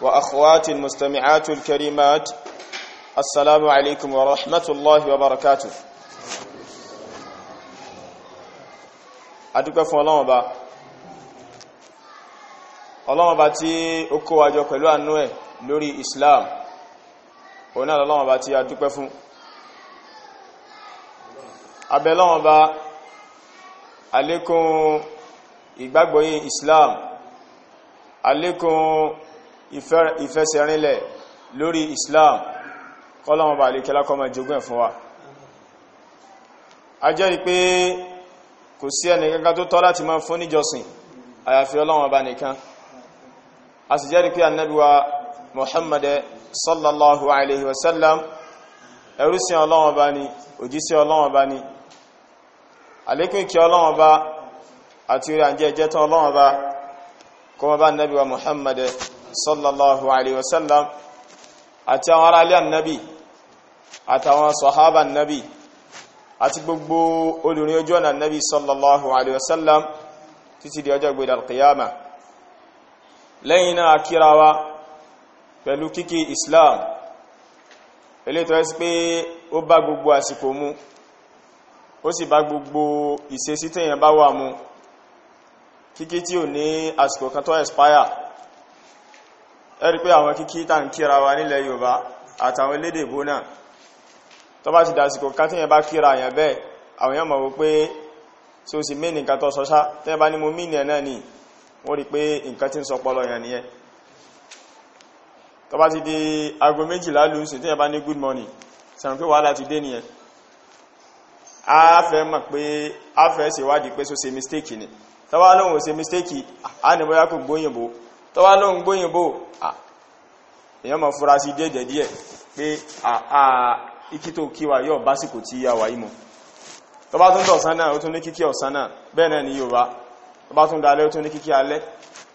وأخواتي المستمعات الكريمات السلام عليكم ورحمة الله وبركاته adúpẹ́ fún ọlọ́run ọba ọlọ́run ọba tí ó kó wa jọ pẹ̀lú àánú ẹ̀ lórí Islam òun náà ọlọ́run ọba tí a dúpẹ́ fún abẹ́ ọlọ́run ọba àlékún Islam àlékún ìfẹsẹ̀rinlẹ̀ lórí Islam kọ́lọ̀wọ̀n bá lè kẹlákọ́ ma jogún ẹ̀ fún wa a jẹ́rìí pé kò sí ẹnìkankan tó tọ́ láti máa fún níjọsìn àyàfi Ọlọ́run bá nìkan a sì jẹ́rìí pé Ànábì wa Muhammad sallallahu alaihi wasallam ẹrúsìn Ọlọ́run bá ní òjísí Ọlọ́run bá ní àlékún kí Ọlọ́run bá àti orí àjẹ́ ìjẹ́tọ́ Ọlọ́run bá kọmọ bá Ànábì wa Muhammad sallallahu alaihi wasallam àti àwọn ará ilé annabi àtàwọn sahaba annabi àti gbogbo olùrin ojú ọ̀nà annabi sallallahu alaihi wasallam títí di ọjọ́ gbẹ̀dẹ̀ alqiyama lẹ́yìn náà kírawa pẹ̀lú kíkí islam ilé tó ẹ́sí pé ó bá gbogbo àsìkò mu ó sì bá gbogbo ìṣesí bá wà mu kíkí tí ò ní àsìkò kan tó expire ẹ̀rí pé àwọn kíkí tàn kíra wa nílẹ̀ Yorùbá àtàwọn elédè ìbò náà tó bá ti dásìkò ká tíyẹn bá kíra àyàn bẹ́ẹ̀ àwọn èèyàn mọ̀ wó pé tí ó sì mí nìkan tó sọ́ṣá tẹ́yẹn bá ní mo mínì náà ni wọ́n rí pé nǹkan tí ń sọpọlọ yàn di aago méjìlá lù sí tẹ́yẹn good morning sàn pé wàhálà ti dé nìyẹn a fẹ́ mọ̀ pé mistake ni tọ́wọ́ lóhun mistake a ní bóyá kò gbóyìnbó tó wá lóhun gbóyìnbó èyàn mọ̀ fúra sí dédé díẹ̀ pé ikí tó kíwà yóò básìkò tí yà wà ìmọ̀ tó tún dọ̀sán náà ó tún ní kíkí ọ̀sán bẹ́ẹ̀ ni yóò bá tó bá tún dalẹ́ ó tún ní kíkí alẹ́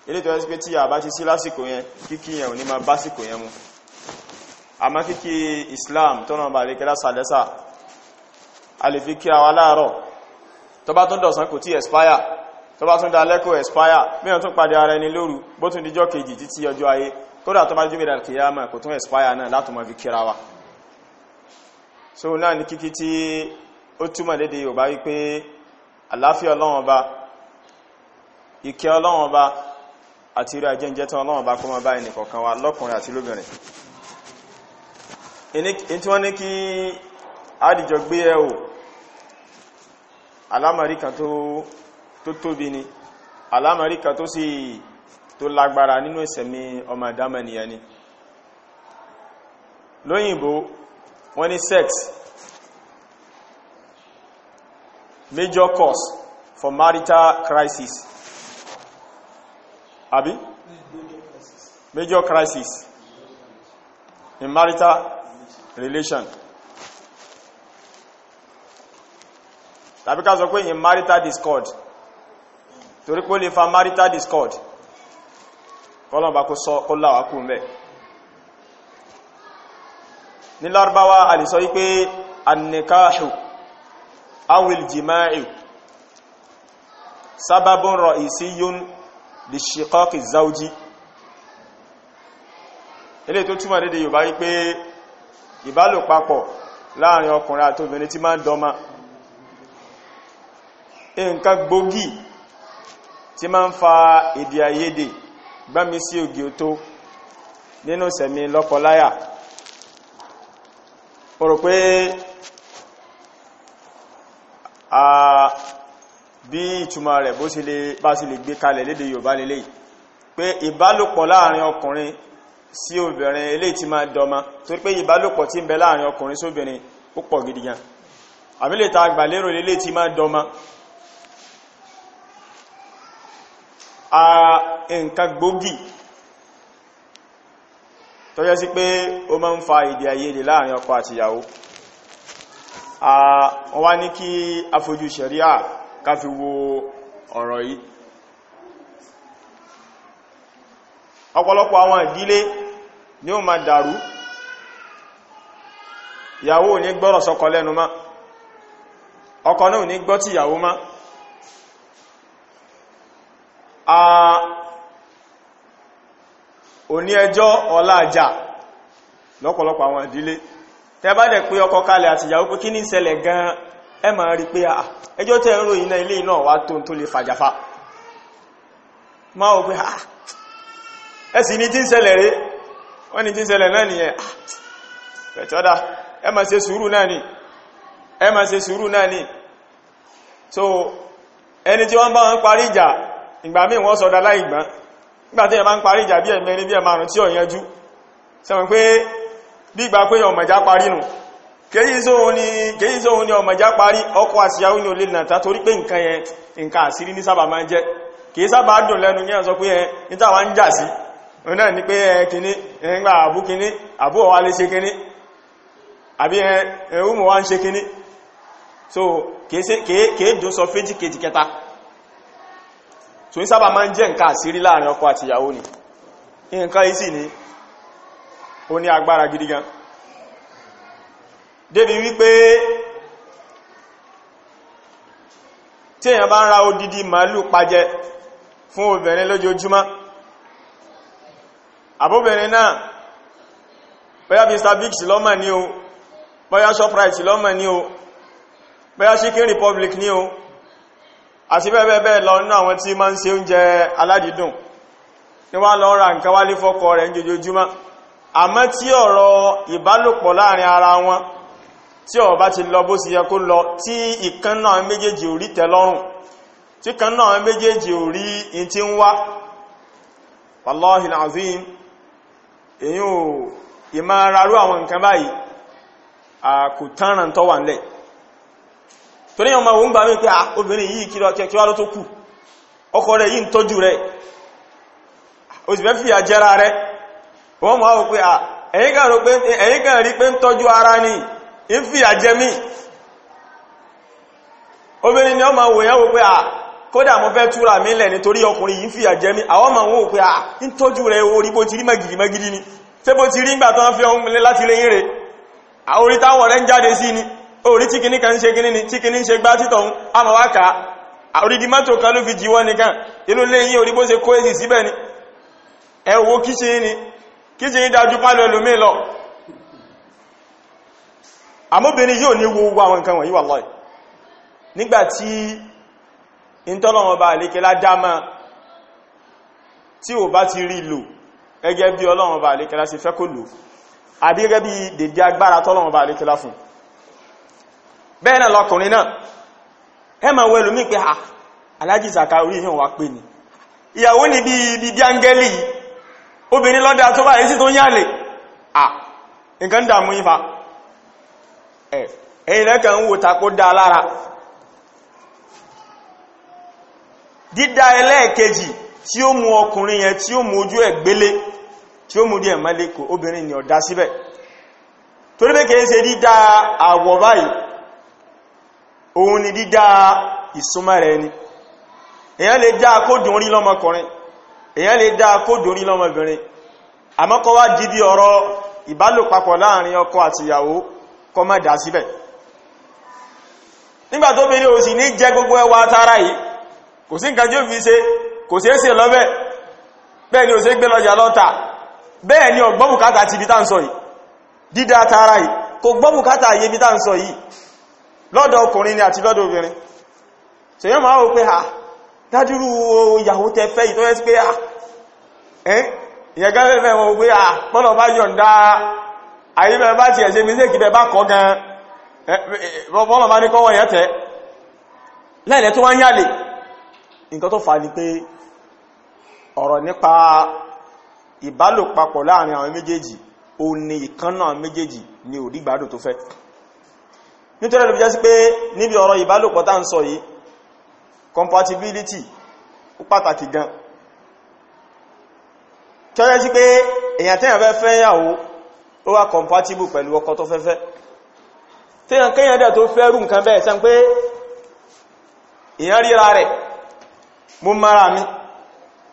ilé tó ẹ́sí pé tí yà bá ti sí lásìkò yẹn kíkí yẹn ò ní máa básìkò yẹn mu àmọ́ kíkí Islam tọ́nà bá lè kẹ́lá sàlẹ́sà a lè fi kíra wa láàárọ̀ tó bá tún da lẹ́kọ̀ expire mìíràn tún pàdé ara ẹni lóru bó tún díjọ́ kejì títí ọjọ́ ayé kódà tó bá jú mìíràn kìyàmà kò tún expire náà látọ̀ mọ́ fi kíra wa so náà ní kíkí tí ó túmọ̀ léde Yorùbá wípé àláfíà Ọlọ́run Ọba ìkẹ́ Ọlọ́run Ọba àti irú ajẹ́jẹ́ tán Ọlọ́run Ọba kó mọ́ báyìí nìkọ̀ọ̀kan wa lọ́kùnrin àti kan tó tó tóbi ni alámọ̀rí kan tó sì tó lágbára nínú ìsẹ̀mí ọmọ ìdámẹ́nìyàn ni lóyìnbó wọ́n ní sex major cause for marital crisis àbí major crisis in marital relation tàbí ká sọ pé in marital discord torí pé ó lè fa marital discord kọ́lọ̀mbà kó sọ kó láwà kú mẹ́ ní lárúbáwá a lè sọ wípé annikahu awil jima'i sababun ra'isiyun li shiqaqi zawji ilé tó túmọ̀ dédé Yorùbá wípé ìbálòpapọ̀ láàrin ọkùnrin àtobìnrin tí máa dọ́mà nǹkan gbógí tí máa ń fa èdè àìyedè gbámi sí ògì òtó nínú sẹ̀mí lọ́kọláyà o rò pé a bí ìtumọ̀ rẹ̀ bó sì lè bá sì lè gbé kalẹ̀ lédè Yorùbá lélẹ̀ pé ìbálòpọ̀ láàrin ọkùnrin sí obìnrin eléyìí tí máa dọmọ torí pé ìbálòpọ̀ tí ń bẹ láàrin ọkùnrin sóbìnrin ó pọ̀ gidi gan àgbàlérò eléyìí tí máa dọmọ A nǹkan gbógì tó yẹ sí pé ó máa ń fa ìdí àìyedè láàrin ọkọ àti ìyàwó a wá ní kí afojú ṣẹ̀ríà ká fi wo ọ̀rọ̀ yìí ọ̀pọ̀lọpọ̀ àwọn ìdílé ni ó máa dàrú ìyàwó ò ní gbọ́rọ̀ sọ́kọ lẹ́nu má ọkọ náà ò ní gbọ́ tí ìyàwó má a òní ẹjọ́ ọ̀la àjà lọ́pọ̀lọpọ̀ àwọn ìdílé tẹ́ bá dẹ̀ pé ọkọ kalẹ̀ àti ìyàwó pé kí ní ṣẹlẹ̀ gan ẹ ma rí pé à ah, ẹjọ́ tẹ́ ilé náà wá tó tó lè fàjàfà ah, ní rí wọ́n ah, ẹni tí wọ́n bá wọn ìgbà míì wọ́n sọ̀dá láìgbọ́n nígbà tí ẹ máa ń parí ìjà bí eme mẹ́rin bí ẹ̀ márùn tí ò yanjú sẹ́wọ̀n pé bí ìgbà pé ọmọjá parí nù kéyí sóhun ni ọmọjá parí ọkọ àsìyàwó ní olè nàta torí pé nǹkan yẹn nǹkan àṣírí ní sábà máa ń jẹ́ kìí sábà dùn lẹ́nu ní ẹ̀sọ pé ẹ níta wá ń jà sí sọ so ní sábà máa ń jẹ́ nǹkan àṣírí láàrin ọkọ àti ìyàwó ni nǹkan yìí ni ó ní agbára gidi gan débi wípé tí èyàn bá ń ra odidi màálù pàjẹ fún obìnrin lójoojúmọ́ àbóbìnrin náà bóyá Mr. Biggs lọ́mà ní o bóyá Shoprite lọ́mà ní o bóyá Chicken Republic ní o àti bẹ́ẹ̀ bẹ́ẹ̀ lọ nínú àwọn tí máa ń ṣe oúnjẹ aládìídùn tí wọ́n lọ ra nǹkan wálé fọ́kọ rẹ̀ ní jojoojúmọ́ àmọ́ tí ọ̀rọ̀ ìbálòpọ̀ láàrin ara wọn tí ó bá ti lọ bó sì yẹ kó lọ tí ìkan náà méjèèjì ò tẹ́lọ́rùn tí kan náà méjèèjì ò in ti ń wá wallahi alazim èyí ò ìmọ̀ ara rú àwọn nǹkan torí ọmọ òun gbà mí pé ah, obìnrin yìí kí wá tó kù ọkọ rẹ̀ yìí ń tọ́jú rẹ̀ ah, o sì fẹ́ fi àjẹ́ra rẹ̀ wọ́n mọ́ àwọn pé à ah, ẹ̀yìn kan rí pé ń tọ́jú ara ní ń fi àjẹ́ mí obìnrin ni ọmọ òun wò pé à kódà ma fẹ́ túra mi lẹ̀ nítorí ọkùnrin yìí ń fi àjẹ́ mí àwọn ọmọ òun wò pé à ń tọ́jú rẹ̀ orí tí kìíní kan ṣe kìíní ni tí kìíní ṣe gbá títọ̀ ń àmọ́ wá kà á orígi mọ́tò kan ló fi jíwọ́ nìkan inú lé yín orí bó ṣe kó èsì síbẹ̀ ni ẹ wo kíṣin ni kíṣin dájú pálọ̀ ẹlòmíì lọ àmóbìnrin yóò ní wo àwọn nǹkan wọ̀nyí wallahi nígbàtí ìntọ́lọ́wọ́n bá àlékẹ́ ládámá tí ò bá ti rí lò gẹ́gẹ́ bí ọlọ́wọ́n bá àlékẹ́ lá ṣe fẹ́ kó lò àbí gẹ́gẹ́ bí dèdé agbára tọ́lọ́wọ́n bá àlékẹ́ lá fún bẹ́ẹ̀ náà lọkùnrin náà ẹ ma wẹ́lú mí pé alájì zaka orí ìhìn wà pè ni ìyàwó ni bí bí ángẹ́lì obìnrin lọ́dá tó bá yìí sí tó yàlè à nǹkan dàmú ìfà ẹ̀yìn lẹ́kẹ̀ ń wò takó dá lára dídá ẹlẹ́ẹ̀kejì tí ó mú ọkùnrin yẹn tí ó mú ojú ẹ̀ gbélé tí ó mú díẹ̀ mẹ́lẹ́kọ̀ obìnrin ni ọ̀dá síbẹ̀ torí pé kìí ṣe dídá àwọ̀ báyìí òun ni dídá ìsúnmọ́ rẹ̀ ni èyàn lè dá kódùn orí lọ́mọkùnrin èyàn lè dá kódùn orí lọ́mọbìnrin àmọ́kọ́ wá jí bí ọ̀rọ̀ ìbálòpapọ̀ ọkọ àtìyàwó kọ́ má dá síbẹ̀ nígbà tó gbogbo ẹwà tara yìí kò sí nǹkan tí ó fi ṣe kò sí èsì lọ́bẹ̀ bẹ́ẹ̀ ni ò sí gbé ni ti tá tara yìí kò tá ń sọ lọ́dọ̀ ọkùnrin ni àti lọ́dọ̀ obìnrin tí yẹ́ máa wò pé ha ah, dájúrú ìyàwó tẹ fẹ́ ìtọ́wẹ́ sí pé ha ah, ìyẹ̀gán fẹ́fẹ́ wọn pé ha ah, pọ́nà bá yọ ayébẹ̀ bá ti ẹ̀ṣẹ́ mi sékìdẹ̀ bá kọ́ gan pọ́nà ni méjèèjì ni nítorí ló fi jẹ́ sí pé níbi ọ̀rọ̀ ìbálòpọ̀ tá ń sọ compatibility gan kí sí pé èyàn tẹ́yàn fẹ́ fẹ́ yàwó ó compatible pẹ̀lú ọkọ tó fẹ́fẹ́ tẹ́yàn kẹ́yàn dẹ̀ tó fẹ́rù nǹkan bẹ́ẹ̀ sẹ́n pé èyàn ríra rẹ̀ mara mi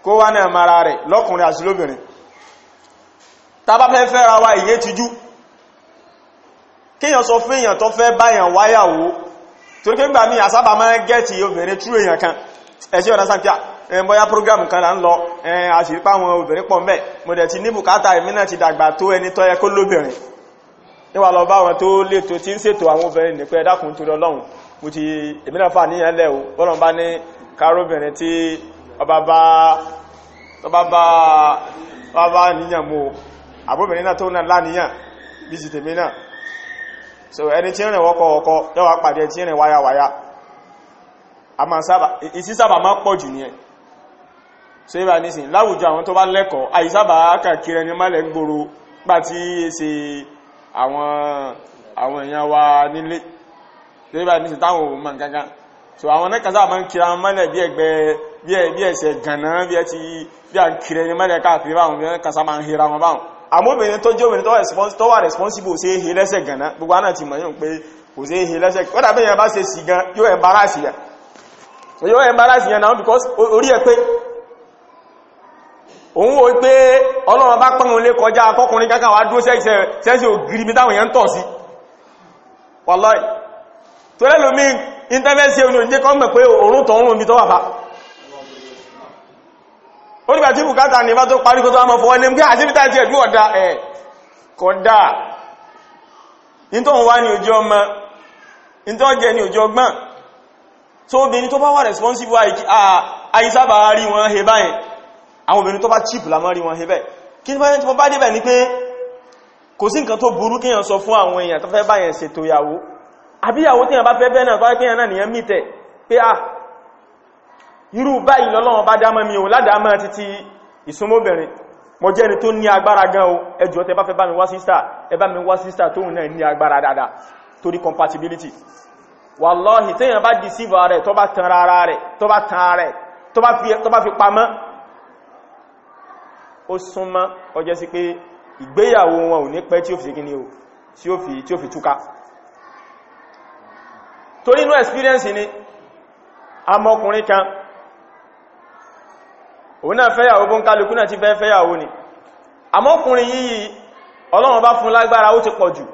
kó wá náà mara rẹ̀ lọ́kùnrin àti lóbìnrin fẹ́ wa ìyé tijú kíyàn sọ fún èyàn tó fẹ́ báyàn wáyàwó torí kí gbà mí àsábà máa gẹ́ẹ̀tì obìnrin tú èyàn kan ẹ̀ṣẹ́ ọ̀nà sáfíà bóyá program kan là ń lọ àṣìrípá àwọn obìnrin pọ̀ mẹ́ mo dẹ̀ ti ní bùkátà ìmínà ti dàgbà tó ẹni tó yẹ kó lóbìnrin níwà lọ bá wọn tó lẹ́tọ̀ tí ń ṣètò àwọn obìnrin nípẹ́ dákùn tó lọ́lọ́run mo ti ìmínà fà níyàn lẹ́ o bọ́lọ̀ bá ní káróbìnrin tí ọba bá bí ti tèmi náà so ẹni tí ń rìn wọ́kọ̀ ọkọ̀ yọ́wà pàdé tí ń rìn wáyàwáyà a máa sábà ìsí sábà máa pọ̀ jù ní ẹ̀ so ibà nísìn láwùjọ àwọn tó bá lẹ́kọ̀ọ́ àìsábà kàkiri ẹni mọ́lẹ̀ gbòrò gbà tí ṣe àwọn àwọn èèyàn wa nílé so ibà nísìn táwọn òun mọ̀ gángan so àwọn nẹ́ka sábà máa ń kiri àwọn mọ́lẹ̀ bí ẹgbẹ́ bí ẹsẹ̀ gànà bí ẹ ti bí à ń ẹni mọ́lẹ̀ káàkiri báwọn bí ẹni kasa máa ń àmóbìnrin tó jẹ́ obìnrin tó wà responsible ṣe é he lẹ́sẹ̀ gànná gbogbo àná ti mọ̀ yóò pé kò ṣe é he lẹ́sẹ̀ kọ́dà bẹ́yẹn bá ṣe sì gan yóò embarrass yẹn yóò embarrass yẹn náà because orí ẹ pé òun wo pé ọlọ́run bá pọ́nrún lé kọjá akọ́kùnrin kankan wá dúró sẹ́sì ògiri mi táwọn èèyàn tọ̀ sí wallahi tó lẹ́lòmí intervention ní òjé kọ́ mọ̀ pé òórùn tọ̀ọ̀rùn mi ó nígbà tí bùkátà ní bá tó parí kó tó àmọ́ fọwọ́ lẹ́mgbé àṣíbítà tí ẹ̀dú ọ̀dá ẹ̀ kọ̀dá nítọ́ wá ní ojú ọmọ nítọ́ jẹ ní ojú ọgbọ́n tó obìnrin tó bá wà responsible àìsábà rí wọn he báyìí àwọn obìnrin tó bá chip lámọ́ rí wọn he bẹ́ẹ̀ kí ní báyìí tó bá débẹ̀ ní pé kò sí nǹkan tó burú kéèyàn sọ fún àwọn èèyàn tó fẹ́ báyẹn ṣètò ìyàwó àbíyàwó téèyàn bá fẹ́ bẹ́ẹ̀ náà tó wáyé kéèyàn náà ah irú báyìí lọ́lọ́wọ́ bá dámọ́ mi ò ládámọ́ títí ìsúnmọ́bìnrin mọ̀ jẹ́ ẹni tó ní agbára gan o ẹjọ́ tẹ bá fẹ́ bá mi wá sísta ẹ bá mi wá sísta tó náà ní agbára dáadáa torí compatibility wàláhì téèyàn bá deceive ara rẹ̀ tó bá tan ara rẹ̀ tó bá tan ara rẹ̀ tó bá fi pamọ́ ó súnmọ́ ọjọ́ sí pé ìgbéyàwó wọn ò ní pẹ́ tí ó fi kíní o tí ó fi túká torí inú experience ni amọkùnrin kan òun náà fẹ́yàwó bó ń kálukú náà ti fẹ́ fẹ́yàwó ni àmọ́kùnrin yìí ọlọ́run bá fún lágbára ó ti pọ̀ jù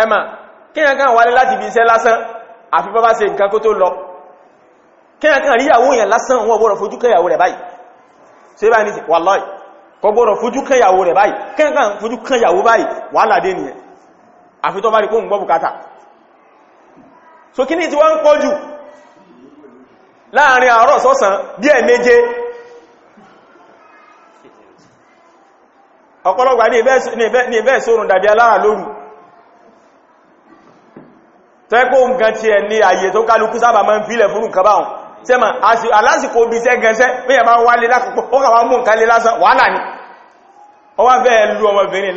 ẹmà kíyàn kan wálé láti ibi iṣẹ́ lásán àfi bá bá ṣe nǹkan kó tó lọ kíyàn kan ríyàwó yẹn lásán wọn gbọ́rọ̀ fojú kẹyàwó rẹ̀ báyìí ṣe bá ní wàláì kò so kí ni ti wá ń pọ̀ jù láàrin àárọ̀ sọ́sàn bí ẹ méje ọ̀pọ̀lọpàá ní ìbẹ́ ìṣòrùn dàbí alára lóru tẹ́kọ́ nǹkan ti ẹ̀ ní àyè tó kálukú sábà máa ń fílẹ̀ fún nǹkan sẹ́mà alásìkò bí sẹ́ gẹ̀ẹ́sẹ́ mẹ́yẹ̀ bá wálé ó kàwà mú nǹkan lé lásán ni ó wá bẹ́ẹ̀ ọmọbìnrin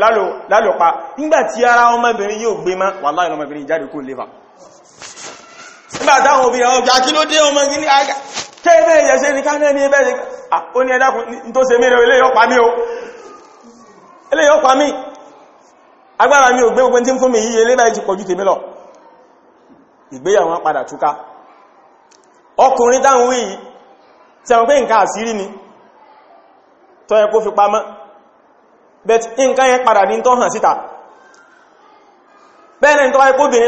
lálòpá nígbàtí ara ọmọbìnrin yóò gbé má nígbàtàwọn obìnrin àwọn ọjà kí ló dé ọmọ yìí ní àgá tẹ́ẹ̀bẹ̀ ìyẹ̀ṣẹ́ ní káàkiri ní ẹbẹ̀ ó ní ẹ̀dàkùn tó se mẹ́rẹ̀ eléyọ́pá mí agbára mi ò gbé gbogbo tí ń fún mi yíye lébàá ti pọ̀jú tèmi lọ ìgbéyàwó wọn padà túká ọkùnrin dáhùn wí tẹ́wọ̀n pé nǹkan àsírí ni tọ́ ẹ kó fi pamọ́ bet nǹkan yẹn padà ní tọ́ hàn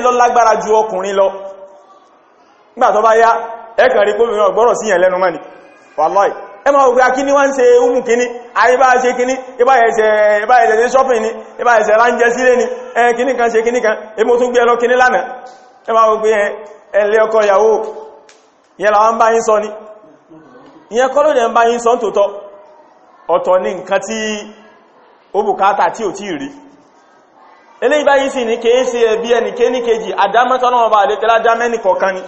lọ lágbára ju ọkùnrin lọ nígbà tó bá yá ẹ̀kàn rí gómìnà ọgbọ́rọ̀ sí yẹn lẹ́nu mẹ́ni wàláì ẹ máa ògbé akíní wá ń ṣe umu kíní àyíbá ṣe kíní ìbáyẹ̀ṣẹ̀ ya shopping ni ìbáyẹ̀ṣẹ̀ ránjẹ sílé ni ẹ kíní kan ṣe kíní kan èmò tún gbé ẹlọ kíní lánàá ẹ máa ògbé ẹlẹ́ ọkọ ìyàwó ni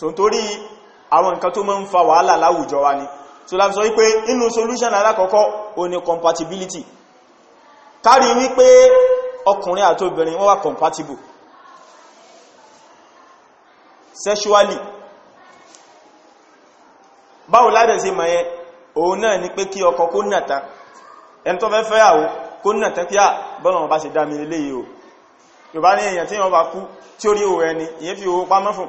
so nítorí àwọn nǹkan tó máa ń fa wàhálà láwùjọ wa ni so láti sọ wípé inú solution alákọ̀ọ́kọ́ ó ní compatibility kárí wípé ọkùnrin àti obìnrin wọ́n wà compatible sexually báwo láti ṣe mọ̀ yẹn òun náà ni pé kí ọkọ kó nàta ẹni tó fẹ́ fẹ́ àwó kó nàta kí à bọ́nà wọn bá ṣe dá mi lélẹ́yìí o yóò bá ní èèyàn tí wọ́n bá kú tí ó rí òun ẹni ìyẹn fi owó pamọ́ fún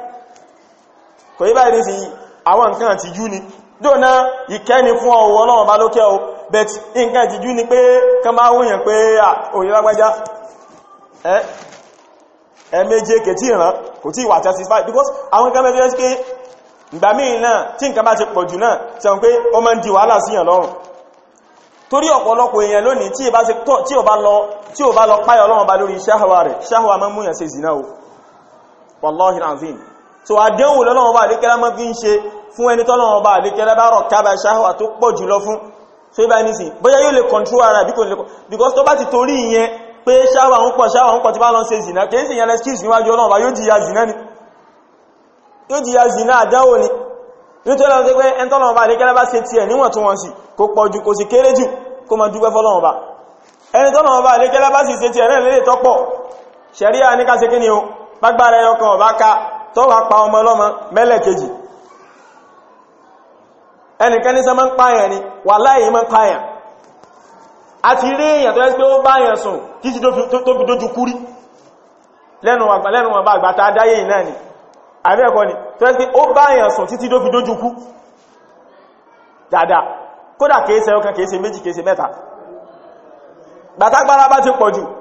kò yí báyìí sí àwọn nǹkan ti jú ni dóná ìkẹ́ni fún ọwọ́ bá lókẹ́ o bet nǹkan ti jú ni pé kan bá wòyàn pé òyìn lágbájá ẹ méje kẹtí ìran kò tí wà satisfied si sí ti di torí ọ̀pọ̀lọpọ̀ èèyàn lónìí tí ò bá lọ tí ò bá lọ páyọ̀ bá lórí rẹ̀ so àdéhùn lọ́lọ́wọ́ bá àdékẹ́lá mọ́ fi ń ṣe fún ẹni tọ́lọ́wọ́ bá àdékẹ́lá bá rọ̀ kábà ṣáhùwà tó pọ̀ jùlọ fún so ibá ní sí bóyá yóò lè control ara bí kò lè because tó bá ti torí ìyẹn pé ṣáhùwà ń pọ̀ ṣáhùwà ń pọ̀ tí bá lọ ṣe zìnà kìí sì yẹn excuse níwájú ọlọ́wọ́ yóò jìyà zìnà ni yóò jìyà zìnà àdánwò ni nítorí àwọn pé ẹni tọ́lọ́wọ́ bá àdékẹ́lá bá ṣe tiẹ̀ níwọ̀ntúnwọ̀nsì kò pọ̀ jù kò sì kéré jù kó máa dúpẹ́ fọ́lọ́wọ́ bá ẹni tọ́lọ́wọ́ bá àdékẹ́lá bá sì ṣe tiẹ̀ náà lè tọ́pọ̀ ṣẹ̀ríà ní ká ṣe kí ni o bá gbára ẹyọkan ọ̀bá ká tó wà pa ọmọ ọlọ́mọ mẹ́lẹ̀kejì ẹnìkan ní sẹ́mọ́ ń pààyàn ni wà láyé mọ́ pààyàn ti rí èyàn tó ẹ́ pé ó báyàn sùn kí sí tó fi dójú kúrí lẹ́nu wọn àgbàta adáyé ìná ni àbí ẹ̀kọ́ ni tó ẹ́ pé ó báyàn sùn títí tó fi dójú kú dáadáa kódà kèése ọkàn méjì mẹ́ta bá ti pọ̀ jù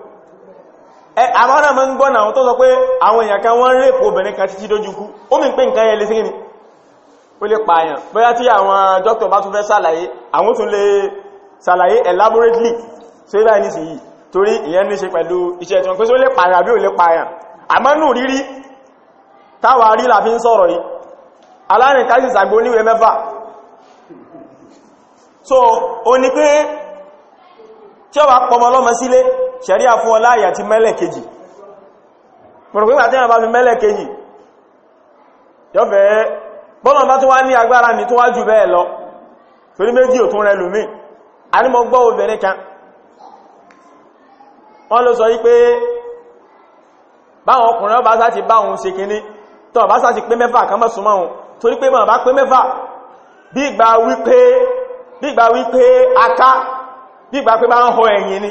àwọn náà mọ́ ń gbọ́nà àwọn tó sọ pé àwọn èèyàn kan wọ́n rèpò obìnrin kan títí dójúkú ó mì pé nǹkan ẹlẹ́sí ní ó lè pààyàn bóyá tí àwọn dókítà bá tún fẹ́ sàlàyé àwọn tún lè sàlàyé elaborately so ilá ẹni sì yìí torí ìyẹn ní ṣe pẹ̀lú iṣẹ́ tí wọ́n pé sílé ṣẹ̀ríà fún ọláyà ti mẹ́lẹ̀kejì pọ̀rọ̀pípà tí wọ́n bá fi mẹ́lẹ̀kejì yọ́fẹ́ bọ́lọ̀ bá tó wá ní agbára ní tó wá jù bẹ́ẹ̀ lọ torí méjì ò tún rẹ lùmí a ní mọ́ gbọ́ obìnrin kan wọ́n ló sọ yí pé báwọn ọkùnrin ọba sá ti bá òun ṣe kinní tọ́ bá sá pé mẹ́fà kan mọ́sùnmọ́ òun torí pé mọ̀ bá pé mẹ́fà bí ìgbà wípé aká bí ìgbà pé bá ń họ ẹ̀yìn ni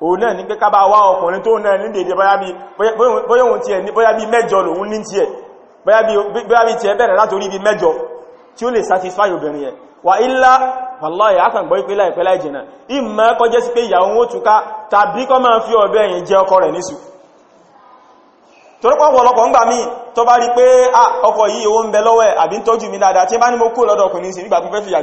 òun náà ní pé kábà wá ọkùnrin tó náà ní dèdè bóyá òun tiẹ̀ ní bóyá bí mẹ́jọ lòun ní mejọ bóyá bí tiẹ̀ bẹ̀rẹ̀ látorí bí mẹ́jọ tí ó lè satisfy obìnrin yẹn wà ilá wàláyé akàngbọ́ ìpínlẹ̀ ìpínlẹ̀ ìjìnà ìmọ̀ ẹkọ́ jẹ́ sí fi ọ̀bẹ ẹ̀yìn ọkọ rẹ̀ nísù torípọ̀ ọ̀pọ̀lọpọ̀ ọkọ yìí owó ń bẹ lọ́wọ́ ẹ̀ àbí ń tọ́jú mi dáadáa tí bá ní mo kú lọ́dọ̀ ọkùnrin sí nígbà pípẹ́ fìyà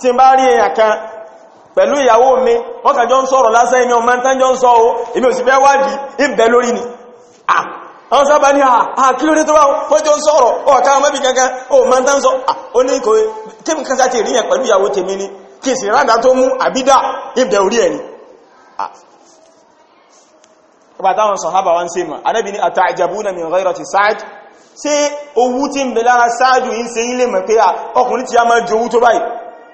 tí n bá rí èèyàn kan pẹ̀lú ìyàwó mi wọ́n kàjọ ń sọ̀rọ̀ lásán èmi ọmọ tán jọ ń sọ o èmi ò sì fẹ́ wádìí ìbẹ̀ lórí ni àwọn sábà ní àkílórí tó wáwọ́ wọ́n jọ ń sọ̀rọ̀ ọ̀ká ọmọ ibi kankan o mọ́ tán ni kí sì rádà tó mú àbídà ìbẹ̀ orí ẹ̀ ni ọba táwọn sọ̀hábà wá se mọ̀ anábi ni àtàjàbúnà min ghayrati Sa'd ṣe owú tí ń bẹ lára ń se ilé mọ̀ pé ọkùnrin ti a máa jowú tó báyìí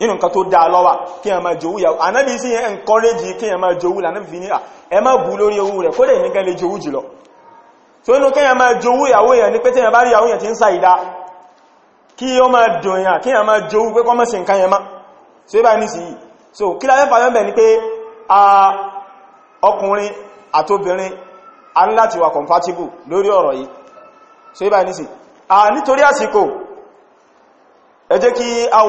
nínú nǹkan tó dáa lọ́wà kí ẹ máa jowú yàwó ànábì sí ẹ encourage kí ẹ máa jowú lànábì fi ní à ẹ máa bú lórí owó rẹ̀ kódẹ̀ nìkan lè jowú jùlọ tó inú kí ẹ máa jowú yàwó yẹn ní pé tí ẹ bá rí yàwó yẹn ti ń sa ìdá kí ó máa dùnyàn kí ẹ máa jowú pé kọ́ mọ́sí so ẹ bá so kí láyé fàyọ́ bẹ̀ a ọkùnrin àtobìnrin a ní láti wà compatible lórí so ẹ bá a nítorí àsìkò ẹ jẹ́ kí a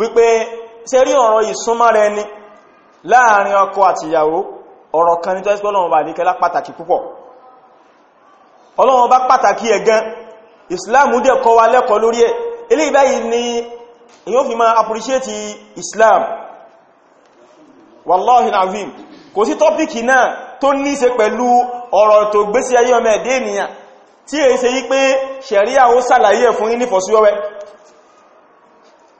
wípé ṣe rí ọ̀rọ̀ ìsúnmọ́ rẹ ni láàrin ọkọ àtìyàwó ọ̀rọ̀ kan ní tọ́sí ọlọ́run bá níkẹ́lá pàtàkì púpọ̀ ọlọ́run bá pàtàkì ẹ̀ gan islam dẹ̀ kọ́ wa lẹ́kọ̀ọ́ lórí ẹ̀ eléyìí báyìí ni èyàn fi appreciate islam wallahi azim kò sí tọ́pìkì náà tó ní ṣe pẹ̀lú ọ̀rọ̀ tó gbésí ayé ọmọ ẹ̀dẹ́ ènìyàn tí èyí ṣe yí pé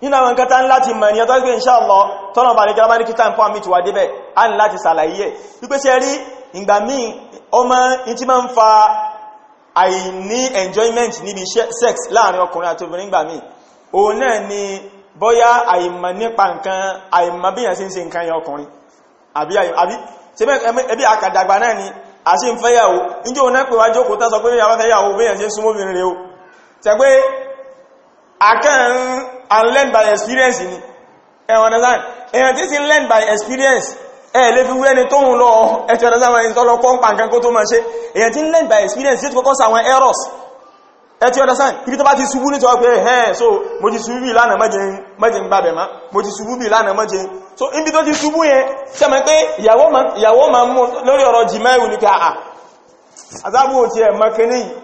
nínú àwọn nǹkan tán láti mọ̀ ènìyàn tó gbé insha Allah tọ́nà bá lè jẹ́ bá ní kíta nǹkan àmìtì wà débẹ̀ a ní láti sàlàyé wípé ṣe rí ìgbà míì ọmọ tí máa ń fa àìní enjoyment níbi sex láàrin ọkùnrin àti obìnrin ìgbà míì òun náà ni bóyá àìmọ̀ nípa nǹkan àìmọ̀ bí yẹn sí ń ṣe nǹkan yẹn ọkùnrin àbí ni a sì ń fẹ́yàwó níjẹ́ òun náà pè wá jókòó tán sọ pé bí yàwó fẹ́yàwó bí and learn by experience ni ẹ understand èyàn tí sí learn by experience ẹ lè fi wẹ́ni tó ń lọ ẹ̀tì understand wẹ́ni tọ́lọ kọ́ ń pa nǹkan kó tó máa ṣe èyàn tí learn by experience yóò kọ́kọ́ sàwọn errors ẹ̀tì understand ibi tó bá ti ṣubú nítorí pé ẹ̀ so mo ti ṣubú bí lánàá mọ́jìn gbàbẹ̀ má mo ti ṣubú bí lánàá so ibi tó ti ṣubú yẹn sẹ́mọ̀ pé ìyàwó máa mú lórí ọ̀rọ̀ jìmáìwò ní pé àà azábò tí ẹ̀ mọ́kẹ́ níyìí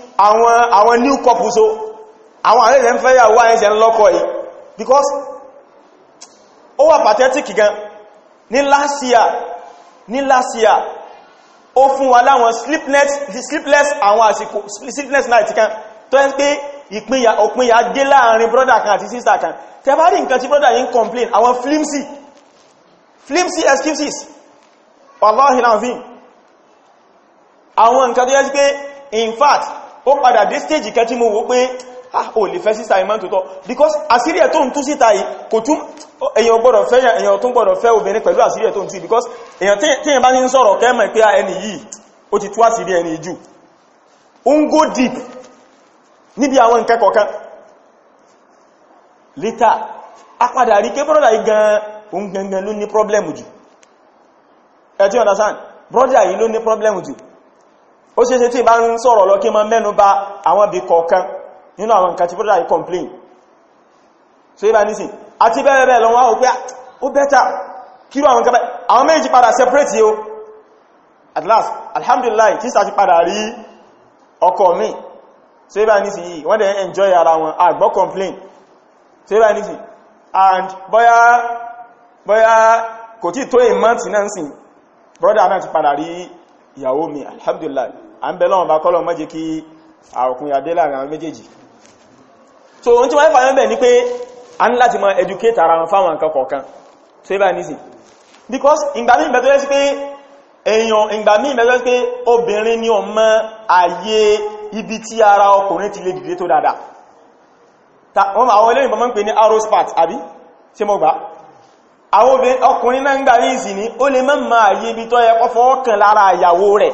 àwọn àwọn new couple so àwọn àrẹ́ ìrẹ́ ń fẹ́ yàwó àyẹ́sẹ̀ ń lọ́kọ̀ yìí because ó wà pathetic gan ní last year ní last year ó fún wa láwọn sleepless sleepless àwọn àsìkò sleepless night kan tó ń pé ìpínyà òpínyà dé láàrin brother kan àti sister kan tẹbárí nǹkan tí brother yìí ń complain àwọn flimsy flimsy excuses wallahi láàrin àwọn nǹkan tó yẹ sí pé in fact ó padà dé stage kẹ́ tí mo wò pé ah o lè fẹ́ sísà ìmọ́ tòótọ́ because àsírí ẹ̀ tó ń tú síta yìí kò tún èyàn gbọ́dọ̀ fẹ́ èyàn tó gbọ́dọ̀ fẹ́ obìnrin pẹ̀lú àsírí ẹ̀ tó ń tú because èyàn tíyàn bá ní ń sọ̀rọ̀ kẹ́mọ̀ pé ah, ẹni yìí ó ti tú àsírí ẹni jù ó ń go deep níbi àwọn nǹkan later a padà rí ké brọ́dà yìí gan òun problem jù ẹ understand brọ́dà yìí ló problem jù ó ṣeéṣe tí ìbá ń sọ̀rọ̀ lọ kí ma mẹ́nu bà àwọn bí kọ̀ọ̀kan nínú àwọn nǹkan tí bọ́dá yìí complain so ìbá nísìn àti bẹ́ẹ̀ bẹ́ẹ̀ lọ́wọ́ ah, ó pé ó bẹ́ta kírò àwọn kẹfẹ́ àwọn méjì padà separate yóò at last alhamdulillah tí sàti padà rí ọkọ mi so ìbá nísìn yìí wọ́n dẹ̀ enjoy ara wọn àgbọ́ complain so ìbá nísìn and bóyá bóyá kò tí tó a month náà sìn brother náà ti padà rí ìyàwó mi alhamdulillah à ń bẹ lọ́wọ́n bá kọ́lọ̀ má jẹ́ kí àrùkún yàdé láàrin àwọn méjèèjì so ohun tí wọ́n ń bẹ̀ ni pé a ní láti máa educate ara wọn fáwọn nǹkan kọ̀ọ̀kan tó bá ní sí because ìgbà míì bẹ̀tọ́ sí pé èèyàn ìgbà míì bẹ̀tọ́ sí pé obìnrin ni ọmọ ayé ibi tí ara ọkùnrin ti lè dìde tó dáadáa wọ́n ma àwọn eléyìnbọn ń pè ní arrow ọkùnrin náà ń gbà ní ìsìn ní ó lè mọ́ ma ayé ibi tó yẹ kó fọwọ́ lára ìyàwó rẹ̀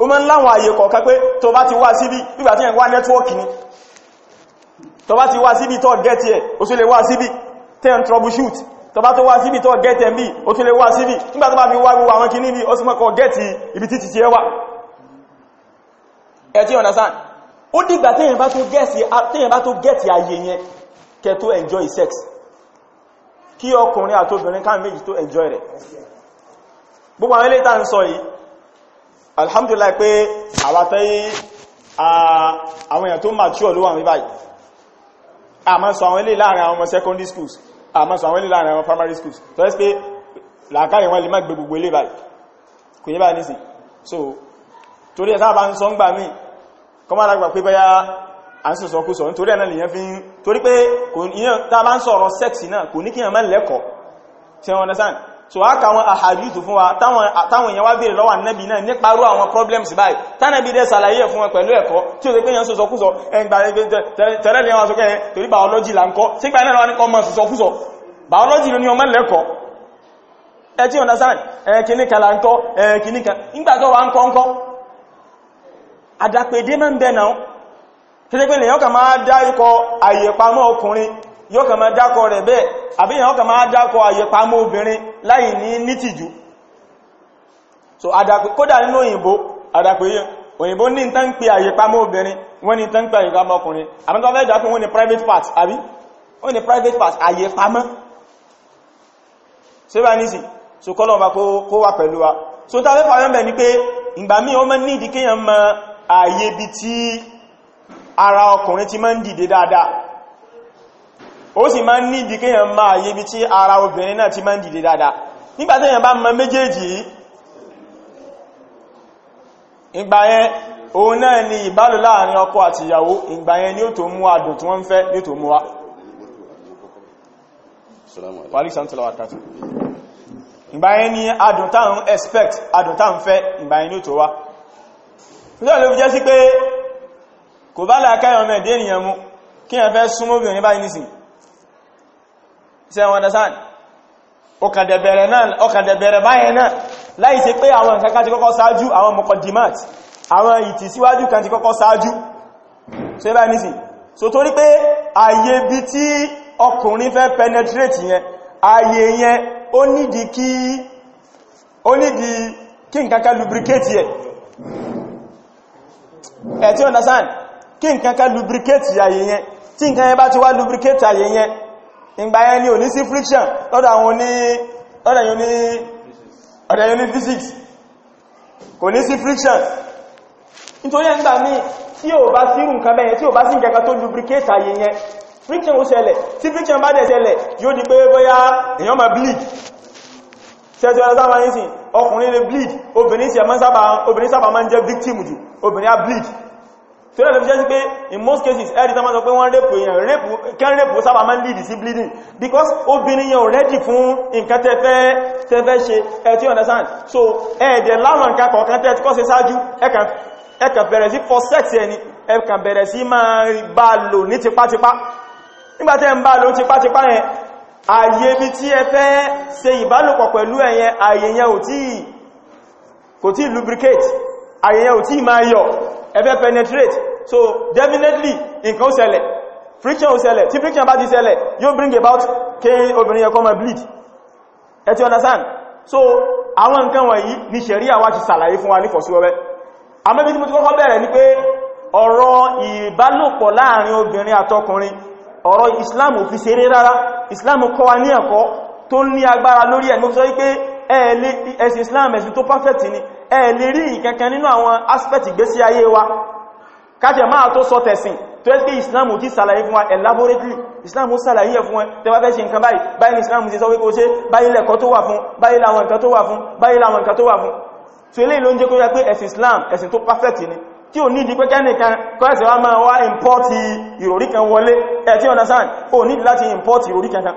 ó mọ́ láwọn àyè kọ̀ọ̀kan pé tó bá ti wá síbí nígbà tí ẹ̀ wá nẹ́tíwọ́ọ̀kì ni tó bá ti wá síbí tó gẹ́ẹ̀tì ẹ̀ ó sì lè wá síbí ten troubleshoot tó bá tó wá síbí tó gẹ́ẹ̀tì ẹ̀ bí ó tún lè wá síbí nígbà tó bá fi wá gbogbo àwọn kìíní bí ó sì mọ́kọ̀ gẹ́ẹ̀tì ibi títí ti ẹwà ẹ̀ tí understand ó dìgbà téèyàn bá tó gẹ́ẹ̀tì ayé yẹn kẹ́ tó enjoy sex kí ọkùnrin àtobìnrin káà méjì tó enjoy rẹ̀ gbogbo àwọn ilé ìta ń sọ yìí alhamdulillah pé àwátẹ́yí àwọn èèyàn tó máa tí ọ̀lọ́wà ní báyìí àmọ́ sọ àwọn ilé láàrin àwọn ọmọ secondary schools àmọ́ sọ àwọn ilé láàrin àwọn primary schools So ẹ́sì pé làákàrí wọn lè má gbé gbogbo ilé báyìí kò yẹ báyìí nísìn so torí ẹ̀ sáàbà ń sọ ń gbà mí kọmọ́dàgbà pé bẹ́yà à ń sọ̀sọ̀ kú sọ nítorí ẹ̀nà lèyàn fi ń torí pé tá a bá ń sọ̀rọ̀ sex náà kò ní kíyàn má lẹ́kọ̀ọ́ tí wọ́n understand so a ka àwọn ahadithu fún wa táwọn èèyàn wá bèèrè lọ́wọ́ ànábì náà níparú àwọn problems báyìí tánàbí dẹ́ sàlàyé fún wọn pẹ̀lú ẹ̀kọ́ tí ó tẹ́ pé yẹn sọ́sọ́kúsọ tẹ́rẹ́lẹ̀ wọn sọ́kẹ́ torí biology là ń kọ́ sígbà náà wọn kọ́ mọ́ sọ́sọ́kúsọ biology ló ní ma lẹ́kọ́ understand wa láì ní nítìjú so adàpé kódà nínú òyìnbó adàpé yẹn òyìnbó ní ìtàn ń pe àyè obìnrin wọ́n ní ìtàn ń ọkùnrin fẹ́ wọ́n private part àbí wọ́n ní private part ní sí so kọ́lọ̀ kó wà pẹ̀lú wa so tàbí fàyọ́mẹ̀ ní pé ó sì máa ń ibi ìdí kéèyàn máa yé bí tí ara obìnrin náà ti máa ń dìde dáadáa nígbà téèyàn bá mọ méjèèjì yìí òun náà ni ìbálò láàrin ọkọ àti ni ó tó mú àdùn tí wọ́n ń fẹ́ ní tó mú ni àdùn expect àdùn táwọn fẹ́ ìgbà yẹn ni ó tó wá nítorí ló fi jẹ́ sí pé kò bá làákàyọ̀ mẹ́ẹ̀dé ènìyàn mú kí fẹ́ súnmọ́bìnrin báyìí ṣe wọn ọkàdẹ̀bẹ̀rẹ̀ náà ọkàdẹ̀bẹ̀rẹ̀ báyẹn náà láì ṣe pé àwọn nǹkan ti kọ́kọ́ sáájú àwọn awọn àwọn ìtìsíwájú kọ́kọ́ sáájú so so torí pé ààyè bí tí ọkùnrin fẹ́ penetrate yẹn ààyè yẹn ó nídi kí lubricate yẹ ìgbà yẹn ni ò ní sí friction lọ́dọ̀ àwọn ní ọ̀dọ̀ yóò ní physics kò ní sí friction nítorí ẹgbà mí tí ò bá sí nǹkan bẹ́ẹ̀ tí ò bá sí nǹkan tó lubricate ayé yẹn friction ó ṣẹlẹ̀ tí friction bá dẹ̀ ṣẹlẹ̀ yóò di pé bóyá èèyàn máa bleed ṣẹ́jọ́ ẹlọ́sáwọ́ nísìn ọkùnrin lè bleed obìnrin sábà máa ń jẹ́ victim jù obìnrin á bleed tó lẹ́lẹ́ fi in most cases ẹ̀rí tán máa sọ pé wọ́n rẹ́pù èèyàn kẹ́ rẹ́pù sábà máa because obìnrin yẹn ready fún nǹkan tẹ́fẹ́ tẹ́fẹ́ understand so ẹ̀ẹ̀dẹ̀ láwọn nǹkan kọ̀ọ̀kan tẹ́ kọ́ ṣe ṣáájú ẹ̀kà bẹ̀rẹ̀ sí for sex ẹni ẹ̀kà bẹ̀rẹ̀ sí máa bá lò ní tipátipá nígbàtẹ́ ń bá lubricate ẹfẹ́ penetrate so definitely nǹkan ó ṣẹlẹ̀ friction ó ṣẹlẹ̀ tí friction bá ti ṣẹlẹ̀ yóò bring about kí obìnrin yẹ kó bleed ẹ ti understand so àwọn nǹkan wọ̀nyí ni ṣẹ̀ríà wa ti ṣàlàyé fún wa ní fọ̀síwẹ́wẹ́ àmẹ́bí tí mo ti kọ́kọ́ bẹ̀rẹ̀ ni pé ọ̀rọ̀ ìbálòpọ̀ láàrin obìnrin àtọkùnrin ọ̀rọ̀ Islam ò fi ṣeré rárá Islam kọ́ wa ní ẹ̀kọ́ tó ní agbára lórí ẹ̀ mo sọ wípé ẹ̀ẹ̀lẹ́ ẹ̀sìn Islam ẹ̀sìn tó perfect ni ẹ lè rí ìkankan nínú àwọn aspect ìgbésí ayé wa kájẹ máa tó sọ tẹ̀sìn tó ẹ́ pé islam jí sàlàyé fún wa elaborately islam sàlàyé ẹ̀ fún ẹ tẹwà fẹ́ ṣe nǹkan báyìí báyìí islam ti sọ wípé ó ṣe báyìí lẹ̀kọ́ tó wà fún báyìí làwọn nǹkan tó wà fún báyìí làwọn nǹkan tó wà fún so eléyìí ló ń jẹ́ kó yẹ pé ẹ̀sìn islam ẹ̀sìn tó perfect ni tí ò nídi pé kẹ́nìkan kọ́ẹ̀sẹ̀ wá máa wá import ìròrí kan wọlé ẹ̀ tí understand ò nídi láti import ìròrí kankan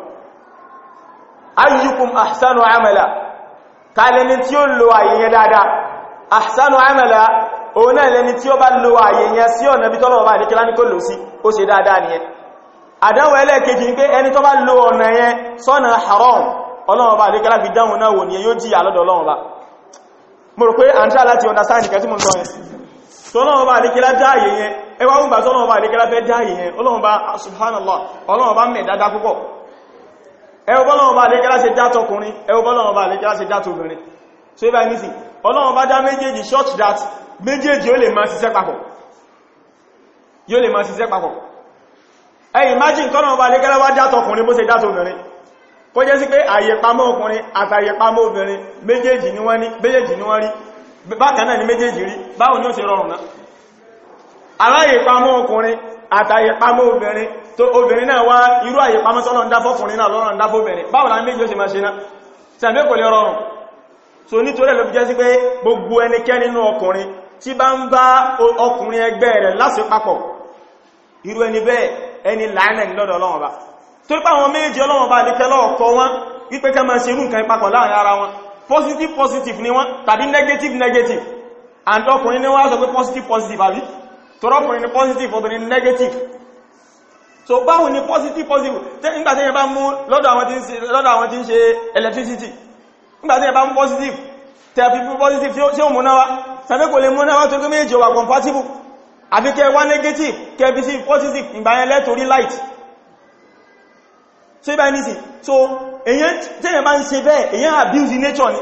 ayyukum ahsanu amala ta lẹni tí ó lo àyè yẹn dáadáa ahsanu amala òun náà lẹni tí ó bá lo àyè yẹn sí ọ̀nà bí tọ́lọ̀ bá lo si o se sí ó ṣe dáadáa nìyẹn àdánwò ẹlẹ́ẹ̀kejì ní pé ẹni tó ba lo ọ̀nà yẹn sọ́nà haram ọlọ́run ba adikila fi na náà wò nìyẹn understand mo ẹwọ bọ́lọ́wọ́ bá lékẹ́lá ṣe dá tọkùnrin ẹwọ bọ́lọ́wọ́ bá lékẹ́lá ṣe so ibà ní sí ọlọ́wọ́ bá dá méjèèjì short that méjèèjì yóò lè máa ṣiṣẹ́ papọ̀ yóò lè máa ṣiṣẹ́ papọ̀ ẹ imagine kọ́lọ́wọ́ bá lékẹ́lá wá dá tọkùnrin bó ṣe dá tóbìnrin kó jẹ́ sí pé àyẹ̀pamọ́ ọkùnrin àtàyẹ̀pamọ́ obìnrin méjèèjì ni wọ́n ni wọ́n rí bákan náà ni méjèèjì rí báwo àtàyẹ̀pamọ́ obìnrin tó obìnrin náà wá irú àyẹ̀pamọ́ sọ́lọ́ ń dá fọ́kùnrin náà lọ́rọ̀ ń dá fóbìnrin báwo la méjì ó sì máa ṣe náà sẹ̀mẹ́ kò lè rọrùn so nítorí ló fi jẹ́ sí pé gbogbo ẹnikẹ́ni nínú ọkùnrin tí bá ń bá ọkùnrin ẹgbẹ́ rẹ̀ lásìpapọ̀ irú ẹni bẹ́ẹ̀ ẹni láìlẹ̀ lọ́dọ̀ Ọlọ́run positive positive ni wọ́n tàbí negative negative and ọkùnrin ni wọ́n á positive positive àbí tọ́rọkùnrin ni positive obìnrin negative so báwo ni positive positive nígbàtí yẹn bá mú lọ́dọ̀ àwọn tí ń ṣe electricity nígbàtí yẹn bá mú positive tẹ̀fí fún positive tí ó mú náwá sàfẹ́ kò lè mú náwá tó gbé èjò wà compatible àfi kẹ wá negative kẹfí sí positive ìgbàyẹn lẹ́torí light so ibà ní sí so èyàn tẹ́yẹn bá ń ṣe bẹ́ẹ̀ èyàn nature ni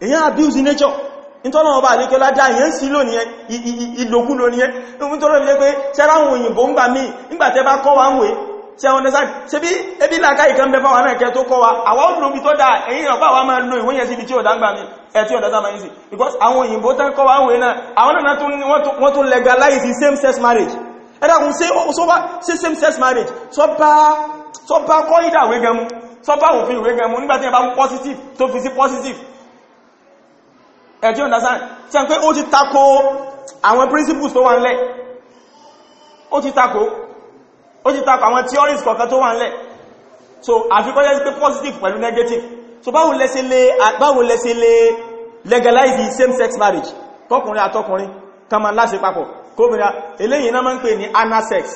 èyàn abuse nature ìtọ́lọ̀ ọba àlékẹ́ lájá ìyẹn sí lónìí ìlòkú lónìí ohun tó lónìí pé ṣẹ́rá àwọn òyìnbó ń gbà míì nígbàtẹ́ bá kọ́ wa ń wé tí àwọn ọ̀nẹ́sáàdì ṣe bí ebí làkà ìkan bẹ fáwọn náà kẹ tó kọ́ wa àwọn òdùn omi tó dá ẹ̀yìn ọ̀pá wa máa lo ìwé yẹn sí ibi tí ó dágbà mi ẹ̀tí ọ̀dá sáàmà yìí sí because àwọn òyìnbó tán kọ́ wa ń wé náà àwọn náà wọ́n tún legalize same sex marriage ẹ̀dá kún sí same sex marriage tó bá kọ́ ìdàwé gẹmu tó bá òfin ìwé gẹmu nígbàtí ẹ bá positive tó fi sí positive ẹ̀tí ọ̀dásán tí a ń pé ó ti tako àwọn principles tó wà nílẹ̀ ó ti tako ó ti tako àwọn theories kọ̀ọ̀kan tó wà nílẹ̀ so àfikọ́ yẹ́ pé positive pẹ̀lú negative so báwo lẹ ṣe lè báwo lẹ ṣe lè legalize the same sex marriage tọkùnrin àtọkùnrin kan máa láṣe papọ̀ kóbìnrin eléyìí náà máa ń pè ní anasex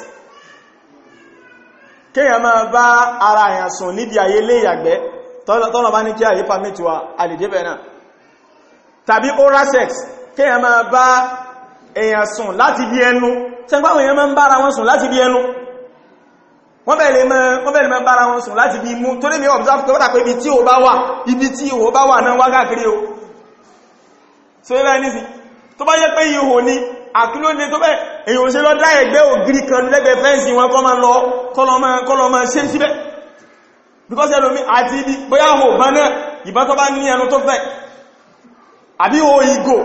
kéèyàn máa bá ara èèyàn sùn nídìí ayé lé ìyàgbẹ́ tọ́lọ̀ bá ní kí àyípa mẹ́tùwà àlèdébẹ̀ náà tàbí oral sex kí èyàn máa bá èyàn sùn láti bí ẹnu sẹ́gbàwò èyàn máa ń bára wọn sùn láti bí ẹnu wọ́n bẹ̀rẹ̀ máa bára wọn sùn láti bí imú torí mi observe pé wọ́n pé ibi tí o bá wà ibi tí o bá wà náà wá káàkiri o so ẹ báyìí nísìn tó bá yẹ pé ihò ni àkíló ní tó bẹ́ èyàn ṣe lọ àbí o ìgò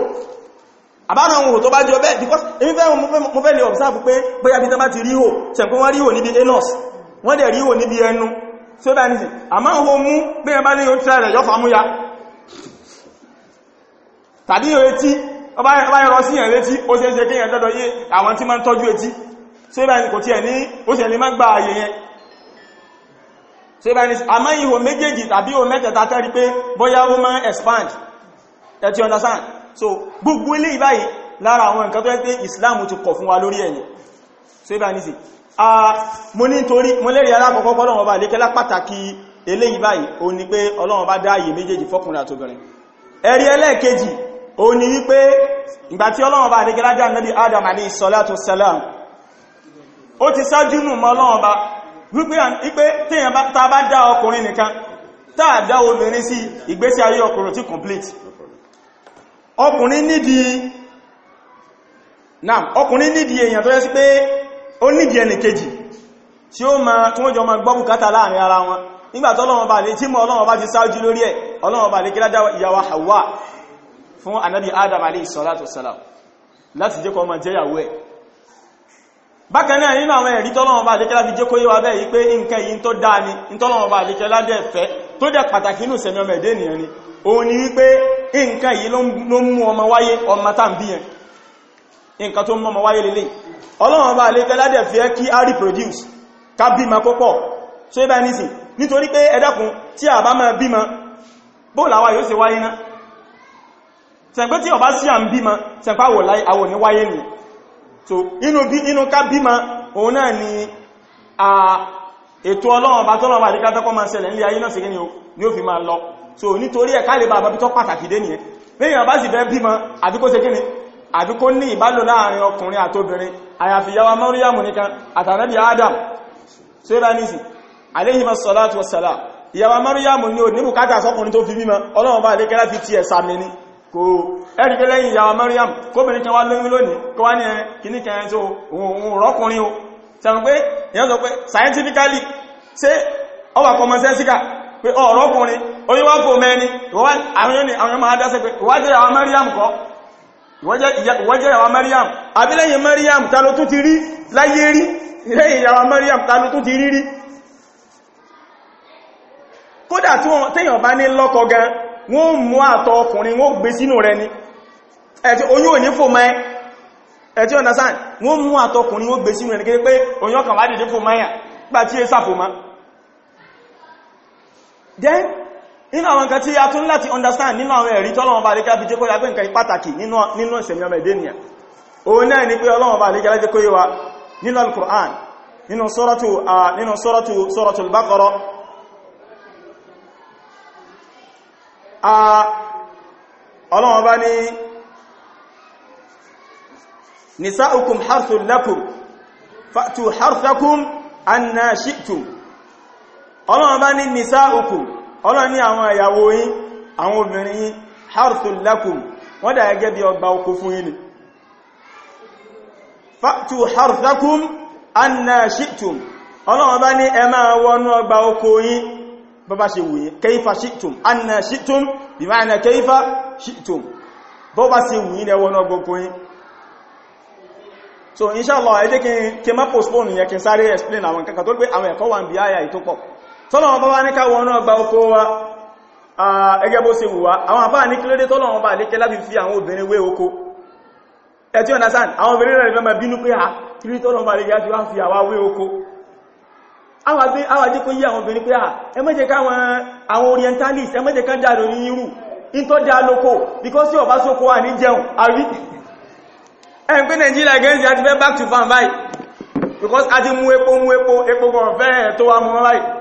àbáwọn ohun tó bá jọ bẹ́ẹ̀ because èmi fẹ́ mo fẹ́ lè observe pé bóyá bí tán bá ti ríhò tẹ̀kún wọ́n ríhò níbi anus wọ́n dẹ̀ ríhò níbi ẹnu tí ó bá ní sí àmá ohun mú bí ẹ bá ní oúnjẹ rẹ̀ yọ́ fàmúya tàbí etí ọba ẹ̀rọ sí ẹ̀ létí ó ṣe é ṣe kéèyàn dọ́dọ̀ yé àwọn tí máa ń tọ́jú etí tí ó expand ẹ ti understand so gbogbo eléyìí báyìí lára àwọn nǹkan tó yẹ pé Islam ti kọ̀ fún wa lórí ẹ̀yìn so ibà ní sí mo ní torí mo lẹ́rìí alákọ̀ọ́kọ́ pọ́lọ́wọ́n bá lékẹ́lá pàtàkì eléyìí báyìí o ní pé Ọlọ́run bá dá àyè méjèèjì fọ́kùnrin àtobìnrin ẹ̀rí ẹlẹ́ẹ̀kejì o ní wípé ìgbà tí Ọlọ́run bá ti sáájú nù mọ́ Ọlọ́run bá wípé téèyàn bá dá ọkùnrin nìkan táà dá obìnrin sí ìgbésí ayé ọkùnrin ti complete ọkùnrin nídìí náà ọkùnrin nídìí èèyàn tó yẹ sí pé ó nídìí ẹni kejì tí ó ma tí wọ́n jọ ma gbọ́ kátà láàrin ara wọn nígbàtí Ọlọ́run bá lè tí mọ́ Ọlọ́run bá ti sáájú lórí ẹ̀ Ọlọ́run bá lè Adam láti ma jẹ́yàwó ẹ̀ bákan náà nínú àwọn ẹ̀rí bá lè wa òun ni wípé nǹkan yìí ló ń mú ọmọ wáyé ọmọ tàbí yẹn nǹkan tó mú ọmọ wáyé lélẹ̀ ọlọ́run bá lè tẹ́ládẹ̀ fẹ́ kí a reproduce ká so ibá n'isi nítorí pé ẹ tí a bá máa ma bóòlà wa yóò ṣe wáyé náà sẹ̀pẹ́ tí ọba so ni ni ó fi so nítorí ẹ̀ká lè bá àbábí tó pàtàkì dé nìyẹn léyìn àbá sì fẹ́ bímọ àbí kó ṣe kíni àbí kó ní ìbálò láàrin ọkùnrin àtobìnrin àyàfi yàwá mọ́ríyàmù nìkan àtànẹ́bì adam so ibá nìsì aléhìmọ̀ sọ́látù wọ́sàlá ìyàwá mọ́ríyàmù ní òní bùkátà sọ́kùnrin tó fi bímọ ọlọ́run bá lékẹ́lá fi ti ẹ̀sà mi ni kò ẹ́rìkẹ́ lẹ́yìn ìyàwá mọ́ríyàmù kóbìnrin kan wá lóyún lónìí kó wá ní ẹ kìíní kan tó òun rọ́kùnrin o sẹ́wọ̀n pé ìyàn sọ pé scientifically ṣé ọwà common sensical pé ọ̀rọ̀ ọkùnrin onye wá kò mẹ́ni àwọn ènìyàn máa dá sí pé ìwọ́jẹ́ ìyàwó Maryam kọ́ ìwọ́jẹ́ ìyàwó Maryam àbílẹ̀yìn Maryam ta ló tún ti rí láyé rí lẹ́yìn ní lọ́kọ ẹ̀tí oyún ní fò mẹ́ ẹ̀tí ọ̀nà sáà wọ́n mú gbé sínú oyún fò mẹ́yà gbà tí then nínú àwọn nǹkan tí a tún láti understand nínú àwọn ẹ̀rí tọ́lọ́wọ́n bá lékẹ́ àbíjẹ́ kó yá pé nǹkan pàtàkì nínú ìsẹ̀mí ọmọ èdè nìyà òun náà ni pé Ọlọ́run bá lékẹ́ àbíjẹ́ kó yé wa nínú al-Qur'an nínú suratu nínú suratu suratul Baqara Ọlọ́run bá ní nisa'ukum harthun lakum fa'tu harthakum anna shi'tum ọlọ́run bá ní nisa'ukum ọlọ́run ní àwọn ìyàwó yín àwọn obìnrin yín harthul lakum wọ́n dà gẹ́gẹ́ bí ọgbà oko fún yín ni fa'tu harthakum anna shi'tum ọlọ́run bá ní ẹ máa wọnú ọgbà oko yín bọ́bá ṣe wù yín shi'tum so inshallah ẹ kí n kí n má postpone yẹn kí n sáré explain àwọn kankan tó gbé àwọn ẹ̀kọ́ wà ń bí áyà ìtópọ̀ tọ́lọ̀wọ́n bá wá ní ká wọnú ọgbà oko wa ẹgẹ́ bó ṣe wùwá àwọn àbá ní kílódé tọ́lọ̀wọ́n bá lékẹ́ láti fi àwọn obìnrin wé oko ẹ̀tí ọ̀nàsán àwọn obìnrin rẹ̀ lọ́mọ bínú pé a kílódé tọ́lọ̀wọ́n bá lékẹ́ láti wá fi àwa wé oko àwàjí kó yí àwọn obìnrin pé à ẹmẹ́jẹ káwọn àwọn orientalist ẹmẹ́jẹ ká dáadọ̀ ní irú in tó dá lóko because yóò bá sóko wà ní jẹun àrí ẹn pé Nigeria gẹ́ẹ̀sì àti fẹ́ back to farm báyìí because a ti mú epo mú epo epo gọ̀ọ̀fẹ́ tó wà mú báyìí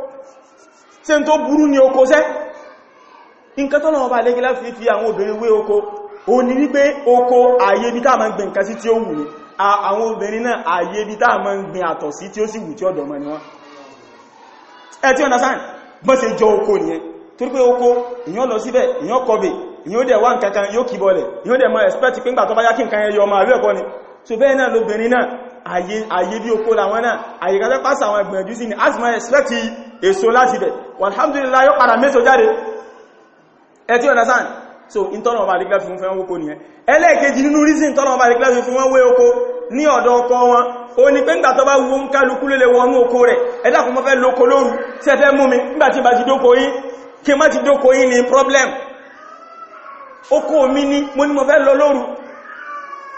ṣe tó burú ní oko ṣẹ́ nǹkan tọ́lọ̀ ọba lẹ́gẹ́lá fi fi àwọn obìnrin wé oko o ní wípé oko ààyè bí táà ma ń gbìn nǹkan sí tí ó wù ní àwọn obìnrin náà ààyè bí táà ma ń gbìn àtọ̀ sí tí ó sì wù tí ọ̀dọ̀ mọ́ ni wọ́n ẹ oko nìyẹn torí pé oko èyàn lọ síbẹ̀ èyàn kọbẹ̀ èyàn dẹ̀ wá nǹkankan yóò kìbọlẹ̀ èyàn dẹ̀ mọ́ expect pé ńgbà tó bá yá kí nǹkan ẹyọ ọmọ àríọ̀ kọ́ ni so bẹ́ẹ̀ náà lóbìnrin náà ààyè bí oko làwọn náà àyíkájẹ́ pàṣà àwọn ẹgbẹ̀rẹ̀ jù ni asma expect èso láti alhamdulillah yóò padà mẹ́tò jáde ẹtí ọ̀nà sáà so ìtọ́nà ọba àdíkẹ́ fún fún oko nìyẹn ẹlẹ́ẹ̀kejì nínú reason tọ́nà ọba àdíkẹ́ fún wọ́n wé oko ní ọ̀dọ̀ ọkọ wọn ó ní pé ńgbàtọ́ bá wo ń kálukú lè wọnú oko rẹ̀ ẹ̀dàkùn mọ́fẹ́ lóko lóru tí ẹ fẹ́ mú mi nígbàtí bá ti dóko yín kí má ti dóko yín ní problem oko mi ni mo ní mo fẹ́ lọ lóru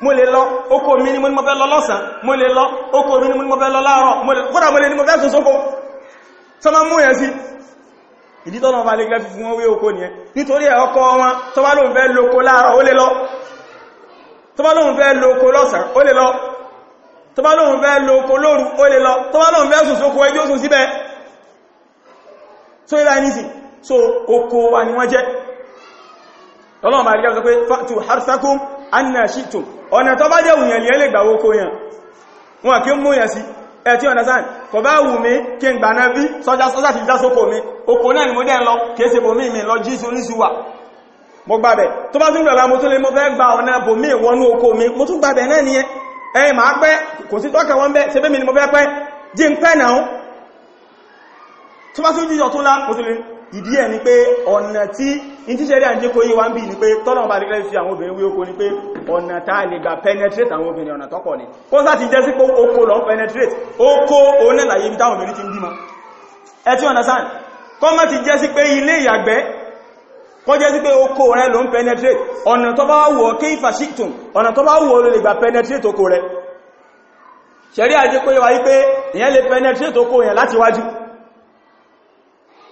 mo lè lọ oko mi ni mo ní mo fẹ́ lọ lọ́sàn mo lè lọ oko mi ni mo ní mo fẹ́ lọ láàárọ̀ mo lè kódà mo lè ní mo fẹ́ sọ́sọ́kọ́ sọ́mọ́ mú yẹn sí ìdí tọ́nà ọba lè gẹ́fì fún owó oko nìyẹn nítorí ẹ̀ ọkọ wọn tó bá lóun fẹ́ lóko láàárọ̀ ó lè lọ tó bá lóun fẹ́ lóko lọ́sàn ó lè lọ tó bá lóun fẹ́ lóko lóru ó lè lọ tó bá lóun fẹ́ sùn sóko ẹjọ́ sùn síbẹ̀ tó ilá nísì so oko wa ni wọ́n tó bá jẹ́ òyìnlẹ̀ ẹ̀tí ọ̀nàsán kò bá wù mí kí n gbàná bí sọ́jà ti já sókò mi okò náà ni mo dẹ́ ń lọ kéèsè bòmí mi lọ jíṣu oríṣi wà mo gbàbẹ̀ tó bá tún gbàbá mo tún lè mo fẹ́ gba ọ̀nà bòmí ìwọnú okò mi mo tún gbàbẹ̀ náà nìyẹn ẹ máa pẹ́ kò sí tọ́kẹ̀ wọ́n bẹ́ ṣe bẹ́ mi ni mo fẹ́ pẹ́ jí ń pẹ́ náà tó bá tún jíjọ tó lá mo tún lè ìdí ẹ̀ ni pé ọ̀nà tí in ti ṣẹ́rí àjíkò yí wá ń bí ni pé tọ́lọ̀ bá díkẹ́ fi àwọn obìnrin wí oko ni pé ọ̀nà tá lè gbà penetrate àwọn obìnrin ọ̀nà tọ́kọ̀ ni kó sá ti jẹ́ sí pé oko lọ penetrate oko onílàyé ibi táwọn obìnrin ti ń bímọ ẹ ti understand penetrate ọ̀nà tó bá wù penetrate oko rẹ ṣẹ̀rí àjíkò yí wá wípé penetrate oko yẹn láti wájú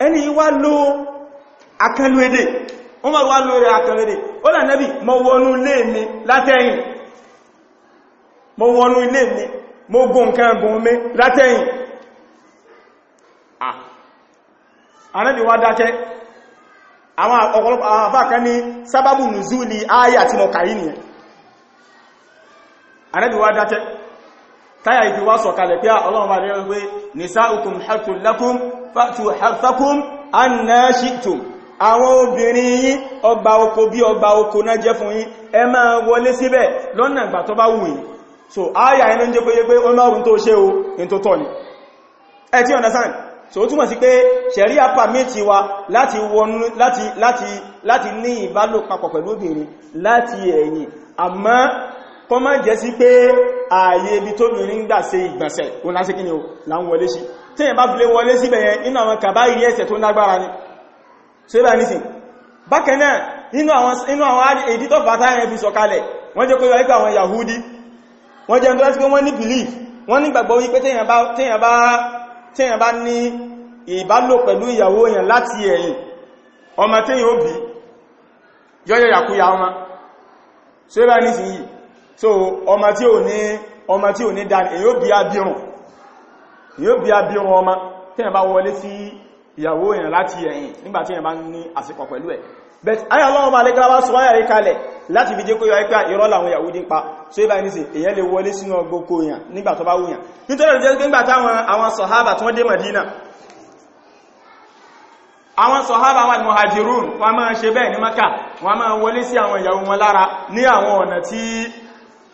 ẹni wá ló akẹlúédé Umar wá ló rẹ̀ akẹlúédé ó là nẹ́bì mọ wọnú ilé mi látẹ́yìn mọ wọnú ilé mi mọ gùn nǹkan gùn mi látẹ́yìn ah. àrẹ́bì wá dákẹ́ àwọn ọ̀pọ̀lọpọ̀ àfáàkẹ́ ní sábàbù nùzúlì áyà ni mọ̀ nìyẹn wá dákẹ́ táyà ìfi wá sọ̀kalẹ̀ pé ọlọ́run bá rẹ̀ pé nisa'ukum harthul lakum fa'tu harthakum anna shi'tum àwọn obìnrin yín ọgbà oko bí ọgbà oko náà jẹ́ fún yín ẹ máa wọlé síbẹ̀ lọ́nà ìgbà tó bá wù so áyà inú jẹ́ pé pé pé ṣẹ̀rí kọ má jẹ́ sí pé ààyè ibi tó bìnrin ń gbà ṣe ìgbọ̀nsẹ̀ òun láti kí ni ó là ń wọlé sí tí èyàn bá fi lé wọlé síbẹ̀ yẹn nínú àwọn kàbá ìrí ẹ̀ṣẹ̀ tó lágbára ni ṣe bá nísìn bákan náà nínú àwọn èdè tó fàtà yẹn fi sọ̀kalẹ̀ wọ́n jẹ́ Yahudi wọ́n jẹ́ ẹ̀ndọ́ sí pé wọ́n ní belief wọ́n nígbàgbọ́ wípé ọmọ téèyàn ó bí yọ́yọ̀ yàkúyà ọmọ ṣe bá nísìn yìí so ọmọ tí ò ní ọmọ tí ò ní dáni èyí ó bí abirùn èyí ó bí abirùn ọmọ tí ẹ̀ bá wọlé sí ìyàwó èyàn láti ẹ̀yìn nígbàtí ẹ̀ bá ní àsìkò pẹ̀lú ẹ̀ but ayà ọlọ́run bá lẹ́kọ́lá bá sọ ayà rí kalẹ̀ láti fi jẹ́ kó yọ ah, ipá ìrọ́ làwọn ìyàwó dín pa so ibà ní sí èyàn lè wọlé sínú ọgbókó èyàn nígbà tó bá wùyàn nítorí ìjẹ́ pé nígbà táwọn àwọn sọ̀hábà tí wọ́n dé Madina àwọn sọ̀hábà wà ní Muhajirun wọ́n máa ṣe bẹ́ẹ̀ ní Maka wọ́n máa wọlé sí àwọn ìyàwó wọn lára ní àwọn ọ̀nà tí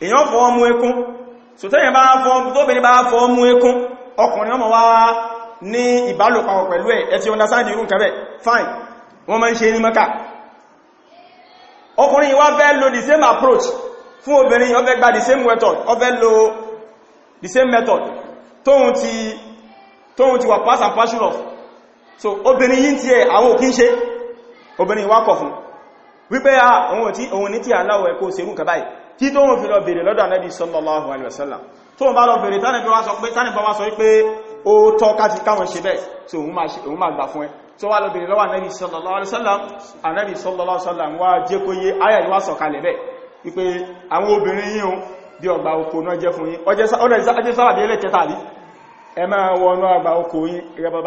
èyàn fọ́ mú ẹkún so tẹ́yìn bá fọ́ tóbìnrin bá fọ́ mú ẹkún ọkùnrin ọmọ wá ní ìbálòpapọ̀ pẹ̀lú ẹ̀ ẹ ti understand irú nǹkan fine wọ́n máa ń ṣe ní mẹ́kà ọkùnrin the same approach fún obìnrin ó the same method ó the same method tóhun ti tóhun ti pass and partial of so obìnrin yí ti ẹ̀ àwọn òkín ṣe obìnrin wá kọ̀ fún wípé àwọn ah, òní tí àláwọ̀ ẹ̀kọ́ òṣèlú kàbáyìí tí tó ń fi lọ bèèrè lọ́dọ̀ Ànábì sallallahu alaihi wasallam tó ń bá lọ bèèrè tánìbọ̀ wá sọ wípé ó tọ́ káti káwọn ṣe bẹ́ẹ̀ tí òun máa gbà fún ẹ tó wá lọ bèèrè lọ́wọ́ Ànábì sallallahu alaihi wasallam Ànábì sallallahu alaihi wasallam wá jẹ́ kó yé ayà ni wá sọ kalẹ̀ bẹ́ẹ̀ wípé àwọn obìnrin yìí bí ọgbà oko náà jẹ́ fún yín ọjẹ́ sábàbí ẹlẹ́kẹta rí ẹ máa wọnú àgbà oko yín ẹgbẹ́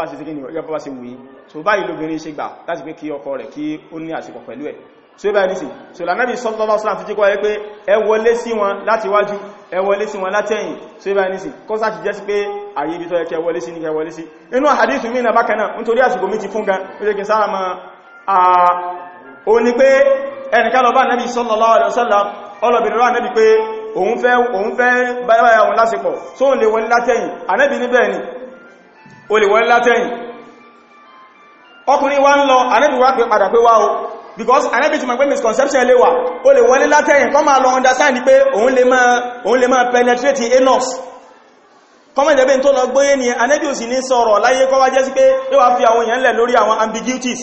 bàbá so ibà ní sí so lànàbí sallallahu alaihi wasallam fi jíkọ́ ẹ pé ẹ wọlé sí wọn láti wájú ẹ wọlé sí wọn látẹ̀yìn so ibà ní sí kọ́ sáà ti jẹ́ sí pé àyè ibi tó yẹ kẹ wọlé sí ní kẹ wọlé sí inú hadithu mi na bákanáà nítorí àsìkò mi ti fún gan ó jẹ́ kí sára ma a ó ní pé ẹnìkan lọ bá nàbí sallallahu alaihi wasallam ọlọ́bìnrin rán nàbí pé òun fẹ́ òun fẹ́ báyàwó òun lásìpọ̀ so ó lè wọlé látẹ̀yìn ànábì níbẹ̀ ni ó lè wọlé látẹ̀yìn ọkùnrin wá ń lọ ànábì wá pé padà pé wá because anabi to my pé misconception lè wà ó lè wọlé látẹ̀yìn kọ́ máa lọ understand pé òun lè máa òun lè máa penetrate anus kọ́mọ̀ be tó lọ gbóyé ni anabi ò sì ní sọ̀rọ̀ láyé kọ́wá jẹ́ sí pé yóò wá fi àwọn èèyàn lẹ̀ lórí àwọn ambiguities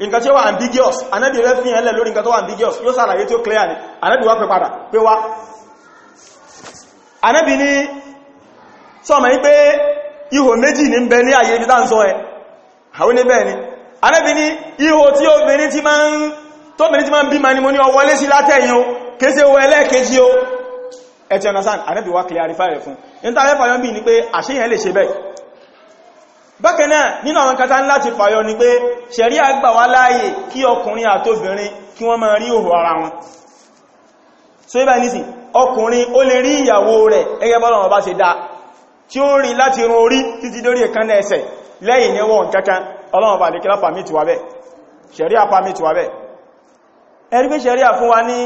nǹkan tí ó wà ambiguous anabi rẹ̀ fi èèyàn lẹ̀ lórí nǹkan tó wà ambiguous yóò sàlàyé tí ó clear ni anabi wá pẹ padà pé wa. anabi ní sọ́mọ̀ yí pé ihò méjì ní ń bẹ ní àyè ibi tá ń sọ ẹ àwọn oníbẹ̀ ni Ànábì ní ihò tí obìnrin tí máa ń tó mìírí tí máa ń bí ma ní mo ní ọwọ́lé sí látẹ̀yìn o kéèsè owó ẹlẹ́ẹ̀kejì o ẹ ti understand Ànábì wá clarify rẹ̀ fún ní tàbí fàyọ́ bí ní pé àṣíyàn lè ṣe bẹ́ẹ̀ bákan náà nínú àwọn kata láti fàyọ ni pé ṣẹ̀ríà gbà wá láàyè kí ọkùnrin àtobìnrin kí wọ́n máa rí òhò ara wọn so ibà nísìn ọkùnrin ó lè rí ìyàwó rẹ̀ ẹgẹ́ bọ́lọ̀ wọn bá ṣe dáa tí ó rí láti rún orí títí dórí ẹ̀kánná kankan ọlọ́run bá lè kílá pàmìtì wà bẹ́ ṣẹ̀ríà pàmìtì wà bẹ́ ẹ̀rí pé ṣẹ̀ríà fún wa ní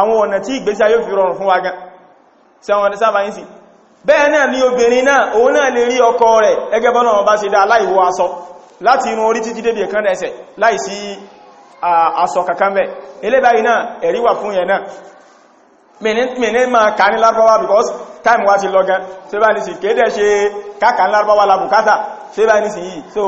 àwọn ọ̀nà tí ìgbésí ayé fi rọrùn fún wa gan sẹ́wọ̀n sábà yìí sí bẹ́ẹ̀ náà ni obìnrin náà òun náà lè rí ọkọ rẹ̀ ẹgẹ́ bọ́nà ọba ṣe dá aláìwọ aṣọ láti inú orí títí dédé kan ẹsẹ̀ láìsí aṣọ kankan ma ká ní lárúbáwá because time wá ti lọ gan ṣe bá ní sí kéde ṣe káàkà ní lárúbáwá labùkátà ṣe bá ní sí yìí so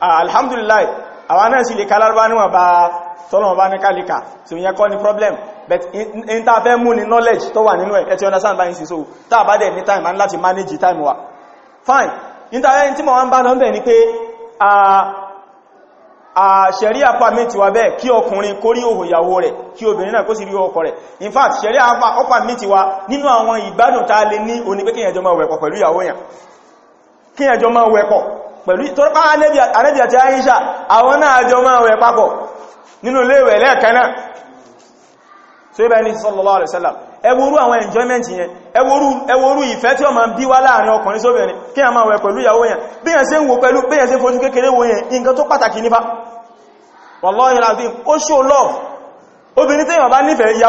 Ah, alhamdulillah àwọn náà sì lè kálárùbá níwọ̀n bá tọ́lọ̀wọ̀n bá ní kálíkà tí ó yẹ kọ́ ní problem but in ta fẹ́ mú ní knowledge tó wà nínú ẹ̀ ẹ̀ tí understand báyìí sí so tá bá dẹ̀ ní time and láti manage time wa fine in ta fẹ́ tí mọ̀ wọ́n bá lọ bẹ̀ ni pé a sharia permit wa bẹ́ẹ̀ kí ọkùnrin kó rí òhò ìyàwó rẹ̀ in fact sharia permit wa nínú àwọn ìgbádùn ta lè ní onípé kíyànjọ máa wẹ̀pọ̀ pẹ̀lú ìyàwó yàn pẹ̀lú ìtọ́rọpá anẹ́bì àti àyíṣà àwọn náà jọ máa wẹ̀ papọ̀ nínú léèwẹ̀ lẹ́ẹ̀kanáà tó ibẹ̀ ní sallallahu alaihi wasallam ẹwọ́rú àwọn enjoyment yẹn ẹwọ́rú ìfẹ́ tí ó máa bí wá láàrin ọkùnrin sóbìnrin kí a máa wẹ̀ pẹ̀lú ìyàwó yẹn bí yẹn ṣe ń wo pẹ̀lú bí yẹn ṣe fojú kékeré wo yẹn nǹkan tó pàtàkì nípa wallahi alazim ó show love obìnrin tí yàn bá nífẹ̀ẹ́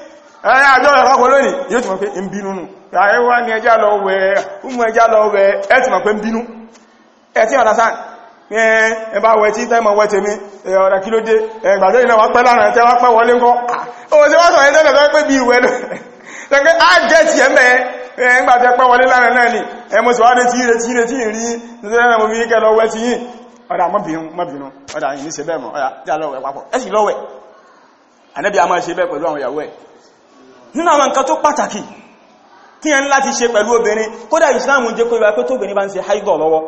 ẹ̀rẹ́ àjọ ìrọ̀kọ̀ lónìí yóò ti mọ̀ pé ń bínú nù àríwá ní ẹjá lọ wẹ̀ ọmọ ẹjá lọ wẹ̀ ẹ ti mọ̀ pé ń bínú ẹ ti ọ̀dá sáà ẹ bá wẹ̀ tí tẹ́mọ̀ wẹ̀ tèmi ọ̀dá kí ló dé ẹgbàjọ́ ìlẹ̀ wá pẹ́ lára ẹ̀ wá pẹ́ wọlé ńkọ́ òun ti wá sọ ẹ̀ tẹ́lẹ̀ fẹ́ pé bí ìwẹ̀ lọ́gbẹ́ á jẹ́ ti ẹ̀mẹ́ ẹgbàjọ́ pẹ́ wọlé lára náà ni ẹ mo sì wá ní tí ire tí ire tí ìrí nítorí mo fi kẹ́ lọ wẹ̀ ti yìn ọ̀dà mọ́bìnú mọ́bìnú ọ̀dà yìí ní ṣe bẹ́ẹ̀ mọ́ ọ̀dà já lọ́wẹ̀ papọ̀ ẹ sì lọ́wẹ̀ ànẹ́bí a máa ṣe bẹ́ẹ̀ pẹ̀lú àwọn ìyàwó ẹ̀ nínú àwọn nǹkan tó pàtàkì tí ẹ ń láti ṣe pẹ̀lú obìnrin kódà Islam jẹ́ kó ìwà pé tó obìnrin bá ń ṣe haidọ̀ lọ́wọ́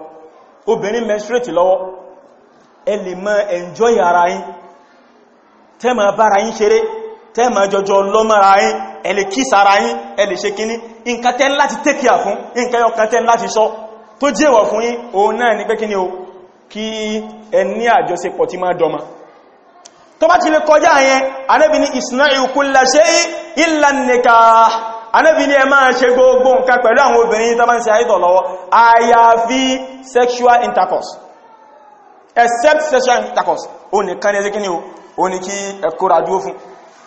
obìnrin menstruate lọ́wọ́ ẹ lè máa enjoy ara yín tẹ́ máa bára yín ṣeré tẹ́ máa jọjọ lọ́mọ́ra yín ẹ ara yín ẹ take care fún nǹkan yọkan tẹ́ ń láti sọ tó jẹ́wọ̀ fún yín òun náà ní pé kíní tó bá ti lè kọjá yẹn Ànábì ní isna'u kulla shay'in illa an-nikah Ànábì ní ẹ máa ṣe gbogbo nǹkan pẹ̀lú àwọn obìnrin tó bá ń ṣe àìdọ̀ lọ́wọ́ àyàfi sexual intercourse except sexual intercourse ó ní kan ẹzẹ́ kíní ó ní kí ẹkùnrà dúó fún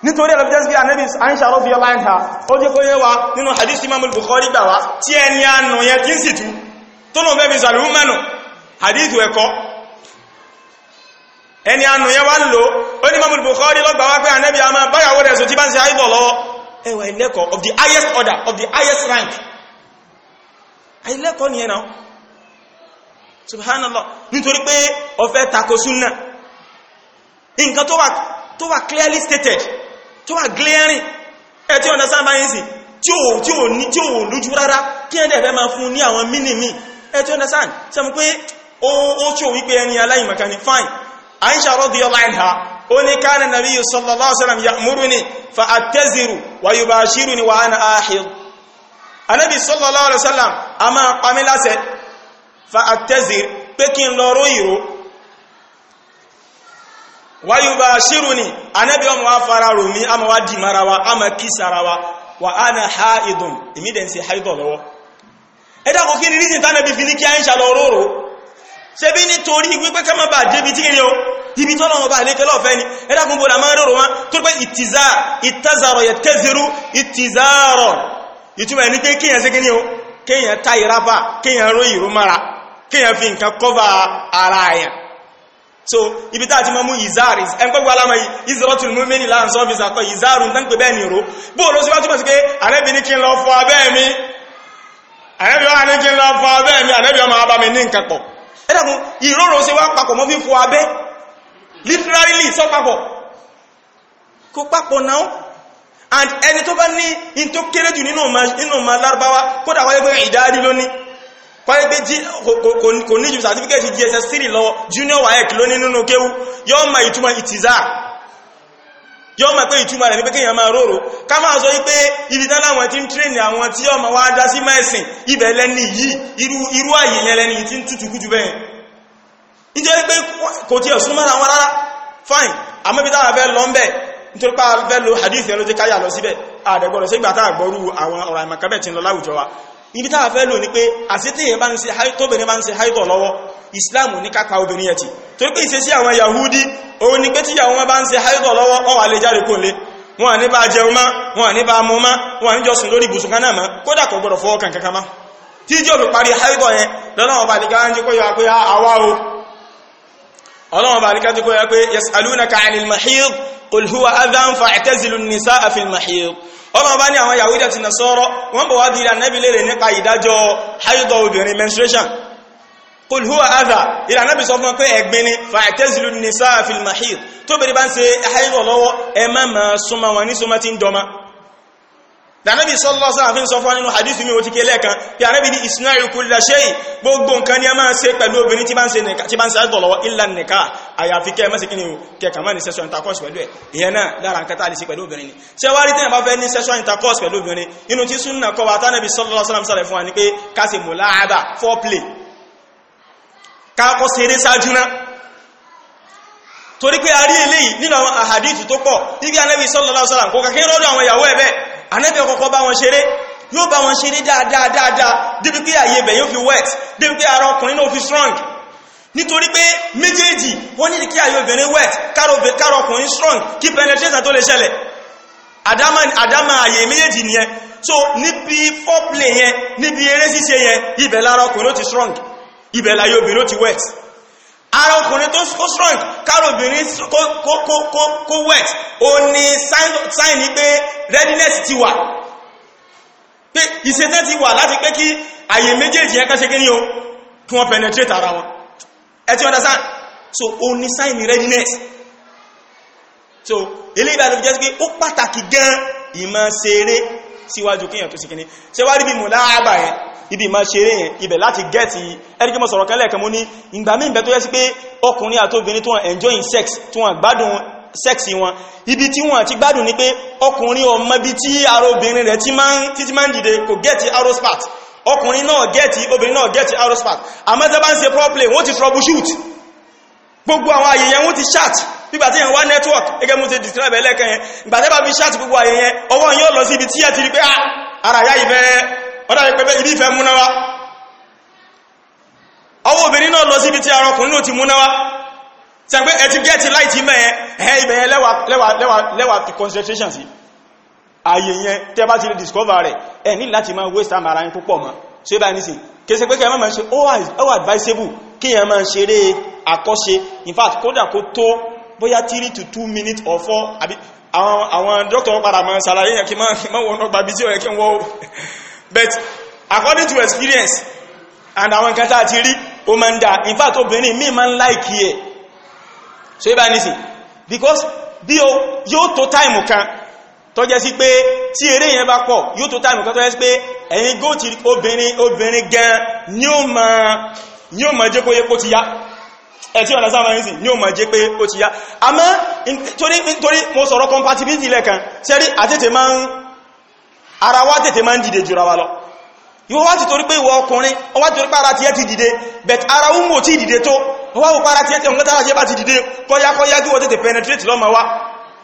nítorí ẹlọ́bíjẹ́sí Ànábì Àìṣà radiyallahu anha ó jẹ́ kó yé wa nínú hadith Imam al-Bukhari gbà wá tí ẹni àánú yẹn tí ń sì tú tó náà bẹ́bí sàlùmọ́nù hadith ẹ̀kọ́ ẹni àánú yẹn wá ń lò ó Bukhari lọ́gbàá wá pé ànábì a máa báyàwó rẹ̀ sùn bá ń ṣe àìbọ̀ lọ́wọ́ ẹwà ilẹ́kọ̀ of the highest order of the highest rank ilẹ́kọ̀ ni ẹ̀nà subhanallah nítorí pé ó fẹ́ tako súnnà nǹkan tó wà clearly stated tó wà glaring ẹ̀ tí understand báyìí sí tí ò tí ò ní tí ò lójú rárá kí ẹ̀dẹ̀ fẹ́ máa fún ní àwọn mini mi ẹ tí ó understand sẹ́mu pé ó ṣò wípé ẹni aláìmọ̀ká ni fine Aisha radiyallahu anha ó ní káàna nàbí sallallahu alaihi wasallam ya'muruni fa attaziru wa yubashiruni wa ana ahid anábi sallallahu alaihi wasallam a máa pàmí láṣẹ fa attazir pé kí n lọ róyìró wa yubashiruni anábi ọmọ wa fara romi a ma wa di mara wa a ma kí sara wa wa ana haidun èmi dẹ̀ ń ṣe haidọ̀ lọ́wọ́ ẹ̀dá kò kí ni rísìn tánàbí fi ní kí a ń ṣàlọ́ róró ṣe nítorí wípé ká má bàa débi tí kiri ibi tọ́lọ́wọ́ bá lékẹ́ lọ́fẹ́ ni ẹ̀dàkùn bọ́lá máa rọrọ̀ wọn tó pẹ́ ìtìzáàrọ̀ ìtàzàrọ̀ yẹ kẹ́zìrú ìtìzáàrọ̀ ìtumọ̀ ẹni pé kíyàn sí kíní o kíyàn tá ìrápá kíyàn ró ìró mara kíyàn fi nǹkan kọ́va ara àyàn so ibi tá a ti mọ́ mú ìzáàrì ẹnkọ́gbọ́ alámọ̀ ìzọ́tún mú mẹ́rin láàrín sọ́fíìsì àkọ́ ìzáàrù ń tán pé bẹ́ẹ̀ nìró bóòlù sí wá túnmọ̀ sí pé àrẹ́bì ní kí n lọ fọ abẹ́ mi àrẹ́bì wá ní kí n lọ fọ abẹ́ mi àrẹ́bì ọmọ abá mi ní nǹkan pọ̀ ẹ̀dàkùn ìróró sí wá papọ̀ mọ́ fífọ abẹ́ literally sọ papọ̀ kó papọ̀ náà and ẹni tó bá ní in tó kéré jù nínú ọmọ lárúbáwá kódà wáyé pé ìdárí lónìí pé kò ní certificate 3 lọ junior waec lónìí nínú kéwú yọ́ ma ìtumọ̀ ìtìzá yọ́ ma pé ìtumọ̀ rẹ̀ ní pé kíyàn máa róró ká máa sọ wípé ibi láwọn tí ń tírènì àwọn tí wá dá sí mẹ́sìn ibẹ̀ lẹ́ni yìí nítorí pé kò tí ẹ̀sùn mọ́ra wọn rárá fine àmọ́bí táwọn fẹ́ lọ ń nítorí pé fẹ́ lo hadith ẹ̀lọ́dé káyà lọ síbẹ̀ àdẹ̀gbọ́rọ̀ sí gbàtà àgbọ́rú àwọn ọ̀rọ̀ àìmọ̀kẹ́bẹ̀ tí ń lọ láwùjọ wa ibi táwọn fẹ́ lò ní pé àsìtìyàn bá ń ṣe tóbìnrin ni pé tí àwọn bá ń ṣe haidọ̀ lọ́wọ́ wọn wà lè jáde kó lé wọn ní bá jẹun má wọn ní bá mọ má wọn ní jọsùn lórí ibùsùn kan náà mọ́ kódà kò gbọdọ̀ fọwọ́ kankan má tí jọ́ fi parí haidọ̀ yẹn lọ́nà ọba àdìgbà ń kó yọ àpé ah, àwa o ọlọ́wọ́n bá níkàtí kó yá pé yasalunaka anil mahid qul huwa adhan fa'tazilu an-nisaa fil mahid ọlọ́wọ́n bá ní àwọn yahudi àti nasọ́rọ́ wọ́n bọ̀ wá dìrà nẹ́bí lè rẹ̀ nípa ìdájọ́ haidọ̀ obìnrin menstruation qul huwa adha ìrà nẹ́bí sọ fún pé ẹ̀gbin ni fa'tazilu an-nisaa fil tó bẹ̀rẹ̀ bá ń ṣe haidọ̀ lọ́wọ́ ẹ má máa súnmọ́ wọn ní súnmọ́ tí ń dọ́mọ́ dànàbí sọ́lọ́ sáà fi ń sọ fún nínú hadith mi ò ti kélé kan bí arábì ní isna'u kulla shay gbogbo nǹkan ni a máa ṣe pẹ̀lú obìnrin tí bá ń ṣe nìka tí bá ń ṣe àdọ̀lọ́wọ́ illa nìka àyàfi kẹ́ mẹ́sì kíni kẹkà máa ní sexual intercourse pẹ̀lú ẹ̀ ìyẹn náà lára nǹkan tá a lè ṣe pẹ̀lú obìnrin ni ṣé wá rí tẹ́yìn bá fẹ́ ní sexual intercourse pẹ̀lú obìnrin inú tí súnà ni pé ká ṣe mùláàbà foreplay ká kọ́ ṣeré ṣáájú náà torí pé a rí eléyìí nínú àwọn àhàdìtù tó pọ̀ níbi Ànábì sallallahu kò kàkí rọ́dọ̀ àwọn ìyàwó ẹ̀ ànábì ọkọ̀kọ́ bá wọn ṣeré yóò bá wọn ṣeré dáadáa dáadáa débi pé àyè ibẹ̀ yóò fi wet débi pé ara ọkùnrin náà fi strong nítorí pé méjèèjì wọ́n ní kí àyè obìnrin wet káàrọ̀ ọkùnrin strong kí penetration tó lè ṣẹlẹ̀ àdámà àyè méjèèjì nìyẹn so níbi foreplay yẹn níbi eré ṣíṣe yẹn ibẹ̀ lára ọkùnrin ó ti strong ibẹ̀ láyé obìnrin ó ti wet ara ọkùnrin tó strong kára obìnrin kó wet o ní sign ní pé readiness ti wà pé ìṣẹ́tẹ́ ti wà láti pé kí àyè méjèèjì ẹ̀kọ́ ṣe kíní o kí wọ́n penetrate ara wọn ẹ ti understand so o ní sign readiness so ilé ìbàdàn jẹ́ pé ó pàtàkì gan ìmọ̀ ṣeré síwájú kíyàn tó ṣe kíní ṣe wá rí bí mọ̀ láàbà yẹn ibi ma ṣeré yẹn ibẹ̀ láti gẹ́ẹ̀tì ẹ̀rígbẹ́mọ̀ sọ̀rọ̀ kan lẹ́ẹ̀kan mú ní ìgbà mí ìbẹ̀ tó yẹ sí pé ọkùnrin àti obìnrin tó wọ́n enjoying sex tó wọ́n gbádùn sex wọn ibi tí wọ́n ti gbádùn ní pé ọkùnrin ọmọ ibi tí ara obìnrin rẹ̀ títí máa ń dìde kò gẹ́ẹ̀tì aerospat ọkùnrin náà gẹ́ẹ̀tì obìnrin náà gẹ́ẹ̀tì aerospat àmọ́ta bá ń ṣe problem wọ́n ti troubleshoot gbogbo àwọn ayẹyẹ wọ́n ti chat nígbà tí yẹn wá network gẹ́gẹ́ mú ti describe ẹlẹ́kẹ́ yẹn ìgbà tẹ́ bá fi chat gbogbo ayẹyẹ ọwọ́ yóò lọ sí ibi tí ẹ ti rí pé ah, ara yá ìbẹ́ ọ̀dá ìpẹ́bẹ́ ibi ìfẹ́ múnáwá ọwọ́ obìnrin náà lọ síbi tí ara ọkùnrin náà ti múnáwá tí a pé ẹ̀tí gẹ́ẹ̀tì láìtí mẹ́ẹ̀ ẹ̀ ibẹ̀ lẹ́wà fi concentration sí ààyè yẹn tẹ́ bá ti lè discover rẹ̀ ẹ̀ ní láti máa waste time ara yín púpọ̀ mọ́ ṣe bá ní sí kése pé kẹ́ mọ́ ṣe ó advisable kí yẹn máa ṣeré àkọ́ṣe in fact kódà kó tó bóyá 3 to 2 minutes or 4 àwọn dókítà wọn padà máa ṣàlàyé yẹn kí máa wọ́n gbàbí tí ó yẹ kí wọ́n but according to experience and àwọn nǹkan tá a ti rí o máa ń dá in fact obìnrin mi máa ń láìkí ẹ̀ e. so ibà nìsí because bí o yóò tó táìmù kan tó jẹ́ sí pé tí eré yẹn bá pọ̀ yóò tó táìmù kan tó jẹ́ sí pé ẹ̀yin gó ti obìnrin obìnrin gan ni ó máa ni ó máa jẹ́ kó yẹ kó ti yá ẹ̀tí ọ̀nà sáwọn ẹ̀yìn sí ni ó máa jẹ́ pé ó ti yá àmọ́ nítorí mo sọ̀rọ̀ compatibility lẹ́kan sẹ́rí àtètè máa ń ara wa tètè máa ń dìde jùra wa lọ ìwọ wá ti torí pé ìwọ ọkùnrin ó wá ti torí pé ara tiẹ̀ ti dìde but ara wúmù ò tí dìde tó wọ́n wọ́n para tiẹ̀ tí ọ̀gá tára tiẹ̀ bá ti dìde kọ́yákọ́yá kí wọ́n tètè penetrate lọ́mọ wa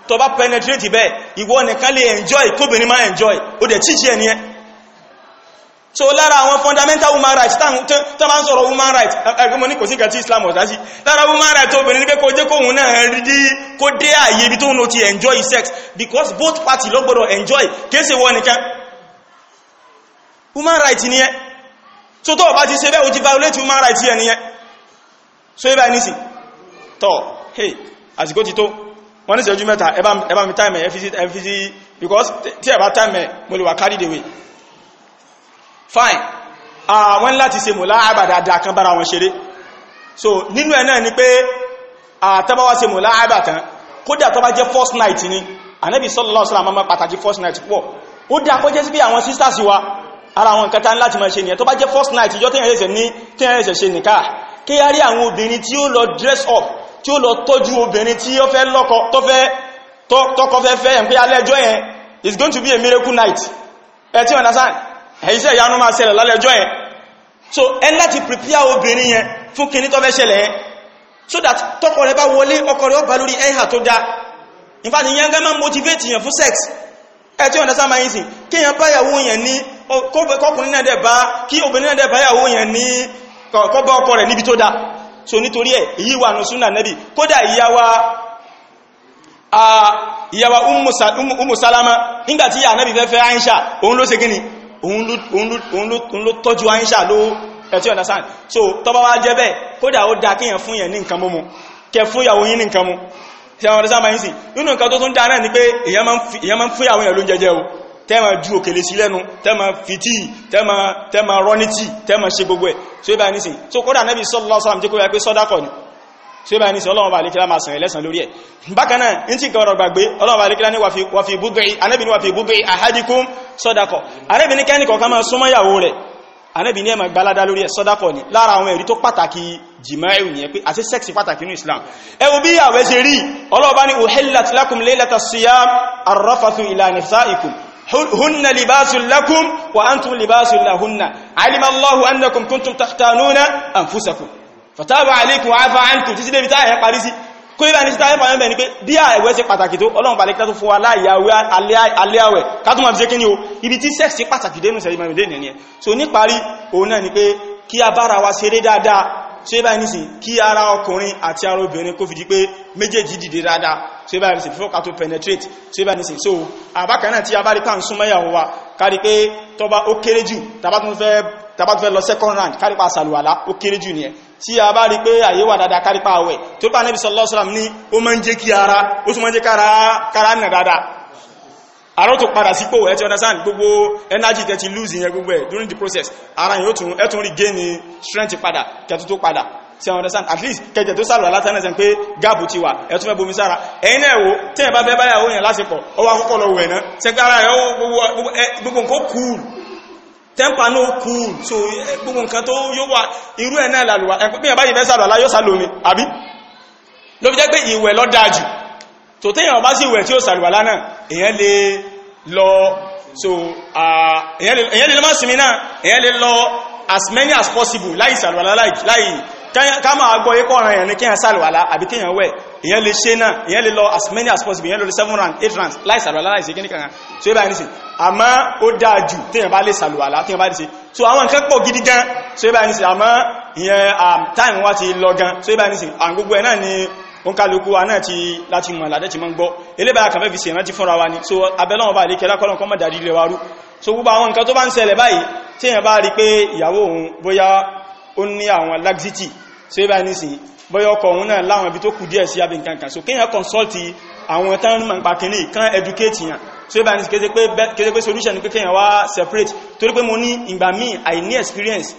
tó penetrate bẹ́ẹ̀ ìwọ nìkan lè enjoy kóbìnrin máa enjoy ó dẹ̀ chíchí ẹni ẹ so lára àwọn fundamental human rights tó bá ń sọ̀rọ̀ human rights ẹgbẹ́mọ́ ní kò sí gàtí Islam ọ̀sá sí lára human rights obìnrin ní pé kó jẹ́ kóhun náà rí kó dé àyè ibi tó ń lo ti enjoy sex because both party ló gbọ́dọ̀ enjoy kéèsè wọ́n nìkan human rights ni ẹ so tó bá ti ṣe bẹ́ẹ̀ o ti violate human rights yẹ ni ẹ so ẹ ní sí tọ́ hey àsìkò ti tó wọ́n ní ìṣẹ́jú mẹ́ta ẹ bá mi time ẹ fi sí because tí ẹ bá time ẹ mo lè wà carried away fine àwọn ah, láti ṣe mùláàbà dáadáa kan bára wọn ṣeré so ninu ẹ̀ náà ni pé àtàbáwá ṣe mùláàbà kan kódà tó bá jẹ́ first night ni ànábì sallallahu alaihi wasallam pàtàkì first night pọ̀ ó dá kó jẹ́ sí bí àwọn sisters wa ara àwọn nǹkan tán láti máa ṣe nìyẹn tó bá jẹ́ first night ìjọ tẹ́yẹ̀ ṣẹ̀ṣẹ̀ ní tẹ́yẹ̀ ṣẹ̀ṣẹ̀ nìká kí a rí àwọn obìnrin tí ó lọ dress up tí ó lọ tọ́jú obìnrin tí ó to lọ́kọ tó fẹ́ tọ́kọ fẹ́ fẹ́ yẹn pé alẹ́jọ́ yẹn is going to be a miracle night ẹ̀ tí understand ẹ̀yíṣẹ́ ìyanu máa ṣẹlẹ̀ lálẹ́jọ́ yẹn so ẹn láti prepare obìnrin yẹn fún kí ní tọ́fẹ́ ṣẹlẹ̀ yẹn so that tọ́kọ rẹ bá wọlé ọkọ rẹ ó bá lórí ẹ̀hà tó dá in fact ìyẹn gẹ́ máa motivate yẹn fún sex ẹ̀ tí ọ̀nà sáma yìí sì kí yẹn bá yàwó yẹn ní kọkùnrin náà dẹ̀ bá kí obìnrin náà dẹ̀ bá yàwó yẹn ní kọ́ bá ọkọ rẹ̀ níbi tó dá so nítorí ẹ̀ èyí wà nù súnà nẹ́bì kódà ìyáwá ìyáwá umu salama nígbàtí yà nẹ́bì fẹ́ fẹ́ Aisha òun ló ṣe gíní òun ló tọ́jú àyíṣà ló ẹ̀tí understand so tọ́bá wá jẹ́ bẹ́ẹ̀ kódà ó dá kíyàn fún yẹn ní nǹkan mú mu kẹ fún ìyàwó yín ní nǹkan mú tí àwọn ọ̀dọ́sá máa ń sìn nínú nǹkan tó tún dá náà ni pé èyàn máa ń fún ìyàwó yẹn ló ń jẹjẹ o tẹ́mà ju òkèlè sí lẹ́nu tẹ́mà fi tíì tẹ́mà rọ́ní tíì tẹ́mà ṣe gbogbo ẹ̀ so ibà nísìn so kódà Ànábì sallallahu alaihi wasallam jẹ́ kó yà pé sọ́dákọ̀ ni tí ó bá ní sí ọlọ́wọ́ àlékílá máa sàn ẹlẹ́sàn lórí ẹ̀ bákanáà ní tí kọ̀rọ̀ gbàgbé ọlọ́wọ́ àlékílá ní wàfí búgbé anẹ́bì ní wàfí búgbé àhádìkún sọ́dakọ̀ anẹ́bì ní kẹ́nìkọ̀ ká máa súnmọ́ ìyàwó rẹ̀ anẹ́bì ní ẹ̀mà gbalada lórí ẹ̀ sọ́dakọ̀ ni lára àwọn ẹ̀rí tó pàtàkì jìmáìrù ni ẹ pé هن لباس لكم وأنتم لباس لهن علم الله أنكم كنتم تختانون أنفسكم wọ̀tábà alékùn àfà àǹkù títí débi táyẹ̀ parí sí kó ibà ní sí táyẹ̀ parí ní pé bí àìwẹ̀ ṣe pàtàkì tó ọlọ́run balẹ̀ tó fún wa láàyàwẹ̀ aléàwẹ̀ kátùmọ̀ fi ṣe kí ni o ibi tí sex ṣe pàtàkì dénú sẹ́yìn mẹ́rin dénú so níparí òun náà ni pé kí a wa ṣeré dáadáa so ibà ní sí kí ara ọkùnrin àti ara obìnrin kó fi di pé méjèèjì dìde dáadáa so ibà ní penetrate so ibà ní sí so àbákan náà tí a bá rí wa kárí pé tọba ó kéré jù tàbá second round kárí pa àsàlùwàlá ó kéré jù nìyẹn tí a bá rí pé àyè wà dáadáa kárípa àwẹ̀ tó bá nẹ́bí sallallahu alaihi wasallam ní ó máa ń jẹ́ kí ara ó tún máa jẹ́ kára nà dáadáa àrọ́ tó padà sípò ẹ ti gbogbo energy tẹ́ ti lose yẹn gbogbo ẹ̀ during the process ara yóò tún ẹ tún regain strength padà kẹtù tó padà tí a understand at least kẹjẹ tó sàlọ̀ látánà ẹ̀sẹ̀ pé gáàbù ti wà ẹ̀tún mẹ́ bomi sára ẹ̀yìn ẹ̀wò tí bá fẹ́ báyàwó yẹn lásìkò ọwọ́ akọ́kọ́ lọ wẹ̀ náà sẹ́gbẹ́ ẹ̀ gbogbo nǹkan cool tẹ́mpa ní òkú so eh, gbogbo nǹkan tó yóò wà irú ẹ̀ náà lálùwà ẹ̀pínpín àbáyìí fẹ́ sàlọ̀ aláyọ́ sàlómi àbí ló fi jẹ́ pé ìwẹ̀ lọ dáájù tó téèyàn bá sí ìwẹ̀ tí ó sàlùwà lánàá èyàn lè lọ so èyàn lè lọ mọ́sìmí náà èyàn lè lọ as many as possible láì sàlùwà láì ká máa gbọ́ yípo ọ̀rọ̀ ẹ̀rin kí ẹ̀ sàlùwàlá àbí kí ẹ̀ wẹ̀ ìyẹn lè ṣe náà ìyẹn lè lọ as many as possible ìyẹn lọ lè seven rank eight rank láì sàlùwàlá láì ṣe kíníkan tí ó bá ní sí àmọ́ ó dáa jù tí ẹ̀ bá lè sàlùwàlá tí bá lè ṣe so àwọn nǹkan pọ̀ gidi gan tí ó bá ní sí àmọ́ ìyẹn um, time wá ti lọ gan tí ó bá ní sí àwọn gbogbo ẹ̀ náà ni òun kálukú wa náà ti láti mọ̀ ládẹ́ ti mọ́ gbọ́ elébàá so abẹ́lọ́wọ̀n bá lè kẹ́lá kọ́lọ̀ kọ́mọ̀ dàdí lè so gbogbo àwọn nǹkan tó bá ń ṣẹlẹ̀ báyìí tí èèyàn bá rí pé ìyàwó òun ó ní àwọn laxity so ibà nísìn bóyá ọkọ̀ òun náà láwọn ibi tó kù díẹ̀ sí abin kankan so kéèyàn consult àwọn tán mọ̀ kan educate yàn so ibà nísìn kéde pé solution ni pé kéèyàn wá separate torí pé mo ní ìgbà míì àìní experience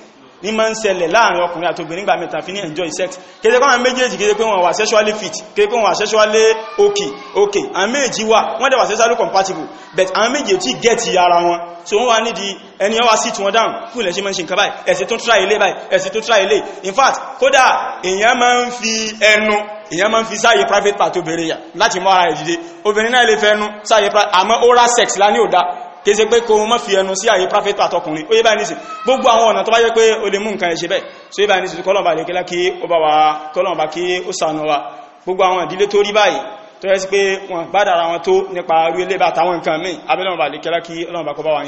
ní máa ń ṣẹlẹ̀ láàrin ọkùnrin àti obìnrin gbà mẹ́ta fi ní enjoy sex kéde kọ́ àwọn méjèèjì kéde pé wọ́n wà sexually fit kéde pé wọ́n wà sexually okay okay àwọn méjì wà wọ́n dẹ̀ wà sexually compatible but àwọn méjì tí get ara wọn so wọ́n wá di ẹni ọwá sit wọn down fún ilẹ̀ ṣe máa ń try ilé báyìí ẹ̀sìn tó try ilé in fact kódà èèyàn máa ń fi ẹnu èèyàn máa ń fi sáàyè private part obìnrin yà láti mọ́ ara ìdíde obìnrin náà lè fẹ́ ẹnu sáàyè private àmọ́ oral sex lá ní ò dá kése pé kó mọ́ fi ẹnu sí àyè prophet àtọkùnrin ó yé báyìí nìsí gbogbo àwọn ọ̀nà tó bá yẹ pé o lè mú nǹkan ẹ̀ ṣe bẹ́ẹ̀ so yé báyìí nìsí kọ́lọ̀mbà lè kílá kí ó bá wa kọ́lọ̀mbà kí ó sànù wa gbogbo àwọn ìdílé tó rí báyìí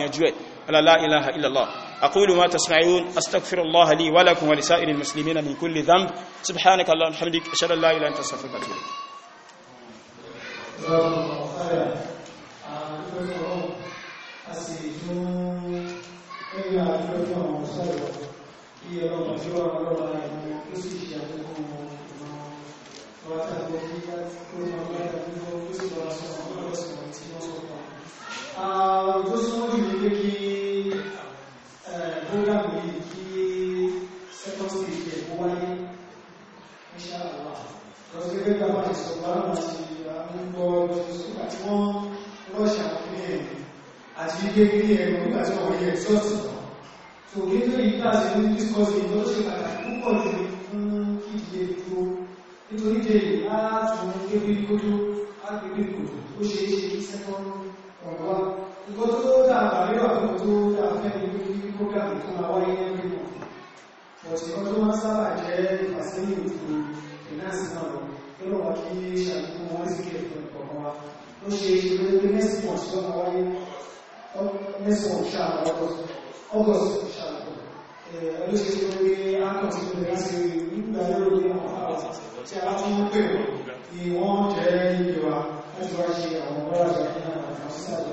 tó yẹ أقول ما تسمعون أستغفر الله لي ولكم ولسائر المسلمين من كل ذنب سبحانك اللهم وبحمدك أشهد أن لا إله إلا أنت أستغفرك وأتوب إليك a sì tún nígbà àjọjọ́ àwọn sọ̀rọ̀ bí ọlọ́mọ tí ó wà lọ́wọ́ àìmọ́ ó sì ṣe àkókò wọn látàgbọ́ kí á tó máa bá ìdàgbọ́ ó sì bá sọ àwọn ọlọ́sọ̀rọ̀ tí wọ́n sọ pa. àwọn tó súnmọ́ jù ní pé kí program yìí kí second stage ẹ̀ wáyé ní ṣáà àti ilé ẹ̀rọ nígbà tí wọ́n yẹ ṣọ́ọ̀tì tó nílò ìgbà tí ó ní discourse tó ṣe pàtàkì púpọ̀ jù fún kíkìlẹ̀ dúró nítorí pé látún kébí kótó ágbébí kòtò ó ṣe é ṣe sẹ́kọ́ ọ̀rọ̀ wa nǹkan tó dàgbà rí àwọn tó dàgbà ní kí program tó máa wáyé lẹ́gbẹ̀ẹ́ mọ̀ ọ̀sẹ̀ kan tó máa sábà jẹ́ ìfàsẹ́yìn òfin ìnáàsì náà lọ adesso usciamo agosto, agosto usciamo eh, adesso si deve anche considerarsi un bello di una pausa cioè la sono quello di uomo c'è il giova adesso vai ci siamo ora c'è il giova non si sa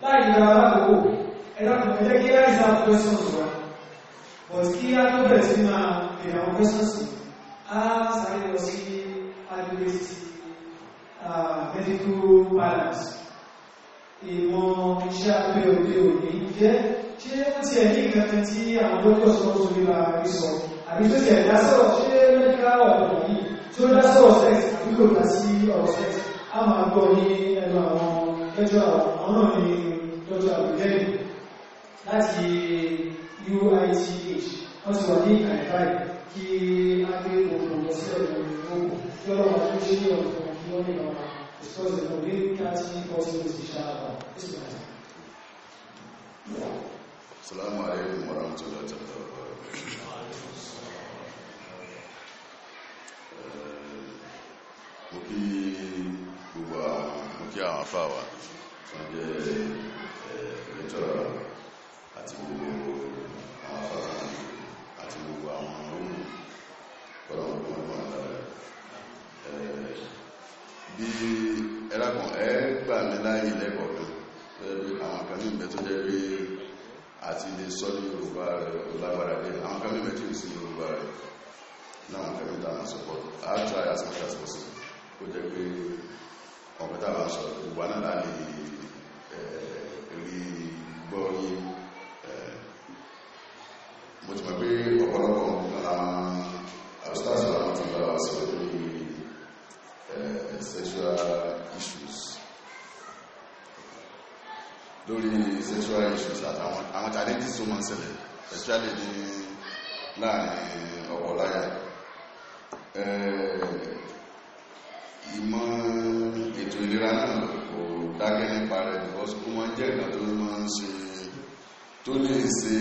dai la la tu e la tu perché chi era stato questo giova poi chi ha tu per prima diciamo questo sì ah sarebbe così a diversi a uh, medical balance ìmọ̀ iṣẹ́ abẹ́ òde òní jẹ́ ṣé ó ti ẹ̀ ní nǹkan kan tí àwọn dókítà sọ tó ní máa rí sọ àbí tó ti ẹ̀ dá sọ̀rọ̀ ṣé mẹ́ta ọ̀rọ̀ yìí tí ó dá sọ̀rọ̀ sex àbí kò dá sí ọ̀rọ̀ sex á máa gbọ́ ní ẹnu àwọn ẹjọ́ àwọn náà ní dókítà àbúkẹ́lì láti UITH wọ́n ti wà ní ìkàlẹ̀ kí á gbé òkùnkùn sí ọ̀dọ̀ òkùnkùn tí ọlọ́wọ́ ṣe ọ̀dọ̀ òkùnkùn lọ́nà because they know really catchy possible to shower. It's nice. Assalamu alaikum wa rahmatullahi wa barakatuh. Mo kí gbogbo àwọn mo kí àwọn afáwà tó bí ẹlákan ẹ gbà mí láyé lẹ́kọ̀ọ́kan ẹbí àwọn kan ní ìbẹ̀ tó jẹ́ rí àti ilé sọ ní yorùbá rẹ̀ lágbára dé àwọn kan ní ìbẹ̀ tí ò sí yorùbá rẹ̀ láwọn kan ní ìdáná sọpọ̀ á try as much as possible ó jẹ́ pé ọ̀pẹ́ta bá sọ ìwà náà láàyè rí gbọ́ yé mo ti mọ̀ pé ọ̀pọ̀lọpọ̀ àwọn abstance àwọn ti bá wa sọ lórí Eh, sexual issues lórí sexual issues àtàwọn àwọn challenges tó máa ń ṣẹlẹ̀ especially ní láàrin ọ̀pọ̀ láyà eh, ìmọ̀ ètò ìlera náà kò dákẹ́ nípa rẹ̀ because ó máa ń jẹ́ ìgbà tó máa ń ṣe tó lè ṣe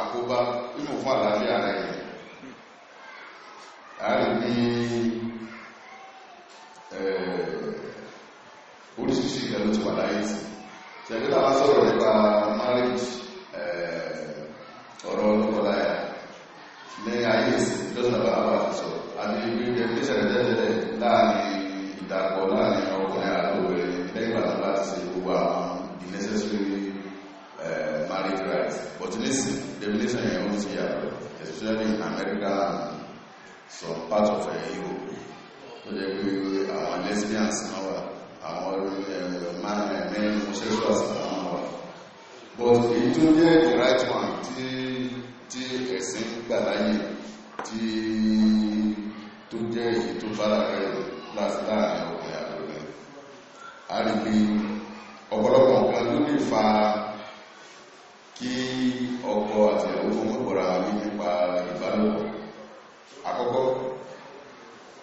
àkóbá nínú fún àlàáfíà rẹ̀ àárín ní Eh, oríṣiríṣi ìgbẹ́ ló ti wà láyé sí ṣẹ̀gbẹ́ta bá sọ̀rọ̀ nípa marriage eh, ọ̀rọ̀ lọ́kọláya ní ayé ìsìn lọ́sọ̀rọ̀ bá wà sọ̀rọ̀ àti ìgbẹ́ ìgbésẹ̀rẹ̀ tẹ́tẹ́lẹ̀ láàrin ìdàpọ̀ láàrin ọkùnrin àlóbìnrin lẹ́yìn bàtà bá ti ṣe gbogbo àwọn the necessary eh, marriage rights but nísìn definition yẹn ó ti yàtọ̀ especially in America and some parts of Europe ó jẹ́ pé àwọn lesbians náà wà àwọn mẹ́rin homosexuals náà wà but èyí tó jẹ́ the right one tí tí ẹ̀sìn gbà láyè tí tó jẹ́ èyí tó bá rẹ̀ láàrin ọkùnrin àtọ́rẹ́ a rí pé ọ̀pọ̀lọpọ̀ nǹkan ló lè fa kí ọkọ àti ìyàwó fún ọgbọ̀ra ní nípa ìbálòpọ̀ àkọ́kọ́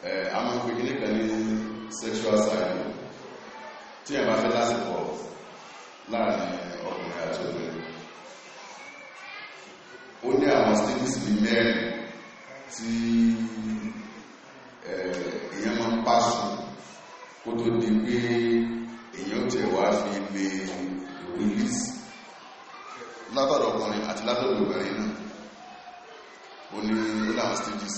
a máa ń pè kíní kan ní sexual side tí ẹ̀ bá fẹ́ lásìkò láàrin ọkùnrin àti obìnrin ó ní àwọn stages bíi mẹ́rin tí èèyàn máa ń pàṣù kó tó di pé èèyàn tẹ̀ wá fi lè release látọ̀dọ̀ ọkùnrin àti látọ̀dọ̀ obìnrin náà ó ní ó láwọn stages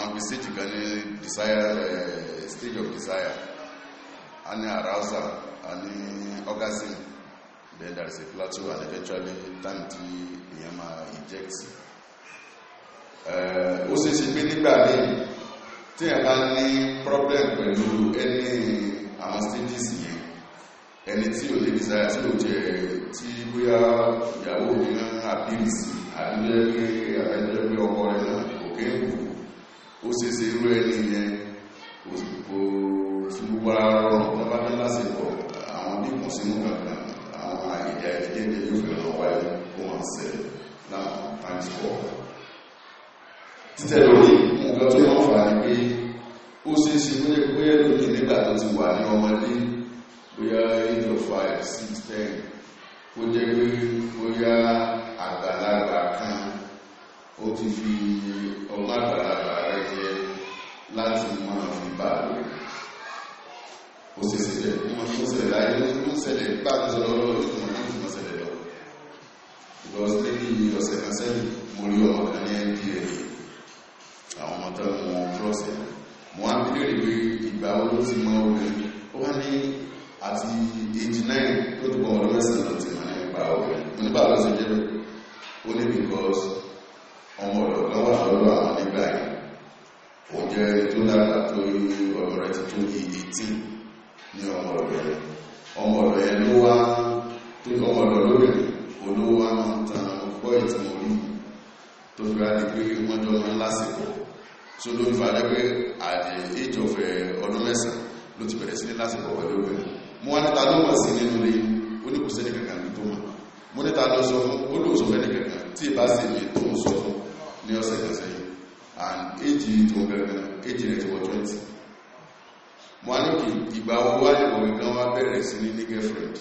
àwọn stage kan ní desire uh, stage of desire a ní arousal a orgasm then there is a plateau and eventually time to èèyàn máa inject eh, ó sì ṣe pé nígbà ní tí èèyàn bá ní problem pẹ̀lú ẹni àwọn stages yẹn ẹni tí ò ní desire tí ò jẹ tí bóyá ìyàwó mi náà appeal sí àbílẹ̀ pé àbílẹ̀ pé ọkọ rẹ̀ náà kò kéwù ó ṣe ṣe irú ẹni yẹn kò fi gbogbo ara rọrùn lábájá lásìkò àwọn onígun sínú kankan àwọn ìjà ìdíjẹ́jẹ́ yóò fẹ́ lọ wáyé kó wọ́n ṣe láwọn times four títẹ̀ lórí nǹkan tó wọ́n fà ní pé ó ṣe ṣe pé bóyá lónìí nígbà tó ti wà ní ọmọdé bóyá eight or five six ten kó jẹ́ pé bóyá àgbàlagbà kan ó ti fi ọmọ rẹ jẹ láti máa fi bá a lò ó sì ṣẹlẹ̀ ní wọn tó ṣẹlẹ̀ láyé ló ń ṣẹlẹ̀ gbà tó ṣẹlẹ̀ lọ́wọ́ tó ṣẹlẹ̀ lọ́wọ́ tó ṣẹlẹ̀ lọ ìgbà ọ̀sẹ̀ ní ọ̀sẹ̀ kan sẹ́yìn mo rí ọmọ kan ní nda àwọn ọmọ tó ń wọn fúrọ́ọ̀sì mo wá ń bèèrè pé ìgbà wo ló ti mọ obìnrin ó wá ní àti eighty nine tó ti bọ̀ ọdún mẹ́sàn-án ló ti mọ̀ nípa obìnrin mo ní báwo jẹ́ bẹ́ẹ̀ ó ní because ọmọ rẹ̀ lọ́wọ́ àlọ́lọ́ àwọn nígbà yìí ó jẹ́ tó dára tó ọmọ rẹ̀ ti tó di etí ní ọmọ rẹ̀ ọmọ rẹ̀ ló wá tó ọmọ rẹ̀ lórí olówó wá tan ọgbọ́ ìtàn orí tó fi rádi pé wọ́n jọ máa lásìkò tó ló ń fàdé pé àdè ìjọfẹ́ eh, ọdún mẹ́sàn-án ló ti bẹ̀rẹ̀ sí ní lásìkò pẹ̀lú rẹ̀ mo wá níta ló wà sí nínú ilé ó ní kankan tó mọ̀ mo níta ló sọ fún ó lóun sọ kankan tí ì bá sì mi tó sọ fún ní ọ̀sẹ̀ kẹsẹ̀ yìí and age yìí tó bẹ̀rẹ̀ age rẹ̀ ti wọ 20 mo ní kí ìgbà wọn wá lè wọ̀n gan wá bẹ̀rẹ̀ sí ní ní girlfriend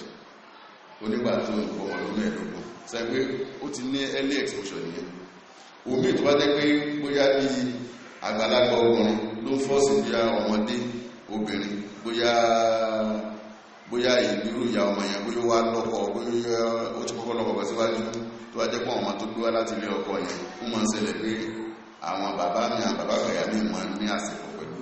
onígbà tó ń pọ̀ ọmọ ẹ̀dọ́gbọ̀n sẹ́yìn pé ó ti ní early exposure nìyẹn omi tó bá jẹ́ pé bóyá bí àgbàlagbà ọkùnrin ló ń tó wá jẹ́ pọ̀ ọmọ tó gbé wá láti ilé ọkọ yẹn ó máa ń ṣẹlẹ̀ pé àwọn bàbá mi àwọn bàbá bẹ̀yà mi mọ̀ ní àsìkò pẹ̀lú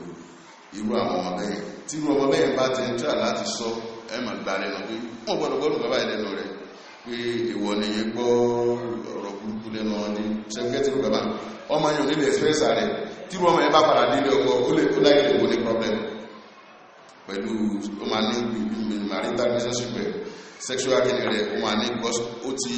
irú àwọn ọmọ bẹ́yẹn tí irú ọmọ bẹ́yẹn bá ti ń tíra láti sọ ẹ mà gba lẹ́nu pé wọ́n gbọ́dọ̀ gbọ́dọ̀ bàbá yẹn lẹ́nu rẹ̀ pé ìwọ nìyẹn gbọ́ ọ̀rọ̀ burúkú lẹ́nu ọdí sẹ́kẹ́tì ló bàbá ọmọ yẹn ò ní lè fẹ́ẹ́sà rẹ̀ tí irú ọmọ yẹn bá padà délé ọkọ ó lè kó láyé ìwọ ní problem pẹ̀lú ó máa ní marital relationship sexual kìnìún rẹ̀ ó máa ní ó ti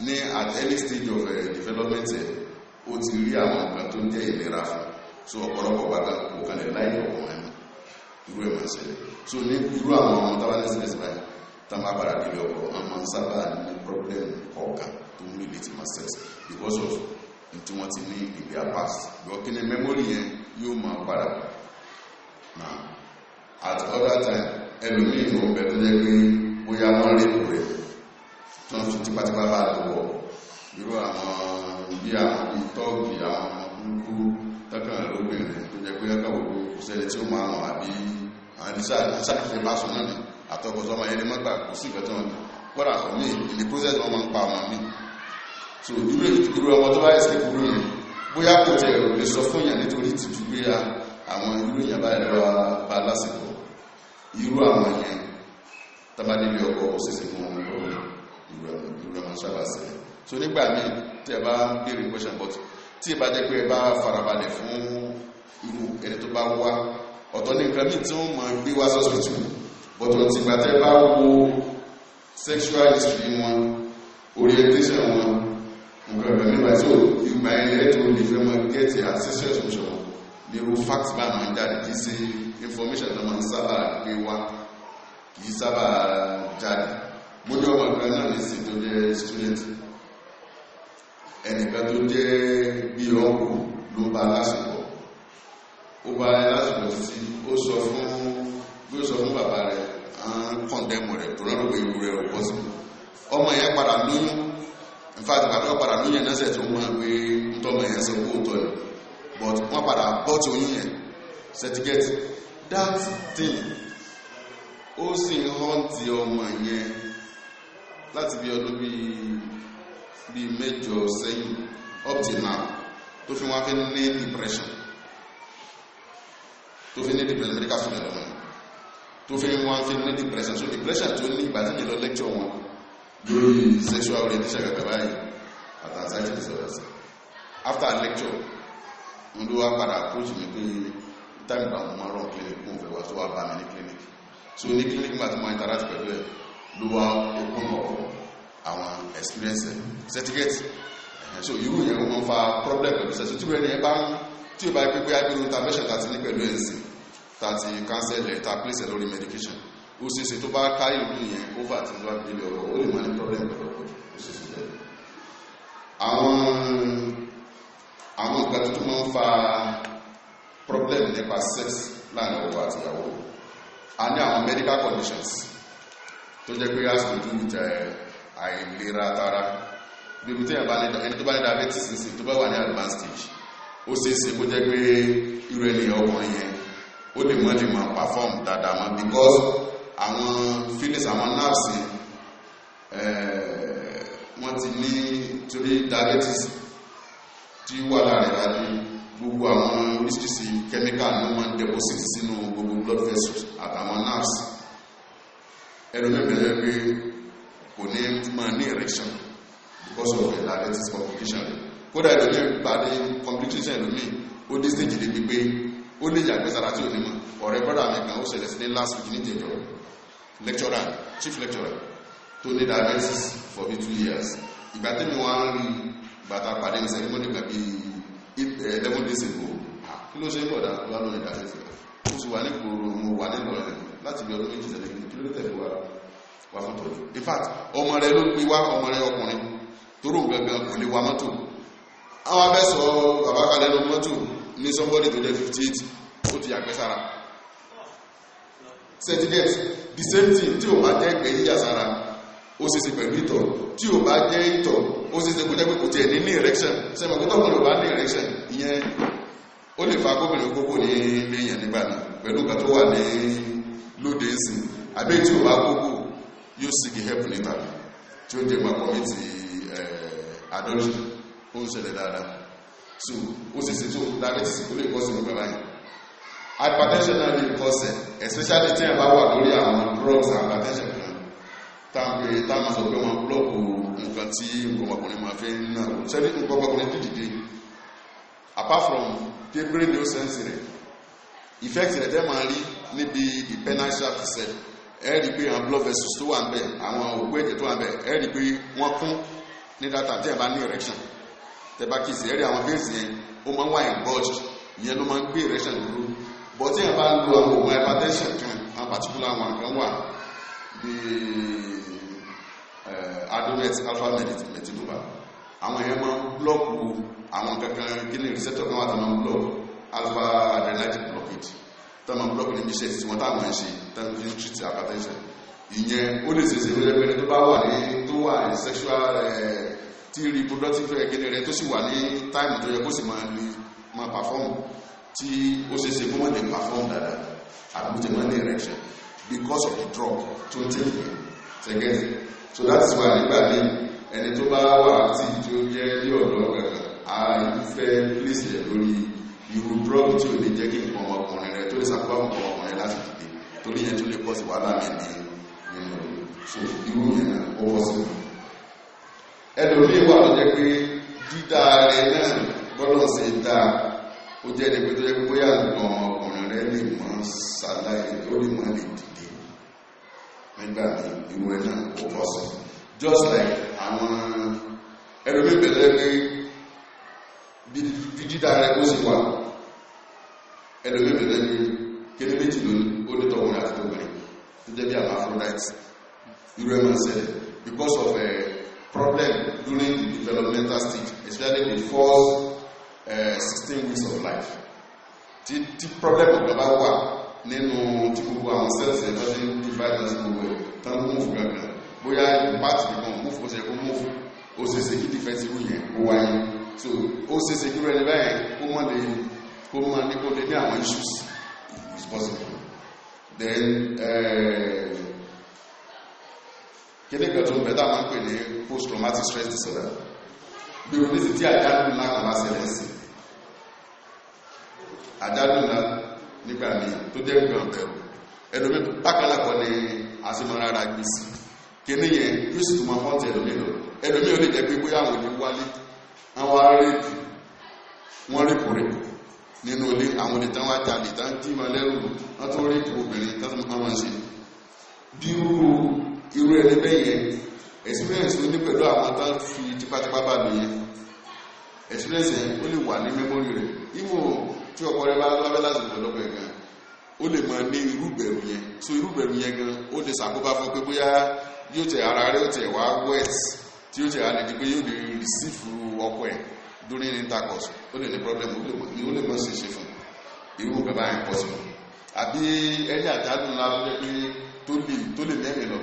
ní at any stage of uh, development ẹ̀ eh, ó ti rí àwọn nǹkan tó ń jẹ́ ìlera fún so ọ̀pọ̀lọpọ̀ bàbá kò kàn lè láì ọkùnrin irú ẹ̀ máa ṣẹlẹ̀ so ní irú àwọn ọmọ tábà ní sílẹ̀ sílẹ̀ tá máa padà délé ọkọ̀ wọn máa ń sábà ní problem kọ̀ọ̀kan tó ń relate to my sex because of tí wọ́n ti ní in their past because kí ni memory yẹn yóò máa padà na at other time ẹlòmíì ló ń bẹ tó jẹ́ pé bóyá wọ́n rí ìpò rẹ̀ tó ń fi tipátipá bá lò wọ̀ irú àwọn bí àwọn bí tọ́ọ̀gì àwọn burúkú tọ́kàn lóbìnrin tó jẹ́ pé ọkọ̀ gbogbo kò sẹ́ni tí ó máa hàn àbí àwọn ibi sáàkìṣe bá sùn náà ni àtọkọ̀tọ̀ ọmọ yẹn ni mọ́gbà kò sí ìgbà tó ń kọ́ra fún mi ìní process wọn máa ń pa ọmọ mi so irú ìdúró ọmọ tó bá yẹ sí kúrú yẹn bóyá kò tẹ̀ ò lè sọ fún yàn nítorí tìtú pé àwọn irú yẹn bá yẹn wá bá lásìkò irú àwọn yẹn tábàdébí ọkọ̀ ó fún ọmọ ìlú ìrọ̀ so nígbà míì tí ẹ bá ń béèrè question but tí ẹ bá jẹ́ pé ẹ bá farabalẹ̀ fún irú ẹni tó bá wá ọ̀tọ̀ ní nǹkan míì tí wọ́n mọ̀ gbé wá sọ́sìtì but wọ́n ti gbà tẹ́ bá wo sexual history wọn orientation wọn nǹkan ìgbà nígbà tí ìgbà ẹni ẹ̀ tó lè fẹ́ mọ gẹ́ẹ̀tì ancestors ń sọ̀rọ̀ ní irú fact bá máa jáde kì í ṣe information tó máa ń sábà gbé wá kì í sábà jáde mo jọ kan náà nísìn tó jẹ́ student ẹnìkan tó jẹ́ bí ọkù ló bá lásìkò ó bá lásìkò títí ó sọ fún bí ó sọ fún bàbá rẹ̀ àwọn kọ̀ndẹ́mù rẹ̀ tó rọ́rùn pé ìwúrẹ́ ò bọ́ sí ọmọ yẹn padà lóyún in fact bàbá lóyún yẹn lẹ́sẹ̀ tó mọ̀ pé ntọ́mọ yẹn sọ pé òótọ́ yẹn but wọ́n padà bọ́ ti oyún yẹn certificate that thing ó sì ń hàn ti ọmọ yẹn láti bí ọdún bí mẹ́jọ sẹ́yìn up till now tó fi wọ́n fi ní depression tó fi ní depression medical student ọmọ tó fi wọ́n fi ní depression so depression tó ní ìgbà tíjẹ lọ lecture wọn lórí sexual orientation gàgà báyìí àtàwọn sexual disorders after lecture n ló wá padà approach mi pé time ìgbà mo máa rán clinic kó n fẹ́ wá tó wá bá mi ní clinic so ní clinic nígbà tí mo interact pẹ̀lú ẹ̀ ló wá okun ọ̀ àwọn experience certificate so irú yẹn wọ́n fa problem pẹ̀lú sẹ́sì tí wọ́n yẹn bá ń tí ó bá yẹ pé agbẹ́rù intervention tàti ní pẹ̀lú ẹ̀sìn tàti cancel ẹ̀ ta place ẹ̀ lórí medication ó ṣe é ṣe tó bá ká ìlú yẹn over ti lọ́wọ́ ìbílẹ̀ ọ̀rọ̀ ó lè máa ní problem pẹ̀lú ọ̀rọ̀ ó ṣe é ṣe bẹ́ẹ̀. àwọn àwọn nǹkan tó tún máa ń fa problem nípa sex láàrin ọkọ àtìyàwó a ní àwọn medical conditions tó jẹ́ pé aṣojú ìtẹ àìlera tara bíbi tí ẹni tó bá ní diabetes ní sí tó bá wà ní advanced stage ó ṣe é ṣe kó jẹ́ pé irú ènìyàn ọkùnrin yẹn ó lè mọ́ lè mọ́ perform dáadáa mọ́ because àwọn feelings àwọn nerves wọ́n ti ní torí diabetes tí wà láàrin láti gbogbo àwọn oríṣiríṣi chemical ní wọ́n deposit sínú gbogbo blood vessels àtàwọn nerves ẹlòmíbẹ̀rẹ̀ pé kò ní máa ní erection because of the diabetes complication rẹ̀ kódà ẹlòmí bá ní complication ẹlòmí ó dé stage débi pé ó lè yàgbẹ́ sára tí ò ní mọ̀ ọ̀rẹ́ brọ́dà mi kan ó ṣẹlẹ̀ sí ní last week ní ìjẹjọ lecturer chief lecturer tó ní diabetes for bí two years ìgbà tí mi wọ́n rí bàtà pàdé ní sẹ́yìn mọ́nìkà bí eh, eleven days ago ah, kí ló ṣe ń bọ̀dà lọ́nà ìdásẹ́sẹ̀ ó sì wà ní kòrò mo wà nílò rẹ̀ láti bí ọdún méjì tẹ̀lé kí ló tẹ̀lé wa wa mọ́tò in fact ọmọ rẹ ló pin wá ọmọ rẹ ọkùnrin toró gbẹgbẹ kò lè wa mọ́tò àwọn abẹ́ bàbá kalẹ̀ lọ mọ́tò ní somebody tó jẹ́ 58 ó ti yàgbẹ́ sára certificate the same thing tí o bá jẹ́ ìgbẹ́ yíyà sára ó ṣe ṣe pẹ̀lú ìtọ̀ tí o bá jẹ́ ìtọ̀ ó ṣe ṣe kò jẹ́ pé kò tiẹ̀ ní ní erection sẹ́mi kó tọ́kùnrin ò bá ní erection ìyẹn ó lè fa gómìnà gbogbo ní ilé yẹn nígbà náà pẹ̀lú kan tó wà ní lóde abeti sìn àbẹ́ tí ò bá gbogbo yóò sì kí help níta tí ó jẹ́ máa eh, so ó sì ṣètò diabetes ó lè kọ́ hypertension na lè especially tí ẹ̀ bá wà drugs and hypertension na táàpé táàmù sọ ma wọn búlọ́ọ̀kù nǹkan tí nǹkan apart from níbi the penal service ẹ rí i pé àwọn blood vessels tó wà nbẹ àwọn òkú ẹ̀jẹ̀ tó wà nbẹ ẹ rí i pé wọ́n kún ní data tí ẹ bá ní erection tẹ bá kìsì ẹ rí àwọn veins yẹn ó máa ń wà engorged ìyẹn ló máa ń gbé erection dúró but tí ẹ bá lo àwọn oògùn hypertension kan àwọn particular one kan wà bíi eh, adonet alpha metinova àwọn èèyàn máa ń blọ́ọ̀kù àwọn kankan kí ni receptor kan wà tó máa ń blọ́ọ̀kù alpha adrenergic blockage tọ́mọ búlọ́ọ̀kì níbi iṣẹ́ tí wọ́n táwọn ń ṣe tọ́mọ fi tìrìtì àkàtẹ́ṣẹ̀ ìyẹn ó lè ṣèṣe wẹ́rẹ́wẹ́rẹ́ tó bá wà ní tó wà ní sexual eh, tí reproductive eh, gẹ́gẹ́ rẹ tó sì wà ní táìmù tó yẹ kó sì máa ní máa perform tí ó ṣeéṣe kó má lè perform dáadáa àbújẹ máa ní erection because of the drug tó ń tẹ̀lé ṣẹgẹ́ so that is why nígbà ní ẹni tó bá wà tí ìjó jẹ́ ní ọ̀dọ́ kankan àìfẹ́ lè ṣe lórí irú drug tí ò lè jẹ́ kí nǹkan ọmọkùnrin rẹ tó lè sàkóbá nǹkan ọmọkùnrin láti dìde torí yẹn tó lè pọ̀ sí wàhálà mi ní nínú so irú yẹn ó wọ́ sí mi ẹlòmíì wà ló jẹ́ pé dídá rẹ náà gbọ́dọ̀ sí dáa ó jẹ́ ẹni pé tó jẹ́ pé bóyá nǹkan ọmọkùnrin rẹ lè mọ́ ṣàlàyé ó lè mọ́ lè dìde nígbà irú ẹ náà ó wọ́ sí just like àwọn ẹlòmíì bẹ̀rẹ̀ pé bí dídá rẹ ó sì wà ẹlòmí mi lẹ́bi kéde méjì lónìí ó ní tọkùnrin àti tóbìnrin tó jẹ́ bí àwọn aphrodite irú ẹ̀ máa ṣẹlẹ̀ because of a eh, problem during the developmental stage especially the first uh, sixteen weeks of life tí tí problem ọ̀gbọ́n bá wà nínú tí gbogbo àwọn cells ẹ̀ lọ́dún divide as gbogbo ẹ̀ tán move gangan bóyá part nìkan move kó ṣe kó move ó ṣe ṣe kí defensive yẹn kó wáyé so ó ṣe ṣe kí rẹ̀ ní báyẹn kó mọ̀ lè kó máa ní kó lè ní àwọn possible then eh, kíní kan tó ń bẹ tá a máa ń pè ní post traumatic stress disorder bí o ní sì tí àjálù ńlá kan bá ṣẹlẹ̀ sí àjálù ńlá nígbà míì tó jẹ́ nǹkan bẹ̀rù ẹlòmí bákàlà kan ní àṣemọ́rára gbé sí kíní yẹn yóò sì tún máa fọ́n tẹ ẹlòmí lọ ẹlòmí ò lè jẹ́ pé bóyá àwọn ò ní wálé àwọn arẹ́bù wọ́n rẹ́pù rẹ́pù nínú ilé àwọn olè tán wá jalè tán dì máa lẹ́rù wọ́n tó rí ìpò obìnrin tán tó máa wọ́n ṣe bí irú ẹni bẹ́ẹ̀ yẹn experience ló ní pẹ̀lú àwọn tán fi tipátipá bá lò yẹn experience yẹn ó lè wà ní memory rẹ̀ ibo tí ọkọ rẹ bá lábẹ́ lásìkò lọ́pọ̀ ẹ̀ gan ó lè máa ní irúgbẹ̀rù yẹn so irúgbẹ̀rù yẹn gan ó lè ṣàkóbá fún pé bóyá yóò tẹ̀ ara rẹ̀ ó tẹ̀ wá west tí ó tẹ̀ á lè di pé yóò lè receive ọkọ ẹ̀ during intercourse ó lè ní problem ó lè mọ ó lè mọ sí ṣe fún irú bàbá yẹn pọ̀ sí àbí ẹni àjálù ńlá ló jẹ́ pé tó lè tó lè mẹ́rin lọ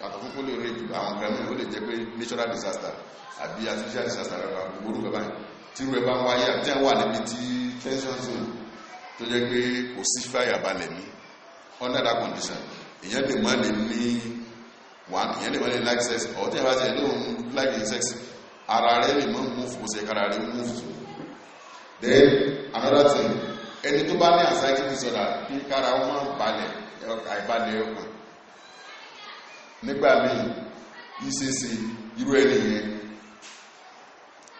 yàtọ̀ fún kó lè rí ibi àwọn ọ̀gá mìíràn ó lè jẹ́ pé natural disaster àbí artificial disaster rẹ̀ àwọn gbogbo bàbá yẹn tí irú ẹ bá wáyé àbí àwọn wà níbi tí tension zone tó jẹ́ pé kò sí fàyà balẹ̀ ní under that condition èèyàn lè má lè ní one èèyàn lè má lè like sex ọ̀tí ẹ̀ bá ti ẹ̀ lóun like sex ara rẹ̀ lè mọ́ múfù kò sí ẹ̀kára rẹ̀ múfù then another thing ẹni tó bá ní anxiety disorder kí kára ó máa balẹ̀ àìbalẹ̀ ọkàn nígbà míì ìṣesí irú ẹni yẹn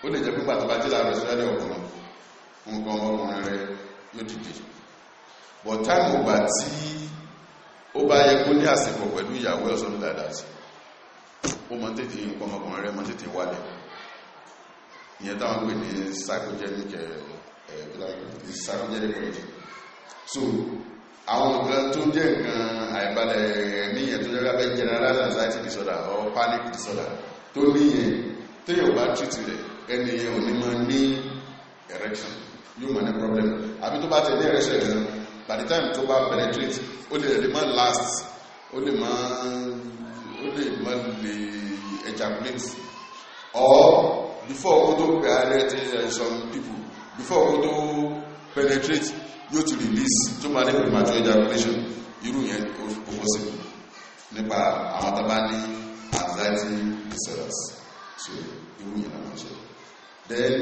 ó lè jẹ́ pípa tó bá jẹ́ láàrẹ̀ sílẹ̀ ọkùnrin nǹkan ọkùnrin rẹ̀ yóò dìde but time ọgbà tí ó bá yẹ kó ní àsìkò pẹ̀lú ìyàwó ọ̀sán dáadáa sí ó mọ tètè nǹkan ọkùnrin rẹ̀ mọ tètè wálẹ̀ ìyẹn táwọn pè ní psychogenic eh, eh, psychogenic energy so àwọn nǹkan tó jẹ́ nǹkan àìbalẹ̀ níyẹn tó jẹ́ lábẹ́ general anxiety disorder or panic disorder tó níyẹn téèyàn bá treat rẹ̀ ẹni yẹn ò ní máa ní erection yóò máa ní problem àbí tó bá ti ní erection gan by the time tó bá penetrate ó lè lè máa last ó lè máa ó lè máa lè ejaculate or before Odo penetrates and some people, before Odo penetrates, you to release to manage premature ejaculation. Irú yẹn kò possible nípa àwọn tábà ní anxiety disorders. So irú yẹn náà wọ́n ṣe. Then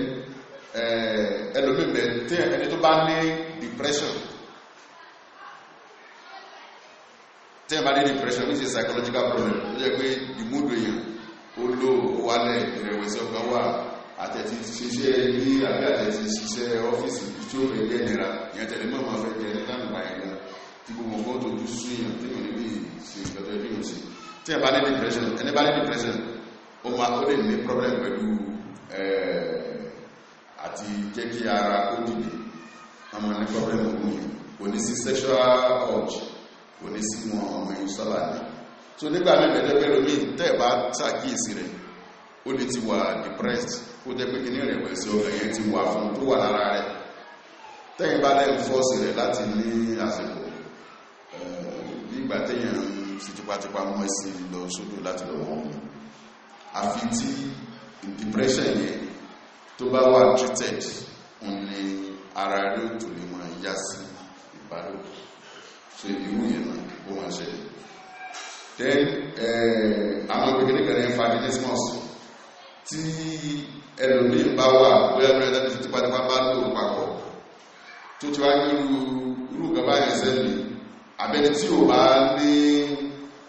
eh, ẹlòmíì bẹ̀ tí ẹni tó bá ní depression tí ẹ bá ní depression which is psychological problem ó jẹ́ pé the mood èèyàn ó lò ó wálẹ̀ ìrẹ̀wẹ̀sì ọkàn wà àtẹ̀tí ṣiṣẹ́ ní àbí àtẹ̀tí ṣiṣẹ́ ọ́fíìsì tí ó fẹ́ gẹ́nira ìyẹn tẹ̀lé mọ́ máa fẹ́ gẹ́ nígbà ẹ̀gbà tí gbogbo nǹkan tó dú sí èèyàn tí èèyàn níbi ṣe ìgbàtọ̀ ẹbí òsì tí ẹ bá ní depression ẹni bá ní depression ó máa ó lè ní problem pẹ̀lú àti jẹ́ kí ara kó dìde ọmọ ní problem òun yìí kò ní sí sexual urge kò ní sí wọn ọmọ yìí sábà ní so nígbà mí bẹ̀rẹ̀ pẹ̀lú mi tẹ́ bá ṣàkíyèsí rẹ̀ ó lè ti wà depressed ó jẹ́ pé kí ní ìrẹ̀wẹ̀sì ọkàn yẹn ti wà fún tó wà lára rẹ̀ tẹ́yìn bá lẹ́nu fọ́ọ̀sì rẹ̀ láti ní àsìkò nígbà eh, tẹ́yìn sí tipátipá mọ́ sí lọ sódò láti lọ wọ́n mi àfi tí depression yẹn tó bá wà treated òun ni ara rẹ̀ ò tó lè mọ̀ yá sí ìbálòpọ̀ so ìwú yẹn náà ó máa ṣẹlẹ̀ then eh, àwọn kékeré kan ní fadilismus tí ẹlòmíín bá wà tipátipá bá lò tó ti wá nírú irú kan báyìí sẹ́lẹ̀ abẹ́ni tí ò bá ní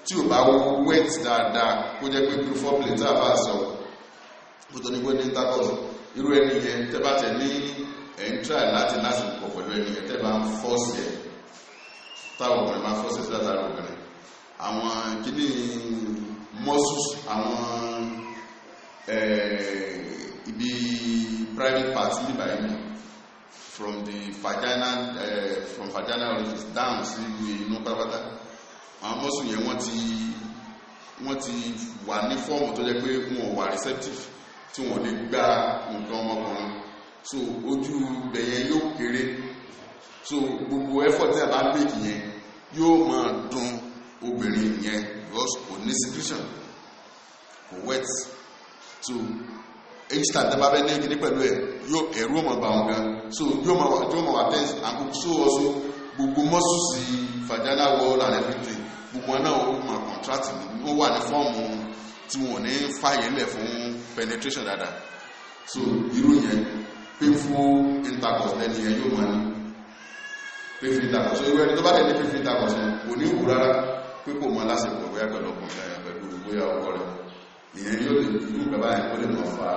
tí ò bá wet dáadáa kó jẹ́ pé kúrú fọ́ọ̀mù lè tá a sọ kó tó ní ní irú ẹni yẹn tẹ́ bá tẹ̀ ní láti láti pọ̀ pẹ̀lú ẹni àwọn kíní muscles àwọn ibi private parts níbà yìí from the vaginal uh, from vaginal origins down sí inú pátápátá àwọn muscles yẹn wọ́n ti wọ́n ti wà ní fọ́ọ̀mù tó jẹ́ pé wọn ò wà receptive tí wọ́n lè gba nǹkan ọmọkùnrin so ojú bẹ̀yẹ yóò kéré so gbogbo effort tí a bá ń bèkì yẹn yóò máa dùn obìnrin yẹn because kò ní secretion kò wet so each time tẹ́ bá fẹ́ ní kíní pẹ̀lú ẹ̀ yóò ẹ̀rú ọmọ bá wọn gan so yóò máa wà yóò máa wà tense and so also gbogbo muscles vagina wall and everything gbogbo wọn náà ó máa contract ó wà ní fọ́ọ̀mù tí wọn ò ní fààyè lẹ̀ fún penetration dáadáa so irú yẹn painful intercourse lẹ́nu yẹn yóò máa ní painful intercourse so irú ẹni tó bá tẹ̀lé painful intercourse yẹn kò ní wù rárá pípò mọ́ lásìkò bóyá pẹ̀lú ọkùnrin ẹ̀yàn pẹ̀lú bóyá ọkọ rẹ̀ ìyẹn yóò lè irú bàbá yẹn ó lè mọ̀ fa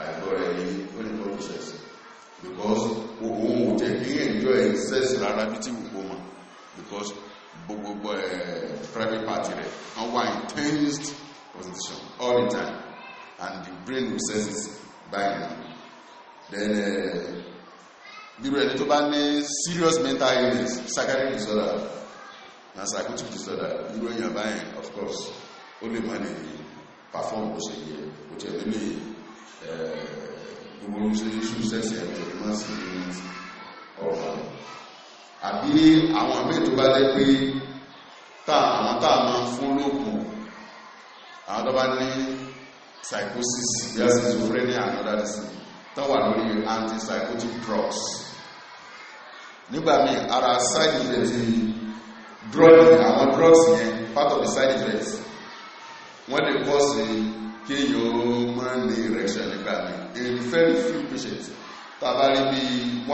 àìgbọ́ rẹ̀ yìí ó lè tọ́jú sẹ́sì because òun ò jẹ́ kí ẹ̀jọ́ ẹ̀ sẹ́sì rárá bí tí wùkọ́ mọ̀ because gbogbo ẹ̀ eh, private party rẹ̀ wọ́n wá intense position all the time and the brain processes by now then eh, bírò ẹni tó bá ní serious mental illness psychiatric disorder and psychotic disorder irú èèyàn báyìí of course ó lè má lè perform bó ṣe yẹ kò tẹ̀ lé lè eh, gbogbo ṣe iṣu sẹ́sì ẹ̀jọ̀ ní máa sì ní ọ̀rọ̀ àbí àwọn míì tó bá lẹ́ pé táwọn táà máa fún lókun àwọn tó psychosis bí a sì schizophrenia and other disease tó wà lórí antipsychotic drugs nígbà míì ara side effect Drugs drug àwọn drugs yẹn part of the side effects wọ́n lè cause sí kéèyàn ó máa ní erection nígbà mi in very few patients tàbá rí bí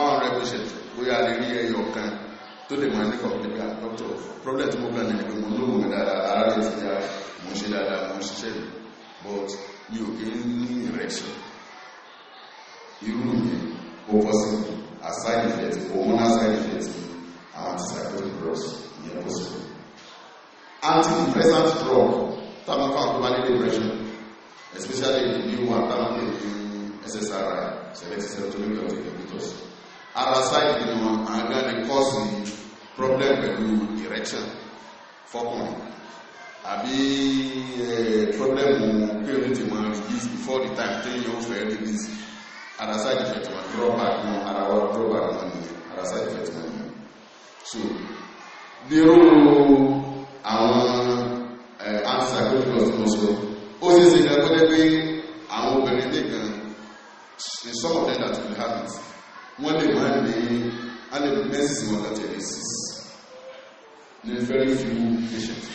one hundred patients bóyá lè rí ẹyọ kan tó lè máa ní kọ̀ọ̀pẹ̀lẹ̀ doctor problem tí mo gbà nínú pé mo lóògùn mi dáadáa ara rẹ̀ ti yá mo ṣe dáadáa mo ṣiṣẹ́ mi but mi ò kí ń ní erection irú yẹn ó possible as side effect hormonal side effect àwọn antipsychotic drugs ìrẹ́wọ̀sí antidepressant drug tábàkọ́ àkóbálẹ̀ depression especially the new one tábàkọ́ ní SSRI selective serotonin reuptake inhibitors ara side nínú wọn àgbà ní cause the problem pẹ̀lú erection fọkùnrin àbí eh, problem pé o ní ti máa release before the time tí yóò fẹ́ release ara side effect wọn drop out wọn ara wọn drop out wọn nìyẹn ara side effect wọn so bírú àwọn ansa gbọ́dọ̀ tó sọ ó sì ṣe kan pẹ́lẹ́ pé àwọn gan ní some of them that will have it wọ́n lè máa ní alẹ́bí mẹ́sìsì wọn láti ẹ̀rí six ní very few patients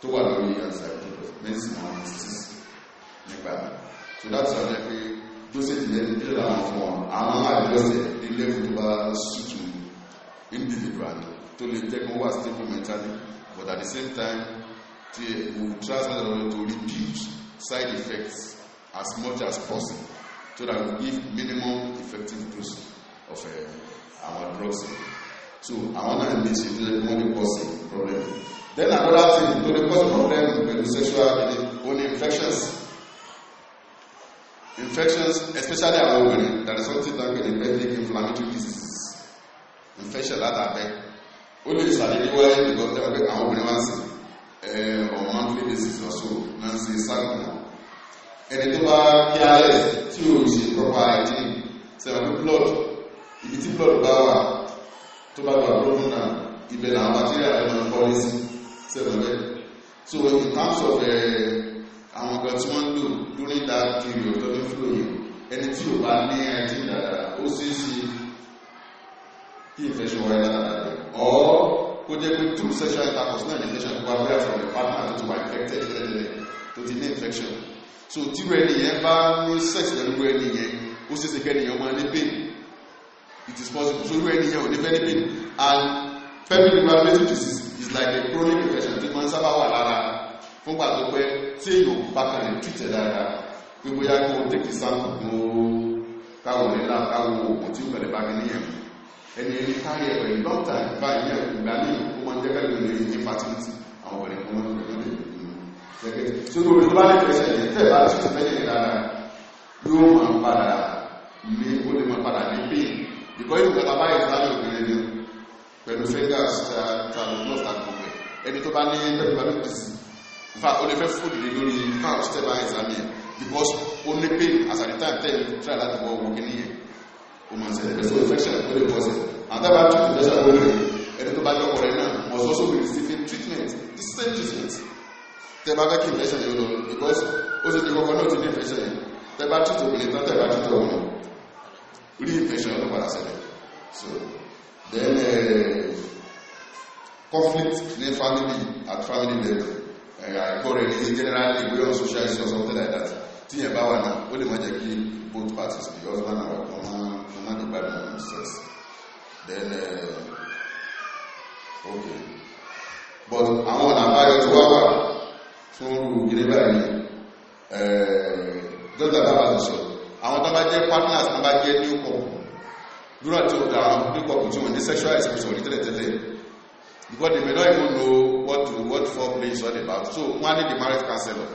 To wà lórí ansa gbọ́dọ̀ mẹ́sìsì wọn láti six nígbà so that's why pé dosage yẹn nílò àwọn fún wọn àwọn máa dọ́sẹ̀ nílẹ̀ fún tó bá sùtù individual tó lè take kó wà stable mentally but at the same time we will try as well to reduce side effects as much as possible so that we give minimum effective dose of uh, our drugs so àwọn náà ní ṣe tó jẹ́ kó wọ́n lè problem then another thing tó lè cause problem pẹ̀lú sexual the only infections infections especially our women, that is something that can be very inflammatory diseases infection that affect ó lè ṣàdédé wáyé nìkan tẹ́ àwọn obìnrin máa ń sìn ọ̀rọ̀ máa ń fi lè sìn lọ́sọ̀ náà ṣe sáàkùnà ẹni tó bá kí alẹ́ tí ò ṣe proper hygiene seven blood ibi tí blood bá wà tó bá gba blood náà ibẹ̀ làwọn material ẹ̀ máa ń kọ́lé sí seven bẹ́ẹ̀ so in terms of àwọn kan tí wọ́n ń lò during that period tó ní flow yẹn ẹni tí ò bá ní hygiene dáadáa ó ṣeé ṣe kí infection wáyé dáadáa jẹ́ pé two sexual intercourse náà ní infection tó wíyà from the partner tó ti wà infected lẹ́lẹ́lẹ́ to the ní infection so tíru ẹni yẹn bá ní sex pẹ̀lú ẹni yẹn ó ṣeéṣe kẹ́ni yẹn máa ní pain it is possible so irú ẹni yẹn ò ní fẹ́ ní pain and family vibrating disease is like a chronic infection tí máa ń sábà wà lára fúngbà tó pẹ́ tí èèyàn bá kàn lè treat ẹ̀ dáadáa pé bóyá kó o take the sample kó o káwọn ẹ̀ náà káwọn oògùn tí ó kàn bá mi níyẹn ẹni ẹni kárí ẹ̀ pẹ̀lú dọ́kítà nípa ìyá ìgbà míì ó máa ń jẹ́kẹ́ lórí ní fertility àwọn obìnrin kan máa ń pẹ̀lú ní jẹ́kẹ́ tí ó lórí tó bá ní pẹ̀sẹ̀ ní tẹ̀ bá ti ti fẹ́yẹ̀ dára yóò máa padà ní ó lè máa padà ní pain ìkọ́ ìlú kata báyìí tó lábẹ́ obìnrin ni pẹ̀lú fingers ta ló lọ́ ta gbogbo ẹni tó bá ní pẹ̀lú pẹ̀lú pèsè nfa ó as at the time tẹ̀ tẹ̀ láti wọ ó máa infection ó lè pọ̀ sí àtàbà tó kù also receiving treatment the same treatment tẹ bá fẹ́ kí infection because ó ṣe ti kọ́kọ́ náà ti ní infection yìí tẹ bá treat obìnrin tán tẹ bá treat ọmọ rí infection so then eh, conflict ní family at family level ẹ̀yà eh, ẹ̀kọ́ rẹ̀ ní generally we or something like that tíyẹn bá wà náà ó lè má both parties, the husband and the woman, woman the Bible says, Then, uh, okay. But I want àwọn ọ̀nà àbáyọ tó wá wà fún ìdílé báyìí, dókítà uh, bá ti sọ, àwọn tó bá jẹ́ partners tó buy jẹ́ new couple, dúró tí ó dá àwọn new couple tí wọ́n ní sexual expression orí tẹ́lẹ̀tẹ́lẹ̀ because they may not even know what to, what foreplay is all about. So, wọ́n á the marriage counselor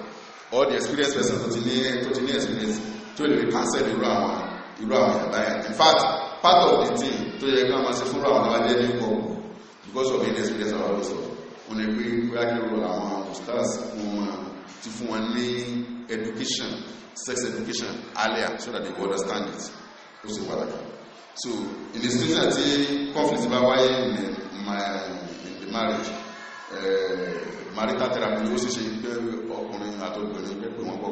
or the experienced person tó ti ní experience tí ó lè rí cancel irú àwọn irú àwọn ìyàtá yẹn in fact part of the thing tó yẹ ká máa ṣe fúnra àwọn abájẹ ní kọ because of any experience àwọn olóṣọ wọn lè pé bóyá kí ó àwọn stars fún wọn ti fún wọn ní education sex education earlier so that they will understand it ó sì pàtàkì so in the situation tí conflict bá wáyé in the marriage eh, marital therapy ó sì ṣe pé ọkùnrin àti obìnrin pé wọ́n bọ̀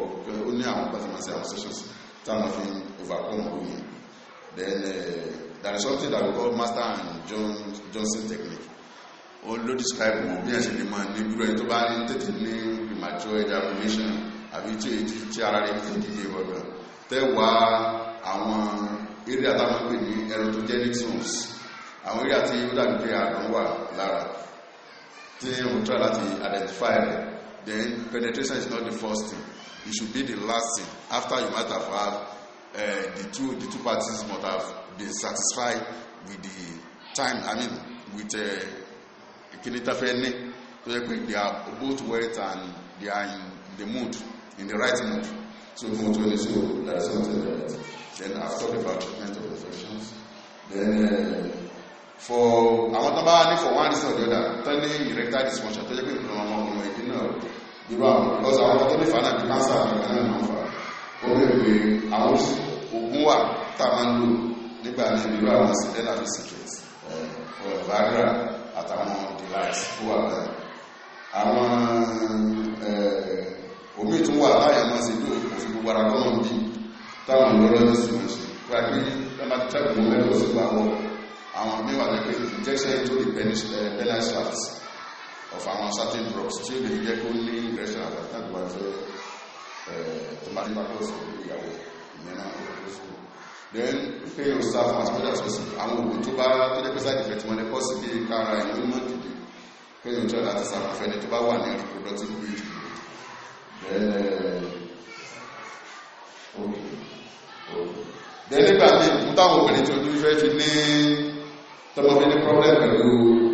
ó ní àwọn pàtàkì àwọn sessions táwọn fi overcome omi then uh, there is something that we call master and John, Johnson technique ó ló describe wọn bí ẹ ṣe lè máa ní gbúrò tó bá ní tètè ní premature ejaculation àbí tí èyí tí ara rẹ̀ fi dìde gbọ̀ngàn tẹ́wàá àwọn eré àtàwọn pè ní erotogenic zones àwọn eré àti ó dàbí pé àrùn wà lára tí wọ́n try láti identify rẹ̀ then penetration is not the first thing it should be the last thing. After you might have had uh, the two the two parties must have been satisfied with the time. I mean, with uh, eh, Kinitafeni, they are both wet and they are in the mood, in the right mood. So for 22, that is something that. Then I've talked about treatment of infections. Then uh, for want tó buy ní for one reason or the other, tẹ́lẹ̀ erectile dysfunction tó jẹ́ pé ìrànlọ́mọ́ ọmọ ìdí náà. irú àwọn because àwọn ọmọ tó lè fà náà bí cancer àti ìgbà náà fà ó lè pe àwọn oògùn wà tá a máa ń lò nígbà ní irú àwọn incidental secret eh, eh, for viagra àtàwọn delight tó wà bẹ́ẹ̀ àwọn eh, omi tún wà láyẹ̀ máa ṣe bí òfin gbogbo ara lọ́nà bí táwọn olóró sì máa ṣe wà pé lọ́nà tẹ́kùn lẹ́nu ó sì gbà wọ àwọn mí wà lẹ́pẹ́ injection to the penis shaft of àwọn certain drugs tí ó lè jẹ́ kó ní ìrẹsìn àgbàtà tó wáyé fẹ́ tomati bacos ìyàwó ìyẹn náà then fail serve as well as possible àwọn oògùn tó bá tó jẹ́ pé side effect wọn lè pọ̀ sí bí kára ìlú mọ́ dìde kéèyàn jọ láti sàfẹ́ni tó bá wà ní reproductive age nígbà tí ìpútàwọn obìnrin tó ní fẹ́ fi ní tọmọbìnrin problem pẹ̀lú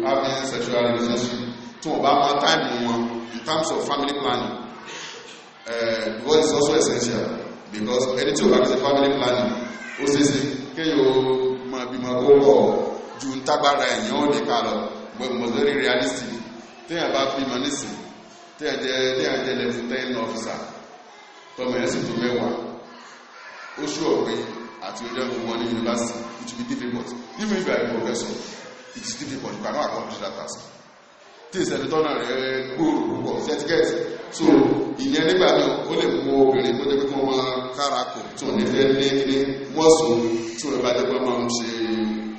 having sexual relationship tí wọ́n bá mọ táìmù wọn in terms of family planning uh, what is also essential because ẹni tí o bá ti family planning ó ṣe é ṣe kéèyàn ó mọ bímọ kó pọ̀ ju ntágbára ẹ̀yàn ó ní ká lọ mọ̀sọ́rí realistic téèyàn bá bímọ nísìn téèyàn jẹ téèyàn jẹ level ten officer tọmọ ẹ̀ sì tó mẹ́wàá ó ṣú ọ̀pẹ́ àti ọjọ́ ìwọ̀n ní yunifásitì it will be difficult even if you are a professor it is difficult you cannot accomplish that task tí ìsẹ̀ni tọ́nà rẹ̀ gbòòrò púpọ̀ sẹ́tíkẹ́tì so ìyẹn nígbà náà ó lè mú obìnrin tó jẹ́ pé wọ́n máa kára kò tó nífẹ̀ẹ́ ní ní wọ́n sùn tí bá jẹ́ pé wọ́n ṣe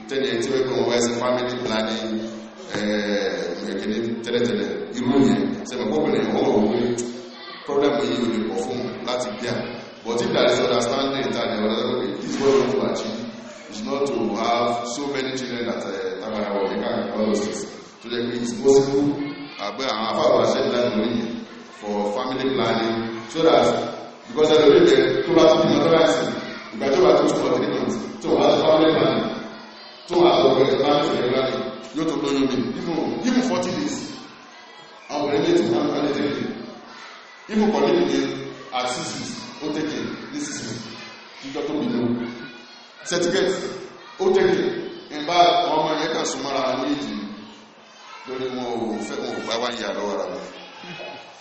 tẹ́lẹ̀ tí wọ́n pé wọ́n wáyé family planning eh, ẹ̀ẹ́dẹ̀ẹ́dẹ́ tẹ́lẹ̀tẹ́lẹ̀ irú yẹn sẹ́mi gbọ́bìnrin wọ́n rò wí problem yìí ò lè pọ̀ fún láti bíà but if there is understanding that the other way achieve is not to have so many children that eh, they can't all those to the degree it's possible àgbẹ̀ àwọn afáwà ṣe lẹ́nu lóyìn for family planning so that because I ìdè tó bá tún bímọ tọ́lá ẹ̀sìn ìgbà tó bá tún tún for three months tó bá tún family planning tó wà tó bẹ̀rẹ̀ planning for your planning yóò tó lóyún mi even even forty days àwọn ọ̀rẹ́ lè tún wọn kọ́ lè tẹ̀lé even for the day at six weeks ó tẹ̀lé ní six weeks jíjọ́ tó bìnú certificate ó tẹ̀lé ìbá ọmọ yẹn kà súnmọ́ra méjì torí wọn ò fẹ́ wọn ò bá wá ń yà lọ́wọ́ ra wọn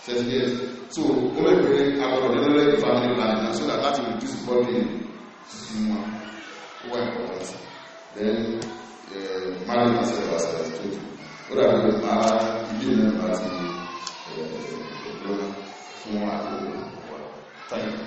tẹ̀lé ẹ̀ tó ó lè pé àbọ̀rọ̀ lẹ́lẹ́lẹ́ ìfàmì ìlànà sódà láti reduce body sí wọn ó wà important then marry myself as I told you ó dàbí pé máa ilé náà bá ti lọ́nà fún àkókò wa táyà. Thank you.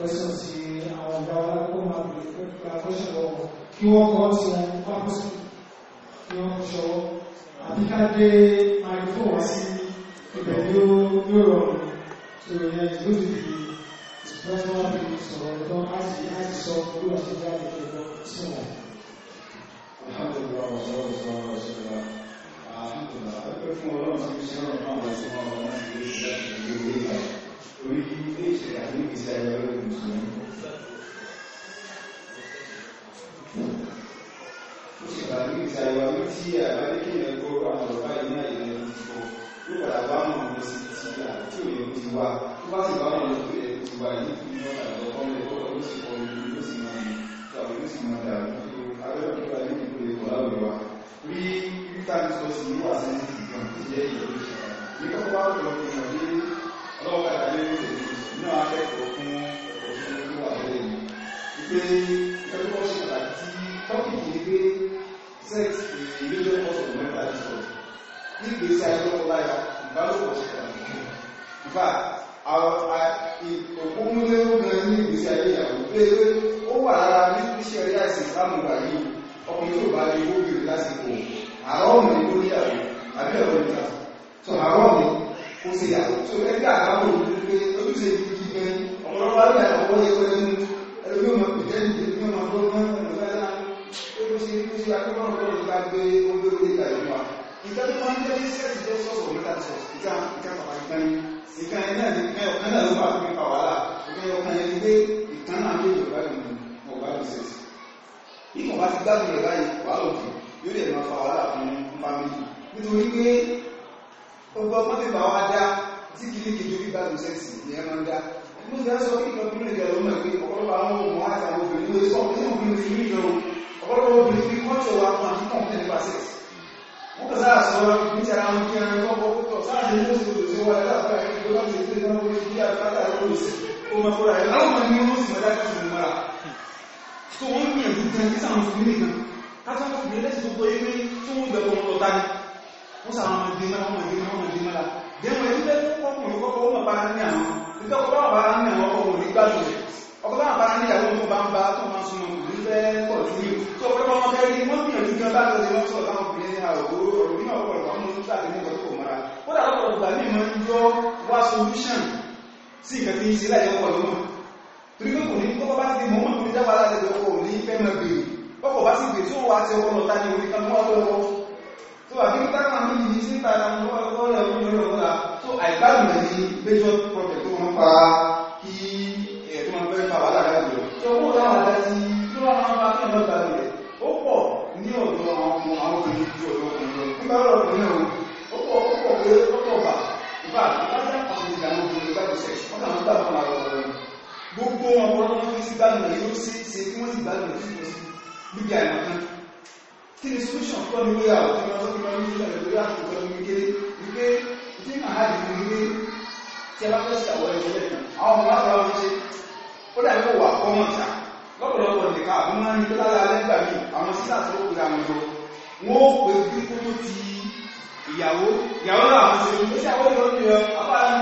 question ti àwọn ọ̀gá wa kó máa bèrè pẹ̀lú question lọ́wọ́ kí wọ́n kọ́ sí wọn pápásí kí wọ́n fi ṣọwọ́ àbí ká dé àìfò wá sí ibẹ̀ ní ó rọrùn tó yẹ yẹn ló ti di ìsúnmọ́sọ́ wá bí sọ̀rọ̀ ẹ̀dọ́ láti láti sọ bí wọ́n ṣe jáde ẹ̀dọ́ sí wọn. Alhamdulillah wa sallallahu alaihi wa sallam. Alhamdulillah. Ẹgbẹ́ fún ọlọ́run tí ó ṣe ọ̀rọ̀ náà wá sí wọn lọ́wọ́ láti lè ṣe àtúnṣe orí ilé lọ́wọ́ kàtà lórí èmi nínú akẹ́kọ̀ọ́ fún ẹ̀kọ́ fún olúwa lẹ́yìn wípé ìtọ́jú wọn ṣe pàtàkì tí tọ́pìkì ni pé sex is a major cause of mental disorder nígbèsí ayé ọkọ láyà ìbálòpọ̀ ṣe pàtàkì in fact òkúnmúlérò gan ní ìgbésí ayé ìyàwó pé ó wà lára ní iṣẹ́ ẹ̀rí àìsàn ìsìlámù wà yìí ọkùnrin tó bá lè wó bèrè lásìkò àárọ̀ ọ̀nà ìgbóríyàwó àbí ọ̀rọ̀ ìta tó àárọ̀ ọ̀nà kò sí ìyàwó tó ẹgbẹ́ àbámọ̀ òdúgbé ojúṣe ìdíjì gan ọ̀pọ̀lọpọ̀ àwọn ìyàwó wọ́n yẹ pẹ̀lú ẹlú yóò máa pèjẹ́ ìdíjì yóò máa bọ́ mọ́ ló ṣe ló ṣe akọ́kọ́ ọ̀pọ̀lọpọ̀ ìgbà gbé ogbé orí ìgbà ìwà ìgbà tó máa ń jẹ́ sẹ́ẹ̀sì jẹ́ sọ́ọ̀sọ̀ mẹ́ta sọ̀ ìjà ìjà bàbá ìgbani ìgbà yẹn náà ní ẹ̀ ọ̀kan náà ló máa fi pa wàhálà ìgbà yẹn ọ̀kan yẹn ni pé ìtàn náà lè lọ bá ìlú ọ̀gbá ló sẹ̀sì bí kò bá ti gbádùn rẹ̀ báyìí wàhálà òkè yóò lè máa fa wàhálà fún fámìlì nítorí pé ọgbọ mọ́tò bá wá dá tí kìlìkìlì bí bá lùsẹ̀ sí ní ẹ máa ń dá mo ti sọ pé ìkan bínú ìjọba ọmọ ìpín ọ̀pọ̀lọpọ̀ àwọn ọmọ àti àwọn obìnrin ló sọ pé ìwọ̀n bínú ti ní ìjọba ọ̀pọ̀lọpọ̀ obìnrin bí wọ́n tọ̀ wá fún àti kàn fún nípa sẹ́ẹ̀ wọ́n kàn sáà sọ wọn ní ti ara wọn kí ẹran kọ́ pọ̀ sáà ní ó sì lò sí wọn láti àgbà ìgbó láti ìgbé náà wọ́n ti yá àgbàtà lóòsì ó máa kóra ẹ̀ láwọn ọmọ ni wọ́n sì máa dájú sí mara tó wọ́n gbìyànjú kan kí sáà wọn fi wọ́n sàwọn ọmọdé mẹ́ra ọmọdé mẹ́ra ọmọdé mẹ́ra dẹ́mọ̀ ẹni bẹ́ẹ̀ tó kọ́kùn ní kọ́kọ́ wọ́n bá ní àwọn nígbà kọ́ bá bá ní àwọn ọkọ̀ òní gbàdùn rẹ̀ ọkọ̀ bá bá ní àwọn ọmọ bá ń bá tó máa súnmọ́ òní fẹ́ pọ̀ sí i tó ọkọ̀ bá wọn kẹ́rin wọ́n gbìyànjú gan bá lọ́dẹ wọn sọ̀rọ̀ láwọn obìnrin ní àwòrán ọ̀rọ̀ nínú ọ̀pọ̀ ìwà mú nígbà tí wọ́n kọ́ mọ́ra ó dà lọ́pọ̀ ìgbà ní ìmọ̀ yọ wá solution sí ìkà tí ń ṣe láì ọkọ̀ lọ́mọ torí pé kò ní kọ́kọ́ bá ti mọ́ mọ́ ní dábàá láti ọkọ̀ òní fẹ́ mọ́ gbèrè ọkọ̀ bá sì gbè tí ó wà á ti ọkọ̀ lọ́ta ní orí kan mọ́ ọlọ́wọ́ So I think that can be the same time and all the way around that. So I can't really measure profit tó máa ń fa kí ẹ̀tọ́ máa fẹ́ fa wàhálà láti lọ. So owó láwọn àdá ti tó wà máa ń fa kí ẹ̀mọ́ ìgbàlẹ̀ rẹ̀. Ó pọ̀ ní ọ̀dọ̀ àwọn ọmọ àwọn obìnrin ju ọ̀dọ̀ ọkùnrin lọ. Nígbà lọ́rọ̀ ọkùnrin náà ó pọ̀ ó pọ̀ pé ó pọ̀ bà. Ìfà láti àkọsílẹ̀ ìdáná obìnrin bá ti sẹ̀ wọ́n náà ń gbà fún àwọn ọmọ gbogbo ọmọ ọmọ kí ni solution kọ́ ni wíyà òkè máa tó kí máa ní solution lórí àtúntò ní kékeré wípé tí màá hà nìkan ní tí a bá fẹ́ sàwọ́ ẹ̀jẹ̀ lẹ́nu àwọn ọmọ láti wá ṣe ó dàbí kò wà kọ́mọ̀ sá lọ́pọ̀lọpọ̀ nìkan àwọn máa ń ní lára mí àwọn sísà tó kù ra wọn jọ wọn ó pè bí kó tó ti ìyàwó ìyàwó náà àwọn ṣe ní ìyàwó ìlú ní ọ abáyá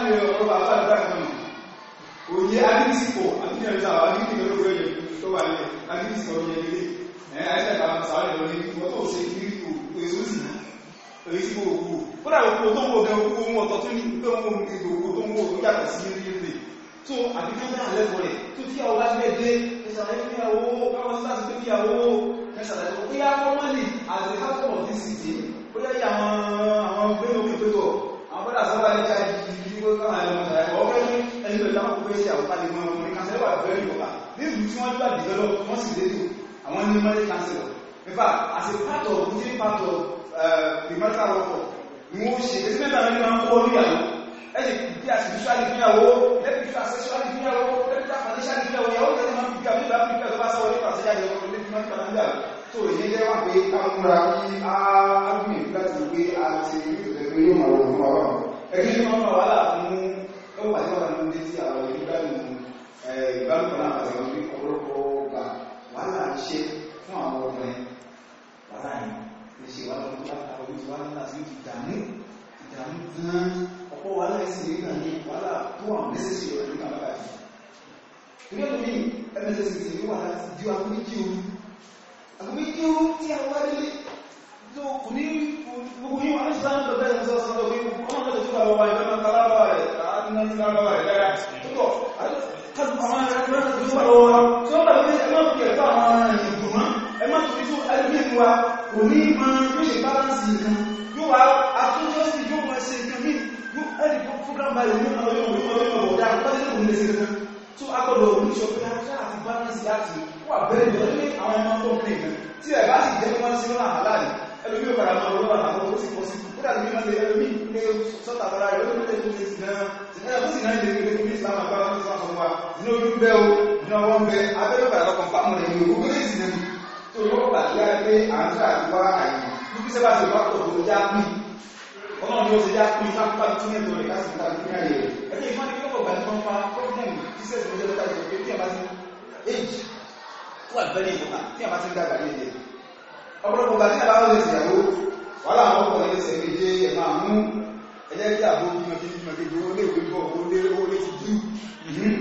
ọ ẹ̀ẹ́sẹ̀ bàbá sàárẹ̀ lórí ìwọ́n tó ṣe kí èso sì èyí tí mo kú ó dàbí kó tó ń wo gan owó wọn tọ́tún ní pé wọ́n mú ìgbò owó tó ń wo yàtọ̀ sí rí rí tó àbíkú náà lẹ́kọ̀ọ́ rẹ̀ tó tí àwọn lábẹ́ dé ìṣàlẹ̀ ìyàwó káwọn sí láti pé kí àwọ ìṣàlẹ̀ tó yá fọ́mọ́lì àti kápọ̀ ní sì dé ó yá àwọn àwọn gbẹ́nu pípẹ́tọ̀ àwọn bọ́dà sábà ní káyí ìlú káwọn ẹ̀rọ ìṣàlẹ̀ ọ̀rẹ́ ní ẹni tó ìdáwọ́ pé sí àwọn pálí mọ́ ọmọ ní kásẹ̀ wà bẹ́ẹ̀ yọ̀ọ̀bà nílùú tí wọ́n gbà dìbẹ́lọ́ wọ́n sì dé àwọn ní marriage counselor in fact as a part of within part of uh, the marital workflow ni wọ́n ṣe èsì mẹ́ta ní máa ń kọ́ ní àwọn ẹ̀sì bí àti usually fíyàwó lẹ́pìtà sexually fíyàwó lẹ́pìtà financially fíyàwó yàwó tẹ́lẹ̀ máa ń fi kàwé ìlànà ìpínlẹ̀ tó bá sáwọ́ nípa àṣẹjáde ọkọ̀ lẹ́pìtà máa ń kàwé ìlànà tó ìyẹn jẹ́ wà pé káwọn múra kí á gbìn láti gbé àti ìrìnlẹ̀ pé yóò máa wọ̀n wá wọn ẹgbẹ́ ní wọ́n wà láà fún ẹwà tí wọ́n bá ní dé sí àwọn ìgbàlùmọ̀ ìgbàlùmọ̀ wàhálà ń ṣe fún àwọn obìnrin wàhálà yìí lè ṣe wàhálà tó wàhálà orí ti wàhálà láti ní ìdààmú ìdààmú gan-an ọ̀pọ̀ wàhálà sì ní ìgbà ní wàhálà tó wà mẹ́sẹ̀sì rẹ̀ nígbà wákàtí. ìgbà tó ní mss ti ní wàhálà ti di agbó méjì ooru agbó méjì ooru tí a wá délé tó kò ní gbogbo yín wàhálà sáà ń lọ bẹ́ẹ̀ sọ sọ lọ́wọ́ yín wọ́n lọ sí bàbá wa ìfẹ́ máa ń tara bàbá rẹ̀ àti náà ń tara bàbá rẹ̀ dára tó tọ̀ bá ma yóò ṣe balance nǹkan yóò wá àtúnjọ́sí yóò mọ̀ ṣe nǹkan mí yóò ẹni tó program bá yóò mọ̀ yóò mọ̀ yóò mọ̀ ọ̀dá pọ́sí kò ní ṣe nǹkan tó akọ̀dọ̀ òní ṣọ pé ajá àti balance láti wà bẹ́ẹ̀ lọ ní àwọn ẹmọ tó ń nìkan tí ẹ̀ bá sì jẹ́ pé wọ́n ṣe wọ́n àhàlá rẹ̀ ẹlùmí ò padà máa wọ́n àwọn tó sì pọ̀ sí kó dàbí mímọ́ ṣe ẹlùmí ní sọ́tà fara rẹ̀ ó ní lè tó ṣe sí náà ṣe náà wọ́n bẹ abẹ́lọ́gbà lọ́kàn fáwọn ẹ̀yìn owó méjì ní tó yọ pàdé àgbé àǹtà àdúrà àyè níbi sẹ́bà ti wá pọ̀ tó já pín ọmọ mi ó ti já pín fáfá tí ní ẹ̀tọ́ rẹ̀ láti ta ní ayé rẹ̀ ẹgbẹ́ ìfọ́n ní kíkọ́ gbà ní wọ́n fa problem tí a bá ti age tó tí a bá ti ní èdè ọ̀pọ̀lọpọ̀ gbà tí a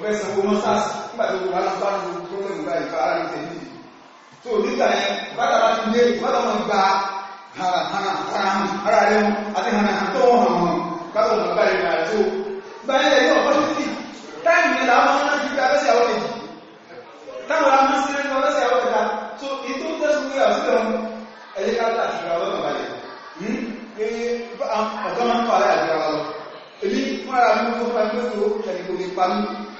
ọ̀fẹ́ san owó mọ́sáàsì nígbà tó wà lọ́pàá ní pọ́lẹ́mù bá ìfà ara ìtẹ̀ níbi tó nígbà yẹn bàtà bá ti lé bàtà wọn gba ara rẹ̀ àti hànà tó wọn hàn wọn bàtà wọn gba ìrìn àjò gba ilẹ̀ yóò kọ́ sí sí táìmù yẹn làwọn máa ń rántí bí abẹ́sẹ̀ àwọn èjì táwọn ará máa ń sinmi ní abẹ́sẹ̀ àwọn ẹ̀dá tó ètò tẹ̀sùn ní àwùjọ ẹ̀yẹ ká dà àṣírà ọlọ́nà balẹ̀ hmm? ọ̀gá máa ń pààrọ̀ àjọ àwọn èyí fúnra mi ló fún ẹgbẹ́ tó ẹ̀yìn kò lè pa mí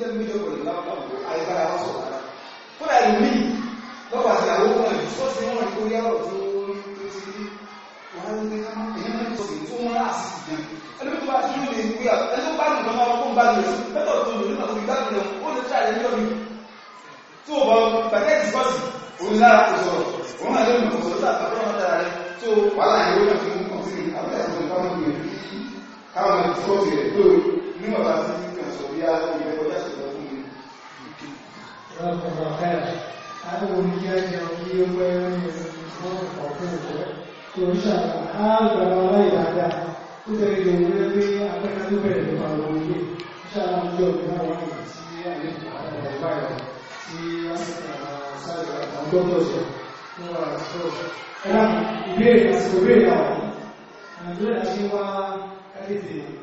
jẹ́ mílíọ̀ pẹ̀lú lápapọ̀ àìbára wá sọ̀rọ̀ rárá kódà ìmí lọ́pọ̀ àwọn ọmọ ẹ̀ tó ti wọ́n kó yá tó ń tó ti rí wọ́n ń gbé kámá èyí máa ń tó wọ́n àti ìgbà ẹni tó bá tún lè gbé à ẹni tó bá nù lọ́mọ ọkọ̀ bá lè sí bẹ́tọ̀ tó lè nígbà tó gbá lè ó lè tà lẹ́yìn lọ́mí tó bọ́ bàtẹ́ ti òun lára kò sọ̀rọ̀ òun máa lè mọ̀ sọ̀rọ̀ tàbí ọ̀rọ̀ dára rẹ̀ tó wàhálà ìwé náà fi mú kàn sí àwọn ẹ̀sìn ìpamọ́ ìgbẹ̀rẹ̀ káwọn ẹ̀sìn tó ti àsìkò bí ¿eh? a lè rẹ kọjá àsìkò fún mi. Ọlọ́pàá ẹ̀ àwọn oníyànjẹ orí owó ẹ̀rọ ní ọdún ọ̀pọ̀ òkú tó ń ṣàlọ́ àgbàlá aláìdáadáa ó tẹ̀lé ìdòwò rẹ pé akẹ́kọ̀ọ́ tó bẹ̀rẹ̀ nípa àwọn òye ṣàlọ́ ọjọ́ ìgbà wọn àti àlejò àwọn ọ̀gá ẹ̀ tí a sì sáré àwọn dókítà ṣe fún wa sọ̀rọ̀. Ẹ̀rọ ìbéèrè àsìkò ìbéèrè àwọn àjọ àti wá ẹ̀ẹ́dẹ̀ẹ́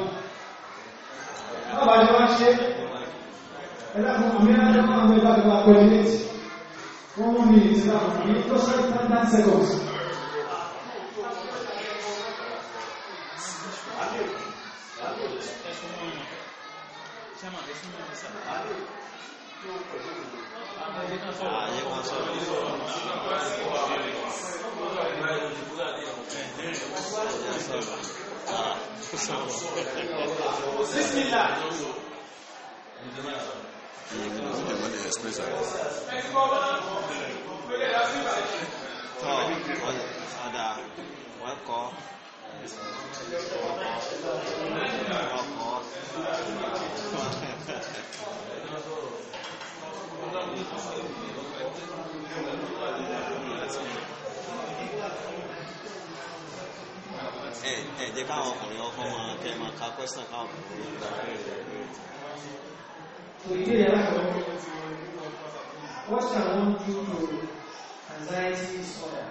lábàá jẹ́ wá ṣe ẹ̀dàkùn àmì àjọmọ́ àwọn ìbájọba coordinate wọ́n mú ní ìtìláàmù ní tó sẹ́tàndán seconds Thank you. Bismillah. Ọ̀dà wẹ́kọ̀ ọkọ̀ ọkọ̀. ẹ ẹ jẹ́ káwọn to anxiety disorder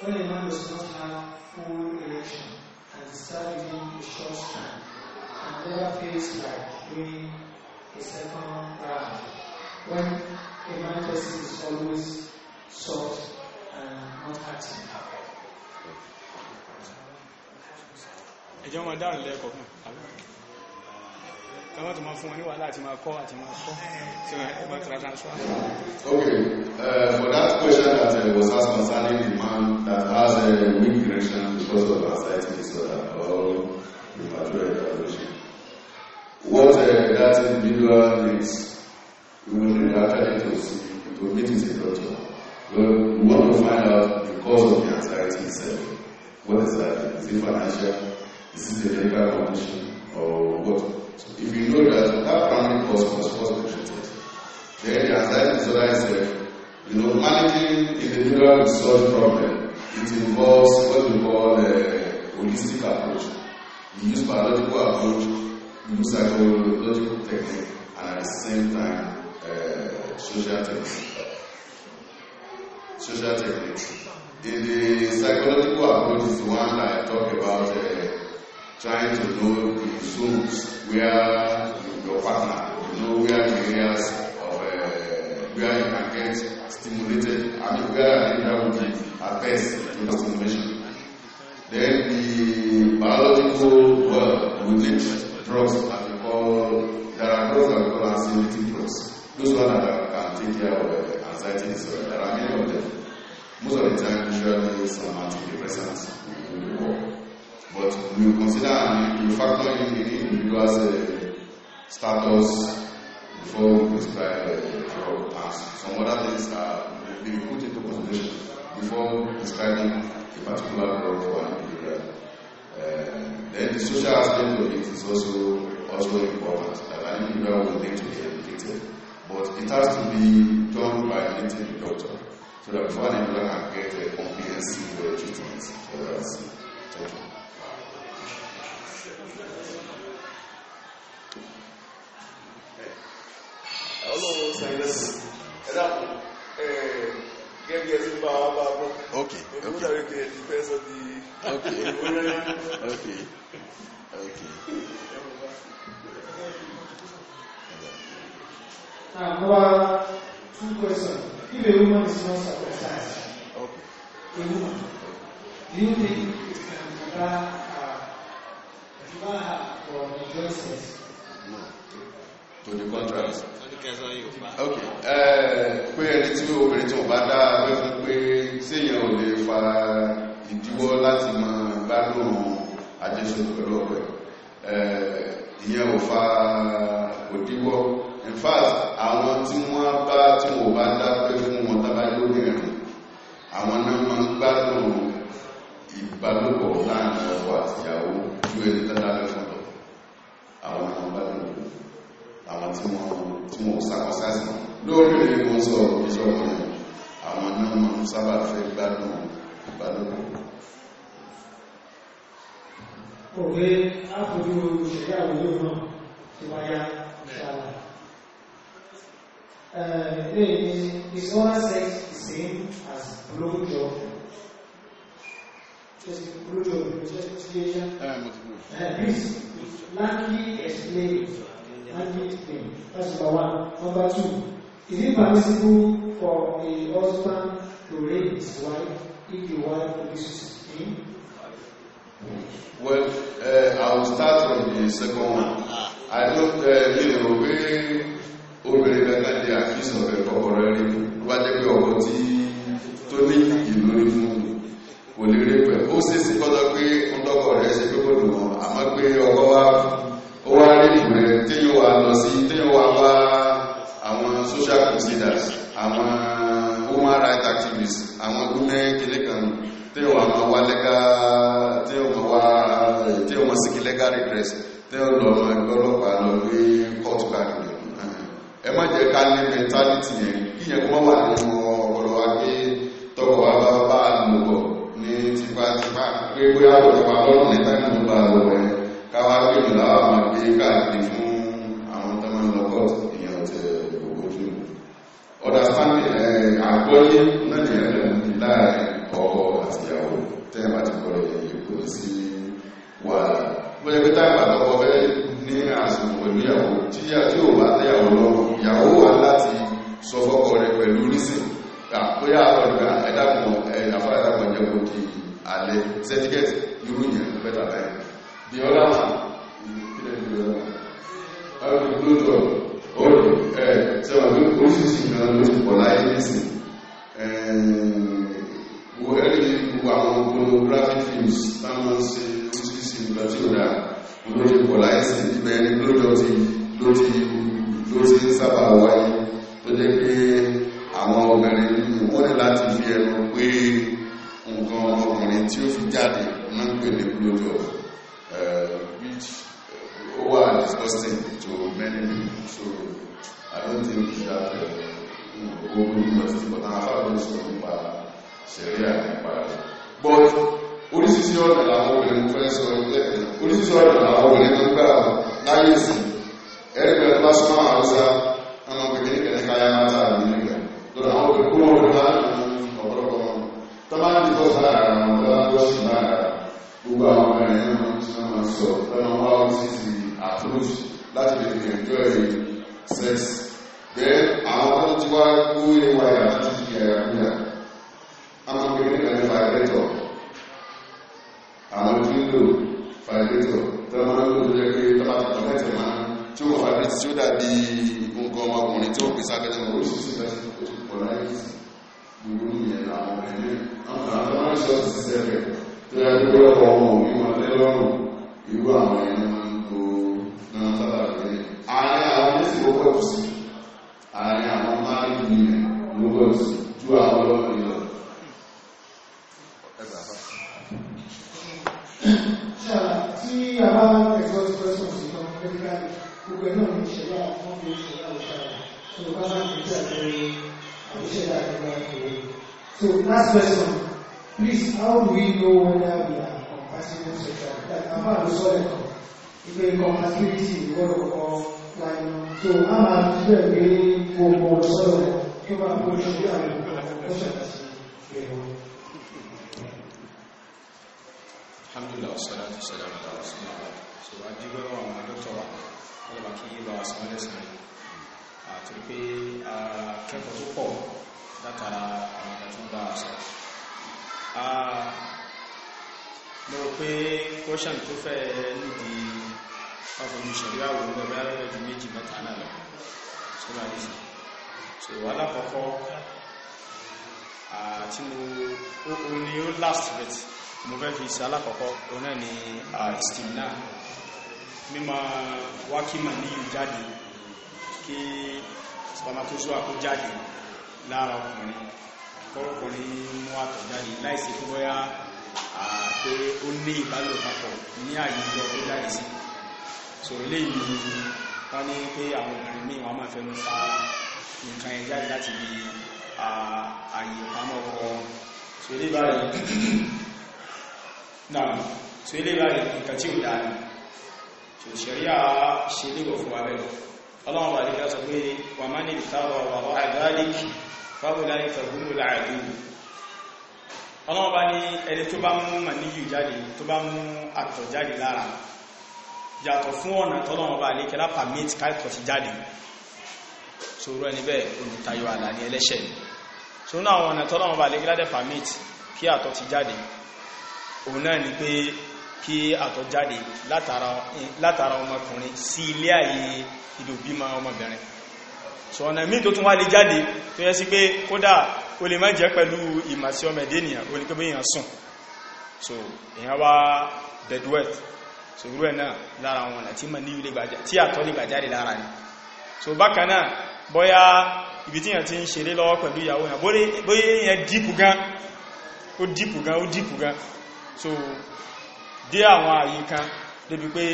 when a man does not have full erection and starts within a short time and never feels like doing a second round when a man person is always soft and not active? ẹjọ́ wọn dáhùn lẹ́ẹ̀kọ́ fún tọ́wọ́ tó máa fún wọn ní wàhálà máa kọ́ àti máa kọ́ tí wọ́n ẹgbẹ́ transfer. Okay, eh, for that question that uh, was asked concerning the man that has a uh, eh, weak erection because of anxiety disorder or premature ejaculation, what uh, that individual needs, we will refer to see to meet his doctor. we want to find out the cause of the anxiety itself. What is that? Is it financial? This is a medical condition or what. So if you know that that primary cause was first treated, then the anxiety disorder itself, you know, managing individual research problem, it involves what we call a holistic approach. We use biological approach, we use psychological technique, and at the same time, uh, social technique. Social technique. In the psychological approach is the one that I talk about uh, trying to know the zones where your partner, you know where the areas of uh, where you can get stimulated and where an would be at best to stimulation. Then the biological world would need drugs that we call, there are drugs that we call anxiety drugs. Those ones that can take care of uh, anxiety disorder, there are many of them. Most of the time, usually some antidepressants. But we will consider and we will factor in the individual's uh, status before we prescribe uh, drug. And some other things are we will put into consideration before prescribing a particular drug for an individual. Uh, then the social aspect of it is also also important. That an individual will need to be educated, but it has to be done by a native doctor so that before an individual can get a comprehensive uh, treatment for that. Thank you. ọlọ́run sàn ìrẹsì ẹ̀dá kù gẹ́gẹ́ tí bá wá bá bọ́ ok ok ok ok ok ok. Agora, two questions. If a woman is not circumcised, okay. a woman, do you think it can debar her, debar uh, her from the justice? No. To the contrary ok eh, pé ẹni tí obìnrin tí wọ́n bá dá abẹ́ fún pé séèyàn ò lè fa ìdíwọ́ láti mọ gbádùn àjẹsọ̀rọ̀ pẹ̀lú ọ̀pẹ̀ eh, ìyẹn ò fa òdíwọ́ in fact àwọn tí wọ́n bá tí wọ́n bá dá abẹ́ fún wọn tábájú obìnrin àwọn náà máa ń gbádùn ìbálòpọ̀ láàrin ọkọ àtìyàwó ju ẹni tẹ́lá lẹ́fọ̀ọ́ àwọn ọmọ bá lè lò àwọn tí wọ́n tí wọ́n sàkọsáàsì lórí rẹ̀ sọ ìṣọ́ wọn àwọn náà wọ́n sábà fẹ́ gbádùn gbádùn the same as blow job? Just blow job, just explain. Uh, please, please, please. explain. That's number one. Number two, is it permissible for a husband to rape his wife if the wife abuses him? Well, uh, I will start from the second one. I don't really uh, obey obìnrin kankan di àfíìsì ọ̀rẹ́ ọkọ̀rẹ́ rí wá jẹ́ pé ọkọ tí tó ní ìlú rí fún kò lè rí pẹ̀ ó sì sí kọ́tọ́ pé ń tọ́kọ̀ rẹ̀ ṣe pé kò dùn àmọ́ pé ọkọ wá ó wá rí ìgbẹ̀rẹ̀ tí yóò wá lọ sí tí yóò wá wá àwọn social crusaders àwọn human rights activists àwọn gómìnà kìlẹ̀kan tí yóò wá máa wá lẹ́gà tí yóò máa wá eh, tí yóò máa sí kí lẹ́gà redress tí yóò lọ ọmọ ẹgbẹ́ ọlọ́pàá lọ gbé court back eh, ẹ má jẹ́ ká ní mentality yẹn kí yẹn kó wà nínú ọpọlọ wa pé tọkọ wa bá bá lò bọ̀ ní tipátipá pé bóyá ọ̀dọ̀ wa lọ́rùn níta ní ìlú bá lọ ẹ̀ káwá gbèrè láwà máa gbé káàkiri fún àwọn tó máa ń lọ bọ́ọ̀tù èèyàn ọ̀tẹ̀ ògbójú understanding àgbọ́yé náà nìyẹn lè ní láàrin ọkọ àtìyàwó tẹ́ bá ti kọ́ ẹ̀yẹ kò sí wàhálà bóyá pé táàbà tọkọ fẹ́ ní àsìkò pẹ̀lú ìyàwó tí ò bá tẹ́yàwó lọ́rùn ìyàwó wà láti sọ fọ́kọ rẹ̀ pẹ̀lú rísìn àpóyá ọ̀dọ̀gbà ẹ̀dàkùn ẹ̀yàfà ẹ̀dàkùn jẹ́ òkè alẹ́ sẹ́tíkẹ́tì irú yẹn pẹ́tàlẹ́ The other one, the other one, the blue dog, ọ̀rọ̀ ẹ̀ tí wọ́n gbé oríṣiríṣi nǹkan ló ti pọ̀ láyé nísìn wo ẹ̀rí gbogbo àwọn pornographic films táwọn ṣe oríṣiríṣi nǹkan tí ó dá ló ti pọ̀ láyé sí ibẹ̀ ni lójọ́ ti ló ti ló ti ń sábà wáyé tó jẹ́ pé àwọn obìnrin nínú uh, which uh, who are disgusting to many people. So I don't think that Google uh, was will invest, but our fathers Sharia But oríṣiríṣi ọ̀nà làwọn obìnrin fẹ́ sọ ilé oríṣiríṣi ọ̀nà làwọn obìnrin tó gbà láyé sí ẹgbẹ̀rún bá súnmọ́ àwọ́sá ọmọ obìnrin kẹ̀kẹ́ káyá máta àbí nígbà lọ́dọ̀ àwọn obìnrin kúrò wọn láàrín ọ̀pọ̀lọpọ̀ wọn tó máa ń dìbò sára àwọn ọ̀dọ́ àgbọ̀ṣì máa rà gbogbo àwọn ọmọ rẹ̀ náà tí wọ́n máa sọ lọ́nà wá ó sì ti approach láti lè fi enjoy sex then àwọn tó ti wá kó ewa ẹ̀ àti ti ẹ̀rọ àbúyà a máa gbé nígbà ní vibrator àwọn tí ń lò vibrator tó máa ń lò tó jẹ́ pé tọ́lá tó mẹ́tẹ̀ máa tí ó wà létí tí ó dàbí nǹkan ọmọkùnrin tí ó pèsè abẹ́lẹ̀ mọ̀ ó sì sí ìgbà tí ó ti pọ̀ láyé gbogbo ìyẹn àwọn ẹ̀mí àwọn àwọn ọmọ ìṣọ́ ti sẹ́fẹ̀ẹ́ tí a ti gbọ́ ọmọ òbí wọn lẹ́lọ́rùn irú àwọn ẹ̀yàn máa ń bo náà sábà rẹ̀ àárín àwọn mẹ́sì ló pọ̀ jù sí àárín àwọn márùn-ún ní ẹ̀ ló pọ̀ jù sí ju àwọn ọlọ́rin lọ. tí a bá ẹ̀sọ́ so last question Please, how do we know whether we are compatible sexually? Like Amar Lusoleko, ìpè compatibility ìwọ́n ọkọ̀ láì. So, Amar Lusoleko pé gbogbo sọ̀rọ̀ kí wọ́n kó ṣubú àwọn ọ̀ṣẹ̀ àti ìrọ̀. Alhamdulillah, salatu salam ala Rasulullah. So, a dúpẹ́ lọ́wọ́ àwọn dókítà wa, wọ́n lọ kí bá wa sọmọlẹ̀ sàn. Àti pé akẹ́kọ̀ọ́ tó pọ̀ látara àwọn ìdájọ́ bá a sọ̀rọ̀ mo rò pé kọ́ṣàn tó fẹ́ nídi ọkùnrin ìṣẹ̀lú àwòrán gbẹ̀gbẹ̀ arẹ́rẹ́ ju méjì mẹ́ta náà lọ sọ́lá ìsìn so alákọ̀ọ́kọ́ àti mo o ní ó last bit mo fẹ́ fi ṣe alákọ̀ọ́kọ́ òun náà ni istimna mímọ wákìmọ̀ ní ìlú jáde kí spermatozoa kó jáde lára ọkùnrin kọ́kùnrin mú àtọ̀ láìsí fún bóyá pé ó ní ìbálò papọ̀ ní àyè ìjọ tó jáde sí so ilé ìlú ká ní pé àwọn obìnrin míì wọn máa fẹnu fa nǹkan ẹ jáde láti bí àyè ìpamọ́ ọkọ so ilé ìbáyìí náà so ilé ìbáyìí nǹkan tí ò dáa ni so ṣẹ̀ríà ṣe lébọ̀ fún wa bẹ́ẹ̀ ọlọ́run wà ká sọ pé wàmánì ìtàwọ̀ àwọn àdáríkì fáwọlá ìfẹ̀húnmù láàrin ọlọ́ọ̀bá ní ẹni tó bá mú màníyù jáde tó bá mú àtọ̀ jáde lára yàtọ̀ fún ọ̀nà tọ́lọ́ọ̀bá alékẹ́lá pàmít káìkọ̀ ti jáde sòrò ẹni bẹ́ẹ̀ olùtayọ àlà ní ẹlẹ́ṣẹ̀ so náà àwọn ọ̀nà tọ́lọ́ọ̀bá alékẹ́lá dẹ̀ pàmít kí àtọ̀ ti jáde òun náà ni pé ọmọbìnrin so ọ̀nà míì tó tún wá lè jáde tó yẹ sí pé kódà o lè má jẹ́ pẹ̀lú ìmàsí ọmọ ẹ̀dẹ́ ènìyàn o ní pé èèyàn sùn so èèyàn wá bedwet so irú ẹ̀ náà lára wọn tí ma ní ilé tí àtọ̀ lè gbàjáde lára ni so bákan náà bóyá ibi tíyàn ti ń ṣeré lọ́wọ́ pẹ̀lú ìyàwó yàn bóyá èèyàn dípù gan ó dípù so dé àwọn àyíkan débi pé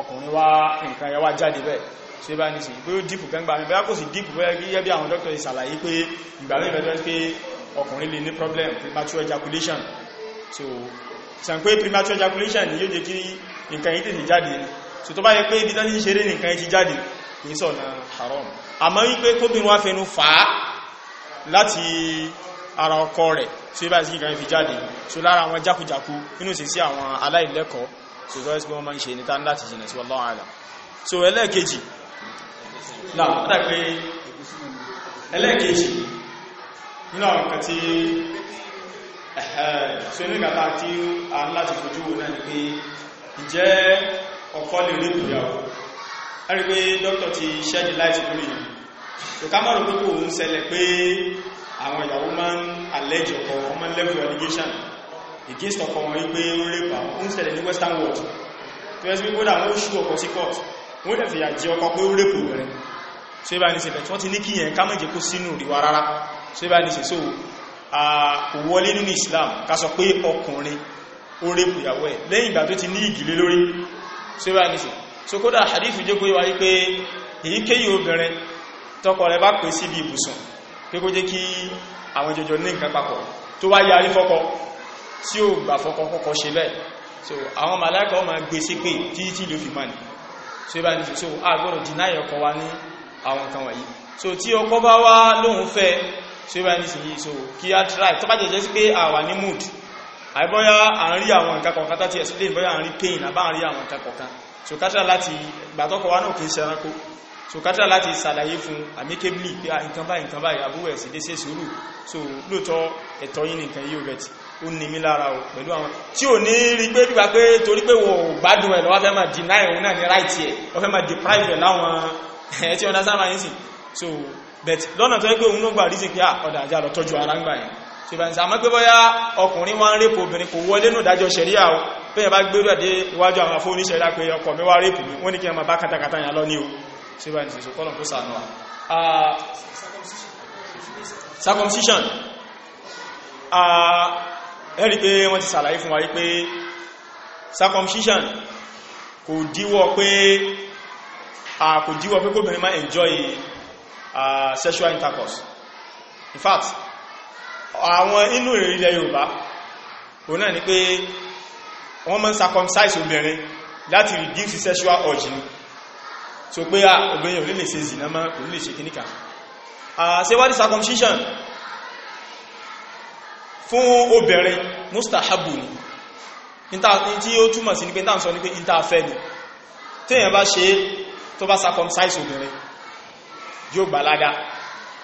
ọkùnrin wá nǹkan yẹn ṣe bá ní sí pé ó dìpù gbangba mi bẹ́yà kò sí dìpù bẹ́yà gẹ́gẹ́ bí àwọn dókítà ìsàlàyé pé ìgbà mi bẹ́ẹ̀ pé ọkùnrin lè ní problem premature ejaculation so sàn pé premature ejaculation ni yóò jẹ́ kí nǹkan yìí tètè jáde so tó bá yẹ pé ibi tán ti ṣeré nǹkan yìí ti jáde kì í sọ̀nà haram àmọ́ wípé kóbìnrin wá fẹnu fà á láti ara ọkọ rẹ̀ tí ó bá sí nǹkan yìí fi jáde so lára àwọn jákujàku nínú sí àwọn aláìlẹ́kọ̀ọ́ so tó ẹ́ sí pé wọ́n máa ń ṣe ní tán láti jìnà sí wọ́n àlà so ẹlẹ́ẹ̀kejì náà ó dàgbé ẹlẹ́ẹ̀kejì nínú àwọn nǹkan tí ṣe ní ìgbàta tí a ń láti fojú wò náà ni pé ìjẹ́ ọkọ lè rí ìgbìyàwó a rí pé dókítà ti ṣẹ́dì láti lórí yìí tó ká mọ́rún pé kò ń ṣẹlẹ̀ pé àwọn ìyàwó máa ń allege ọkọ wọn máa ń level allegation against ọkọ wọn wípé ó rèpà ó ń ṣẹlẹ̀ ní western world tó yẹ sí pé kódà wọn ó ṣú ọkọ sí court wọ́n dẹ̀ fìyà jẹ ọkọ̀ pé ó rèpò rẹ̀ so ibá ní ṣe bẹ̀ tí wọ́n ti ní kí yẹn ká mẹ́jẹ kó sínú ríwa rárá so ibá ní ṣe so nínú Islam ká sọ pé ọkùnrin ó rèpò ìyàwó ẹ̀ lẹ́yìn ìgbà tó ti ní ìgìlé lórí so ibá hadithu jẹ́ kóyíwa wípé èyíkéyìí obìnrin tọkọ rẹ̀ bá pè síbi ibùsùn pé kó jẹ́ kí àwọn jọjọ ní nǹkan papọ̀ tó wá yarí fọ́kọ tí ó gbà fọ́kọ kọ́kọ́ ṣe bẹ́ẹ̀ so àwọn màláìkà ọmọ gbé pé títí ló fi máa so ibá ní so agbọ́rọ̀ deny ọkọ wa ní àwọn nǹkan wọ̀nyí so tí ọkọ bá wá lóhun fẹ́ so ibá ní sí so kí a try tó bá jẹ́ sí pé a wà ní mood àìbọ́yá à ń rí àwọn nǹkan kọ̀ọ̀kan tàbí explain bọ́yá à ń rí pain àbá à ń rí àwọn nǹkan so kátà láti gbàtọ́kọ wa náà kìí ṣẹranko so kátà láti ṣàlàyé fún amicably pé nǹkan báyìí nǹkan báyìí àbúwẹ̀ sí dé so lóòótọ́ ẹ̀tọ́ yìí nìkan yóò rẹ̀ ó ní mí lára o pẹ̀lú àwọn tí ò ní rí pé bí wà torí pé wò gbádùn ẹ̀ lọ́wọ́ fẹ́ máa deny òun náà ní right ẹ̀ wọ́n fẹ́ máa deprive ẹ̀ láwọn ẹ̀ tí ọ̀dá sára yìí sì so but lọ́nà tó ń gbé òun ló gbà rísì pé ah, ọ̀dà àjá lọ tọ́jú ara ń gbà yẹn so ìbá ìsàmọ́ pé bọ́yá ọkùnrin wọn rèpò obìnrin kò wọlé nù dájọ́ ṣẹ̀ríà o pé yẹn bá gbé rẹ̀ dé iwájú àwọn afóní ṣẹ̀ríà pé ọkọ mi wá rèpò mi wọ́n ní kí ẹ máa bá kátàkátà yẹn lọ ní o so ìbá ìsìsò kọ́lọ̀ kó sànù wa ah, circumcision ah, ẹ̀rí pé wọ́n ti sàlàyé fún wa wípé circumcision kò díwọ́ pé kò díwọ́ pé kóbìnrin máa enjoy uh, sexual intercourse in fact àwọn inú ìrírí ilẹ̀ Yorùbá òun náà ni pé wọ́n máa ń circumcise obìnrin láti reduce sexual urge ni so pé obìnrin ò lè ṣe zìnà mọ́ kò lè ṣe kíníkà ṣe wá di circumcision fún obìnrin mustahabu ni tí ó túmọ̀ sí ní pé táàmù sọ ní pé ìtafẹ́ ni téèyàn bá ṣe tó bá circumcise obìnrin yóò gbàlága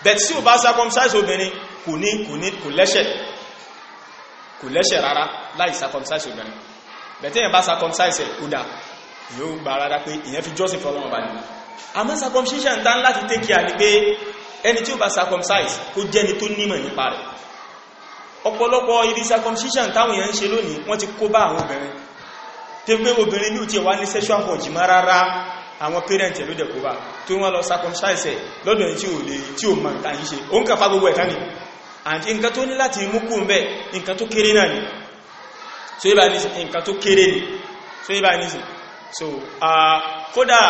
bẹ̀t tí ó bá circumcise obìnrin kò ní kò ní kò lẹ́ṣẹ̀ kò lẹ́ṣẹ̀ rárá láì circumcise obìnrin bẹ̀t téèyàn bá circumcise ẹ̀ kódà yóò gbà rárá pé ìyẹn fi jọ́sìn fọlọ́wọ́n bá nìyí àmọ́ circumcision tán láti take care ni pé ẹni tí ó bá circumcise kó jẹ́ni tó nímọ̀ nípa rẹ̀ ọ̀pọ̀lọpọ̀ ibi circumcision táwọn èèyàn ń ṣe lónìí wọ́n ti kó bá àwọn obìnrin tí pé obìnrin ní òtí ẹ̀wà ní sexual urge má rárá àwọn parent ló dẹ̀ kó bá tó wọ́n lọ circumcise lọ́dọ̀ tí ò lè tí ò mọ̀ nǹkan yìí ṣe ó ń kàfà gbogbo ẹ̀ká ni àti nǹkan tó ní láti mú kú mbẹ́ so ibà ní nǹkan tó kéré ni so ibà ní so kódà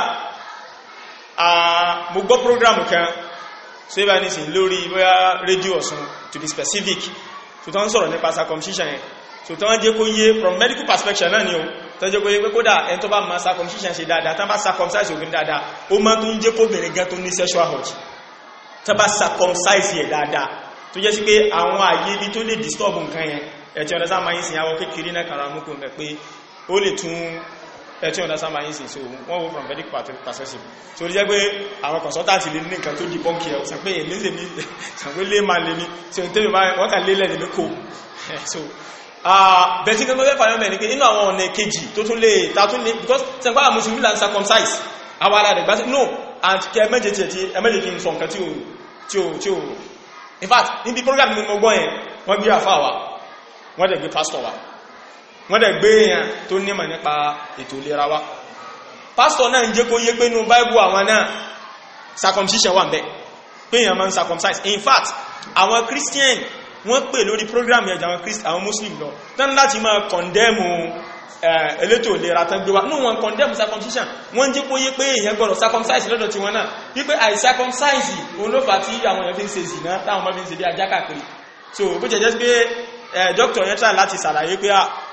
mo gbọ́ program kan to be specific so tán sọ̀rọ̀ nípa circumcision yẹn so tán jẹ́ kó yé from medical perspective náà ni o tán jẹ́ kó yé pé kódà ẹni tó bá ma circumcision ṣe dáadáa tán bá circumcise obìnrin dáadáa ó máa tún jẹ́ kóbìnrin gan tó ní sexual health tán bá circumcise yẹ dáadáa tó jẹ́ sí pé àwọn àyè ibi tó lè disturb nǹkan yẹn ẹ̀tì ọ̀dọ́sá máa ń sin àwọn kékeré náà kàrà mú kò mẹ́ pé ó lè tún ẹ̀tí ọ̀nà sáma yìí sì so wọ́n wó from medical perspective so ó jẹ́ pé àwọn consultancy lè ní nǹkan tó di bọ́ǹkì ẹ̀ sàn pé èmi lè mi sàn lè máa lè mi so n tẹ́mi wọ́n kà lélẹ̀ ní mi kò so bẹ̀tí kan mẹ́fẹ́ pé inú àwọn ọ̀nà kejì tó tún lè because sàn pé àwọn mùsùlùmí là ń circumcise àwọn no and kẹ ẹmẹ́jẹjì ti ẹmẹ́jẹjì ń sọ nǹkan tí ò tí in fact program mi mo gbọ́ yẹn wọ́n gbé àfáà wa wọ́n dẹ̀ gbé pastor wọ́n dẹ̀ gbé èèyàn tó nímọ̀ nípa ètò ìlera wa pásítọ̀ náà ń jẹ́ kó yé pé nínú Bible àwọn náà circumcision wà ń bẹ pé èèyàn máa ń circumcise in fact àwọn Christian wọ́n pè lórí program yẹn àwọn Christian àwọn Muslim lọ tán láti máa condemn eh, elétò ìlera tán gbé wa ní wọn condemn circumcision wọ́n jẹ́ kó yé pé èèyàn gbọ́dọ̀ circumcise lọ́dọ̀ tiwọn náà wípé àìcircumcise òun ló fà tí àwọn èèyàn fi ń ṣe zìnà táwọn ọmọ fi ń ṣe bí ajá káàkiri so bó jẹ́ jẹ́ pé eh, dókítà yẹn tà láti ṣàlàyé pé ah,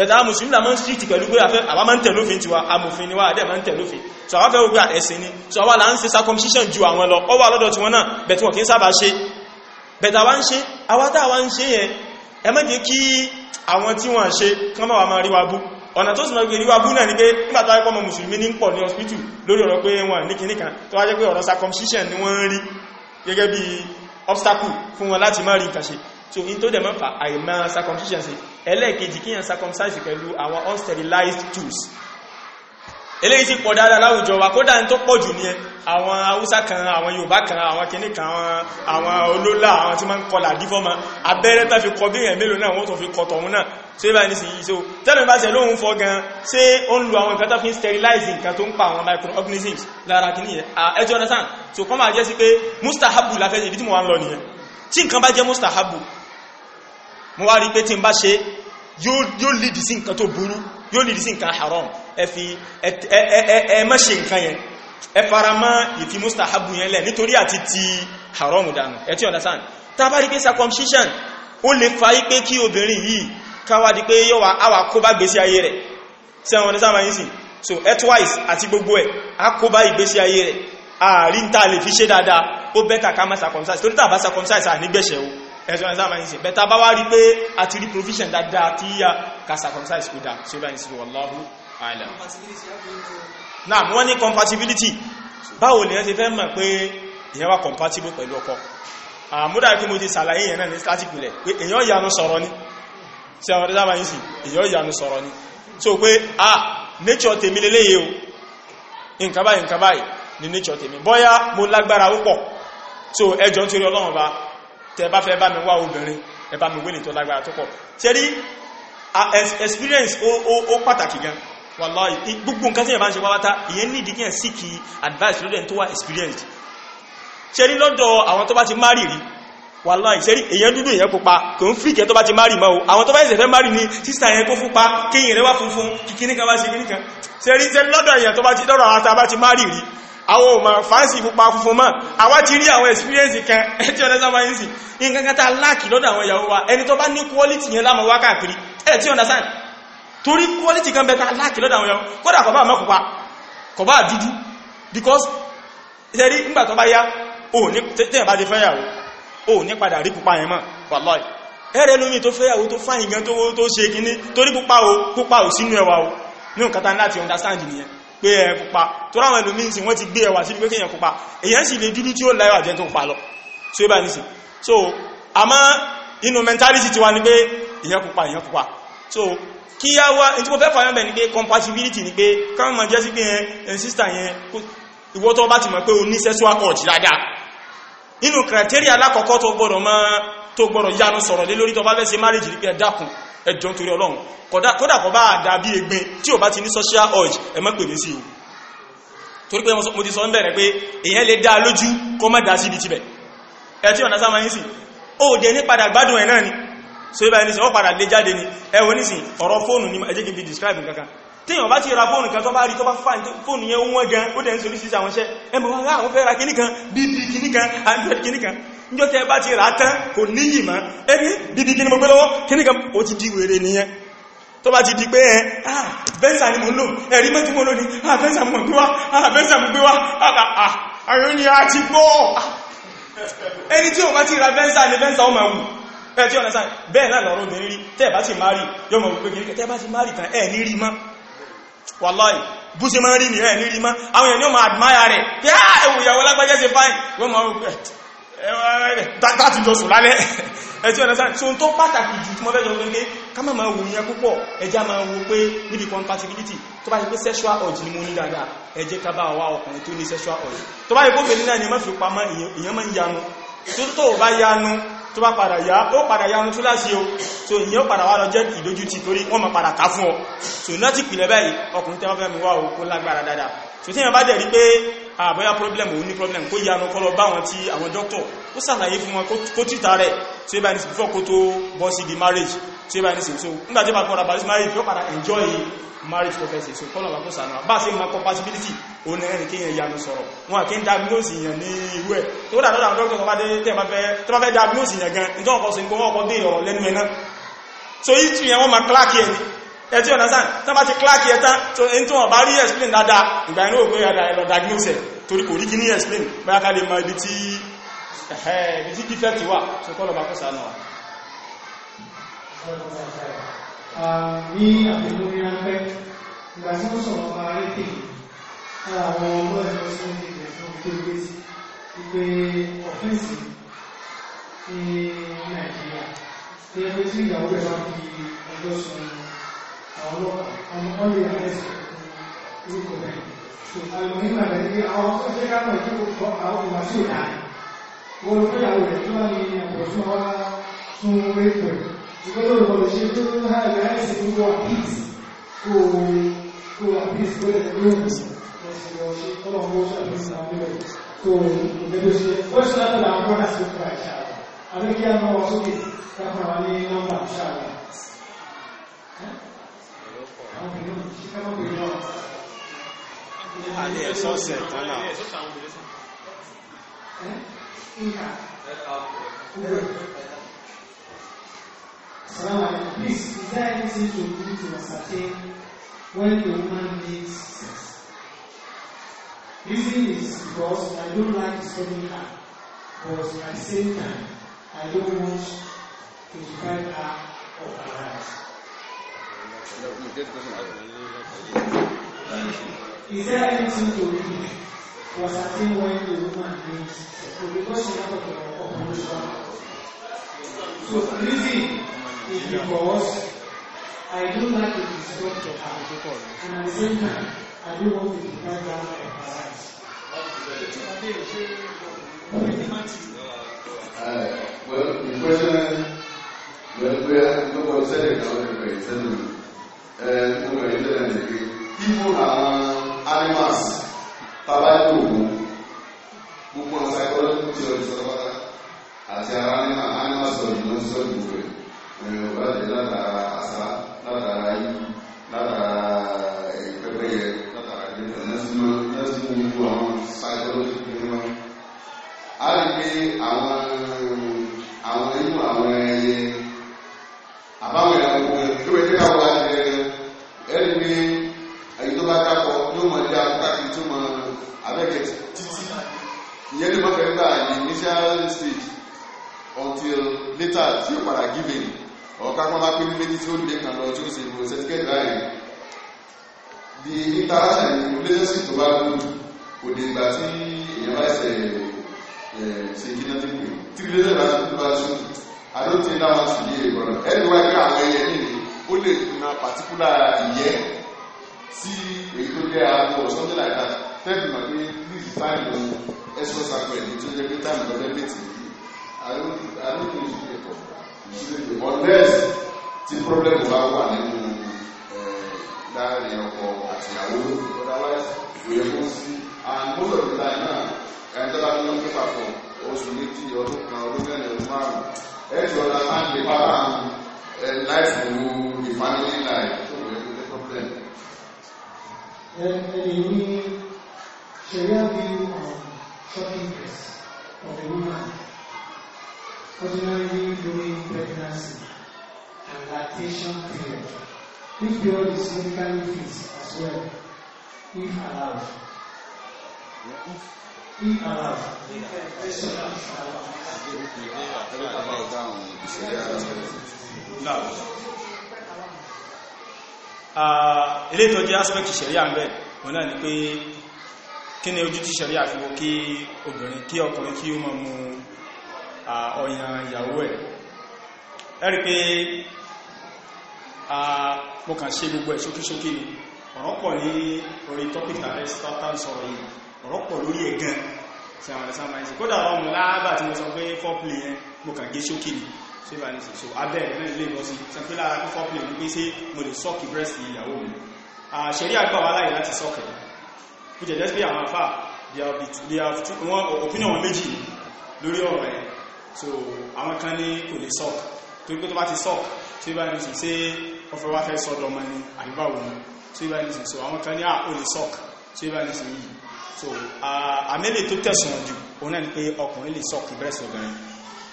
bẹ̀tẹ̀ àwọn musulmi la mọ́ street pẹ̀lú pé àwa máa ń tẹ̀lófin tiwa amòfin ni wá àdẹ́ máa ń tẹ̀lófin so àwa fẹ́ gbogbo ẹ̀sìn ni so àwa là ń ṣe circumcision ju àwọn lọ ọwọ́ alọ́dọ̀ tí wọ́n náà bẹ̀tẹ̀ wọ́n kí ń sábà ṣe bẹ̀tẹ̀ àwa ń ṣe àwa tá àwa ń ṣe yẹn ẹ má jẹ́ kí àwọn tí wọ́n ṣe kán máa máa rí wa bú ọ̀nà tó súnmọ́ ìgbèrí wa bú náà ni pé nígbà tó ayẹ́kọ́ ọmọ so in tó dẹ̀ mọ́ fà àìmá circumcision sí ẹlẹ́ẹ̀kejì kí yàn circumcise pẹ̀lú àwọn unsterilized tools eléyìí sì pọ̀ dáadáa láwùjọ wa kódà tó pọ̀ jù ní àwọn haúsá kan àwọn yorùbá kan àwọn kìíní kan àwọn olólà àwọn tí ma ń kọlà dífọ́mà abẹ́rẹ́ tá fi kọ bí èèyàn mélòó náà wọ́n tó fi kọ tọ̀hún náà tí ó bá ní sí iso tẹ́lẹ̀ bá ṣe lóhun fọ́ gan ṣé ó ń lo àwọn nǹkan tó fi ń sterilize nǹkan tó ń pa àwọn microorganisms lára kìíní yẹn ẹjọ́ understand so kọ́ máa jẹ́ sí pé mustahabu la fẹ́ ṣe ibi tí mo wà ń lọ nìyẹn tí nǹkan bá jẹ́ mustahabu mo wá rí pé tí n bá ṣe yóò lìdí sí nǹkan tó burú yóò lìdí sí nǹkan haram ẹ fi ẹ má ṣe nǹkan yẹn ẹ fara mọ́ ìfi mustahabu yẹn lẹ̀ nítorí àti ti haram dànù ẹ ti understand tá a bá rí pé circumcision ó lè fa pé kí obìnrin yìí káwá di pé yóò wá kó bá gbèsè ayé rẹ̀ sẹ́wọ̀n ọ̀dẹ́sàn máa ń sìn so earthwise àti gbogbo ẹ̀ á kó bá ìgbésí ayé rẹ̀ ààrí ń tà lè fi ṣe dáadáa ó bẹ́tà ká má circumcise torí tàbá circumcise à nígbẹ̀ṣẹ̀ o ẹ̀sùn ẹ̀sùn àmàyìn sí bẹ̀ta bá wá rí pé a ti rí provision dáadáa tí yíya ka circumcise kódà tí ó bá ń sí wallahu a'lam náà wọ́n ní compatibility báwo lè ṣe fẹ́ mọ̀ pé ìyẹn wà compatible pẹ̀lú ọkọ àmúdà kí mo ti sàlàyé yẹn náà ní static pilẹ̀ pé èyàn yanu sọ̀rọ̀ ni sí àwọn sọ̀rọ̀ ni so pé ah nature tèmi lélẹ́yẹ o nǹkan báyìí ni nature tèmi bọ́yá mo lágbára so ẹjọ́ nítorí ọlọ́run tẹ bá fẹ́ bá mi wá obìnrin ẹ mi wé ní tó lágbára tó pọ̀ ṣẹ́rí e, experience ó pàtàkì gan wallahi gbogbo nǹkan tí ẹ bá ń ṣe wáwátá ìyẹn nídìí kí ẹ sí kí advice lórí ẹni tó wá experience ṣẹ́rí lọ́dọ̀ àwọn tó bá ti márì rí wallahi ṣẹ́rí èyàn dúdú ìyẹn pupa kò ń fìkẹ́ tó bá ti márì mọ́ o àwọn tó bá ìṣẹ̀fẹ́ márì ni sísà yẹn kó fúpa kéyìn rẹ wá funfun kìkíníkan wá sí kíníkan ṣẹ́rí ṣẹ́rí lọ́dọ̀ èyàn tó bá ti dọ́rọ̀ àwọn tá bá ti márì rí àwọn ọmọ fáǹsì pupa funfun mọ́ àwa ti rí àwọn experience kan ẹ̀tí ọ̀dá sáwọn ẹ̀yìn sí nǹkan kan tá láàkì lọ́dọ̀ àwọn ìyàwó wa ẹni tó bá ní quality yẹn láàmọ̀ wá káàkiri ẹ̀tí ọ̀dá sáà torí quality kan bẹ̀ta láàkì lọ́dọ̀ àwọn ìyàwó kódà kọ̀bá àmọ́ pupa kọ̀bá dúdú because ṣẹ́rí ńgbà tó bá yá ò ní tẹ́yìn bá ti fẹ́ yàwó ò ní padà rí pupa yẹn mọ́ wàlọ́ì ẹ̀rẹ́ lómi tó fẹ́ yàwó tó fáyìn gan tó ṣe kíní torí pupa ò pupa ò sínú ẹwà ò ní nǹkan tá understand nìyẹn pé ẹ pupa tó ráwọn ẹlòmíì sí wọ́n ti gbé ẹwà sí pé kéèyàn pupa èyàn sì lè dúdú tí ó láyọ̀ àjẹ́ tó pupa lọ so ibà nìsí so àmọ́ inú mentality ti wá ní pé èyàn pupa èyàn pupa so kí yá wá ní tí mo fẹ́ fàyọ́ bẹ̀ ni pé compatibility ni pé káwọn máa jẹ́ sí pé ẹn sísà yẹn ìwọ tó bá ti mọ̀ pé o ní sexual urge dáadáa nínú criteria alákọ̀ọ́kọ́ tó gbọ́dọ̀ máa tó gbọ́dọ̀ yánu sọ̀rọ̀ lé lórí tó bá fẹ́ ṣe marriage rí pé ẹ dákun ẹjọ́ nítorí ọlọ́run kódà kó bá dà bí egbin tí ò bá ti ní social urge ẹ má pè mí sí o torí pé mo ti sọ ń bẹ̀rẹ̀ pé èyàn lè dá lójú kó má dá síbi tibẹ̀ ẹ tí ọ̀nà sáà máa ń sìn dẹ̀ ní padà gbádùn ẹ̀ náà ni so ibà ní sọ wọ́n padà lè jáde ni ẹ wọ́n ní ni ẹ jẹ́ describe kankan téèyàn bá ti ra fóònù kan tó bá rí tó bá fà gan ó dẹ̀ ń sorí sí àwọn iṣẹ́ ẹ mọ̀ wọ́n rá àwọn fẹ́ ra kíníkan níjọ́ tẹ́ bá ti rà tán kò níyì mọ́ ẹni bíbí kí ni mo gbé lọ́wọ́ kí ní kan ó ti di wèrè nìyẹn tó bá ti di pé ẹ ah bẹ́ńsà ni mo lò ah bẹ́ńsà ah bẹ́ńsà ah àrùn ni a ti gbọ́ ẹni tí ni bẹ́ńsà ó máa wù ẹ tí ọ̀nà sáà bẹ́ẹ̀ náà lọ́rọ̀ obìnrin rí tẹ́ bá ti máa rí yọmọ wípé kìí tẹ́ bá wàláì bú ṣe máa rí ní ẹ̀ ní rí mọ́ àwọn èèyàn máa admire rẹ̀ pé ah ẹwù ìyàwó lágbájẹ́ ṣe fine wọ́n máa rú tàbí jọ sùn lálẹ́ ẹ̀tí ọ̀nà sáà tí ó tó pàtàkì jù tí mo fẹ́ jọ pé pé ká máa wo yẹn púpọ̀ ẹjá máa wo pé níbi compatibility tó bá yẹ pé sexual urge ni mo ní dáadáa ẹ jẹ́ ká bá wa ọkùnrin tó ní sexual urge tó bá yẹ pé obìnrin náà ni mọ́fì pamọ́ èèyàn máa ń yanu tó tó bá yanu tó bá padà yá ó padà yanu tó láti o tó ìyẹn ó padà wá lọ jẹ́ ìdójútì torí wọ́n máa padà ká fún ọ tó náà ti pìlẹ̀ báyìí ọkùnrin tẹ́wọ́n fẹ́ mi wá òkú lágbára dáadáa tó tí yẹn bá dẹ̀ rí àbọ́yá ah, problem òun ní problem kó yanu kọ́ lọ bá wọn tí àwọn doctor ó sàlàyé fún wọn kó tìta rẹ̀ tí ó bá ní sí before kó tó bọ́ sí di marriage tí ó bá ní sí so nígbà tí ó bá kọ́ marriage yóò padà enjoy marriage prophecy so kọ́ lọ́wọ́ sí ma ẹtí ọ̀nà sáà tánbà ti kláàkì ẹta tó ẹni tó wọ́n bá rí explain dáadáa ìgbà inú òpin ẹ̀dà ẹ̀lọ diagnose torí kò rí kí ní explain báyá ká lè mọ ibi tí ẹ̀ẹ́ ibi tí defect wà tó kọ́ lọ́bàá kọ́sà náà ní àbẹ̀lórí ránpẹ́ ìgbà tí wọ́n sọ̀rọ̀ bá rí pé àwọn ọmọ ẹ̀lọ sí ilẹ̀ fún tó gbé sí wípé ọ̀fẹ́sì ní nàìjíríà tí ẹgbẹ́ sí ìyàwó ẹ̀ bá fi ọjọ́ sọ̀rọ̀ àwọn ọlọ́pàá àwọn ọlọ́yẹ àìsàn orúkọ rẹ̀ so àlùmọ́yìn máa dàbí àwọn tó fẹ́ káwọn ìjọ kọ àwọn ìwà tí ò dá wọn ló fẹ́yàwó rẹ̀ tó bá ní àpọ̀tún wa tún orí pẹ̀ ìgbọ́dọ̀ lọ́dọ̀ ṣe tó ń ha ìwà àìsàn gbogbo àpíìs kó kó àpíìs kó lẹ̀ lóhùn lọ́sọ̀rọ̀ ọlọ́wọ́ àpíìs àbúrò kó ìgbẹ́dọ̀ ṣe wọ́n ṣe láti làwọn bọ́dà sí ọkọ̀ àṣà àbẹ́kí àwọn Alẹ́ ẹ̀ sọ́ọ̀sẹ̀ tán náà. Salam please, is there anything to do to ascertain when the woman needs sex? Reason is because I don't like disturbing her, but at the same time, I don't want to deprive her of her rights. Is there anything to read for certain when the woman needs? Because she has a operation. So reason is because I don't like to disturb her. And at the same time, I don't want to deprive her of her rights. Uh, well, the question, well, we are, nobody said it, however, it's gbogbo ẹ̀ jẹ́ nàìjíríà ibo àwọn animals tabajú ògùn gbogbo àwọn psychological theory sọ pátá àti ara animals ọ̀dùn ló ń sọ gbogbo ẹ̀ ọ̀gá jẹ́ látara àṣà látara yìí látara ìpẹ́pẹ́yẹ eh, látara ìdíjọ lẹ́sìmọ́ lẹ́sìmọ́ gbogbo àwọn psychological theory wọn. a rí pé àwọn àwọn inú àwọn ẹyẹ àbáwọn ìyàwó ẹgbẹ́ tí wọ́n ti ká wọ́n á jẹ ẹ̀rí pé àyè tó bá dákọ̀ yóò mọ̀ ní akáàkiri tó mọ̀ abẹ́kẹ̀ títí ìyẹn ló máa fẹ́ gbà ní initial stage until later tí ó padà given ọ̀ká kan bá pé ní méjì tí ó lè kàn lọ tí ó sì lò certificate báyìí the interaction relationship tó bá good kò dé ìgbà tí èèyàn bá ṣe ṣe ìdíná tí pé tí relationship bá ṣe I don't think that one should be a problem anyway kí àwọn ẹyẹ nìyí ó lè na pàtíkúlà ìyẹ́ sí èyí tó jẹ́ aago or something that tẹ́lẹ̀ mọ̀ pé this is time of express agro ẹ̀mí tó jẹ́ pé time of everything yìí àlóòkè ìṣúlẹ̀ pọ̀ ìṣúlẹ̀ pọ̀ unless tí problem bá wà nínú eh, láàrin ọkọ àtìyàwó otherwise kò yẹ kó sí and most of the time náà ẹni tó bá ní wọn pépà pọ̀ oṣù méjì ọdún kan ọdún mẹ́rin ọdún márùn-ún ẹ̀ tí ọ̀la máa ń lè bá bá àwọn and eh, life will the family life so we have a problem. And, and we Sharia view on shocking dress of the woman ordinarily during pregnancy and lactation period. This period is medically fit as well, if allowed. Ah, ilé tó jẹ́ aspect ṣẹ̀ríà ń bẹ̀ wọ́n náà ni pé kí ni ojú tí ṣẹ̀ríà fi wo kí obìnrin kí ọkùnrin kí ó mọ̀ mú ah, ọ̀yàn ìyàwó ẹ̀ ẹ̀rí pé ah, mo kàn ṣe gbogbo ẹ̀ ṣókíṣókí ni ọ̀rọ̀ ní orí tọ́pítà rẹ̀ sọ́tàn sọ̀rọ̀ yìí ọ̀rọ̀pọ̀ lórí ẹ̀gán tí àwọn ẹ̀sán máa ń ṣe kódà ọmọ láàbà tí mo sọ pé fọ́pìlì yẹn mo kàn gé ṣókè ní ṣé bá ní ṣèṣò abẹ́ ẹ̀rẹ́ ilé lọ sí sọ pé lára fún fọ́pìlì ní pé ṣé mo lè sọ́ọ̀kì bírẹ́sì ìyàwó mi àṣẹrí àgbà wa láyé láti sọ́ọ̀kì kò jẹ́jẹ́ pé àwọn afá òpin àwọn méjì lórí ọ̀rọ̀ ẹ̀ so àwọn kan ní kò lè sọ́ọ̀kì tó pé tó bá ti sọ́ọ̀kì ṣé bá ní ṣe ṣé ọfẹ́ wá fẹ́ sọ́dọ̀ ọmọ ni àyíbáwò ni ṣé bá ní ṣe so àwọn kan ní à ó lè sọ́ọ̀kì ṣé bá ní ṣe so àmẹ́lẹ̀ tó tẹ̀sùn jù òun náà ni pé ọkùnrin lè sọ́ọ̀kì breast obìnrin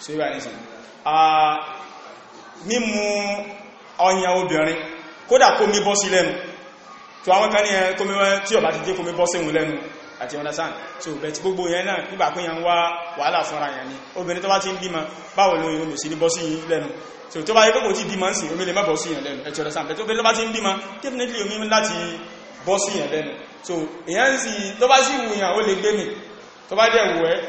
so yíwa ní sìn mímú ọyàn obìnrin kódà kó mi bọ́ sí lẹ́nu tó àwọn kan ní ẹ kó mi wọ́n tí ọba ti dé kó mi bọ́ séhun lẹ́nu àti understand so bẹ̀ tí gbogbo yẹn náà nígbà pé yẹn wá wàhálà fúnra yẹn ni obìnrin tó bá ti ń bímọ báwo ló yẹn olùsí ní bọ́ sí yìí lẹ́nu so tó bá yẹ kókò tí bímọ ń sìn omi lè má bọ́ sí yẹn lẹ́nu ẹ̀tì understand bẹ̀ tó bá ti ń bímọ definitely omi láti bọ́ sí yẹn lẹ́nu so èyàn sì tó bá sì wù yàn ó lè gbé mi tó bá dẹ̀ wù ẹ́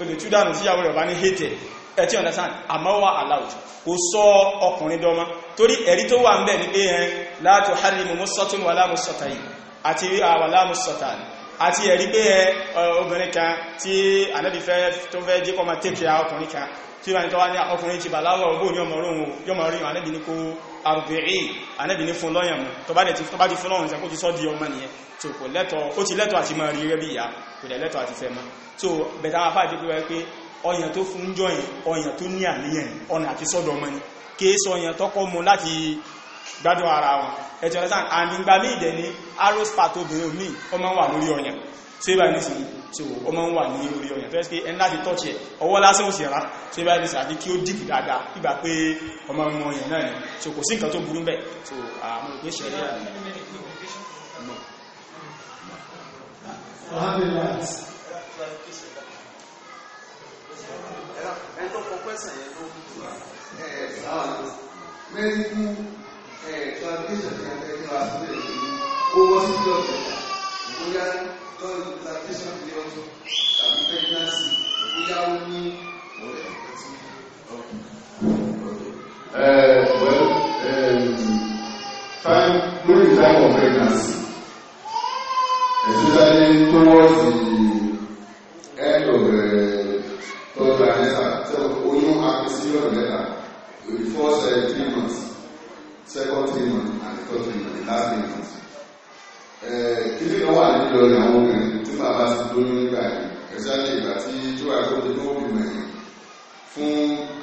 o lè tú dànù sí ìyàwó rẹ̀ bá ní hate ẹ̀ tí understand àmọ́ wà allowed kò sọ ọkùnrin dọ́mọ́ torí ẹ̀rí tó wà ń bẹ̀ ní pé ẹ la tuharrimu mussatun wala mussatayn àti wala mussatan àti ẹ̀rí pé ẹ obìnrin kan tí anábìfẹ́ tó fẹ́ jẹ́ kọ́ máa tẹ́kẹ̀ ọkùnrin kan tí wọ́n ni tọ́wọ́ ní ọkùnrin ti bàláwọ̀ ọgbó ní ọmọ orun yọmọ orin anábì ní kó arba'in anábì ní fún lọ́yàn mú tọ́bá ti fún lọ́rùn sẹ́kó ti sọ́ di ọmọ nìyẹn so kò lẹ́tọ̀ ó ti lẹ́tọ̀ àti máa rí rẹ́ bí ìyá kò dẹ̀ lẹ́tọ̀ àti fẹ́ mọ́ so bẹ̀tà afá àti pípẹ́ pé ọyàn tó fún jọyìn ọyàn tó ní àníyàn ọ̀nà àti sọ́dọ̀ ọmọ ni kìí sọ ọyàn tọ́kọ́ mu láti gbádùn ara wọn ẹ̀tọ́ ọ̀lẹ́sàn àmì ìgbà míì dẹ̀ ní arospat obìnrin mi ọmọ wà lórí ọyàn so ibà ní alhamdulilayi. ẹnu kọ pẹ́sẹ̀ yẹn ló ń tura ẹ̀ sáàlù mẹ́rìndínlú ẹ̀ tradition yẹn tẹ́ kí wàá sílẹ̀ yìí ó wọ́n sí bí ọ̀sẹ̀ ìgbóyà lọ́rùn tradition bí ọ̀sọ̀ tàbí pregnancy ìgbóyà ó ní ọ̀rẹ́ ẹ̀sìn ọ̀rẹ́. Eh, well, um, time, during time of pregnancy, ẹ̀sùsáyé tó wọ́n sì ẹ̀lò rẹ̀ tọ́jú àyẹ́sà tẹ́ oyún akẹsílọ̀ mẹ́ta lórí first uh, three months second three months and third three months last three months. Uh, kílí kan wà nílò rẹ̀ àwọn obìnrin tí bàbá ti lóyún nígbà yìí ẹ̀sùsáyé ìgbà tí jùwà tó ti tó wọ́n bìmọ̀ yìí fún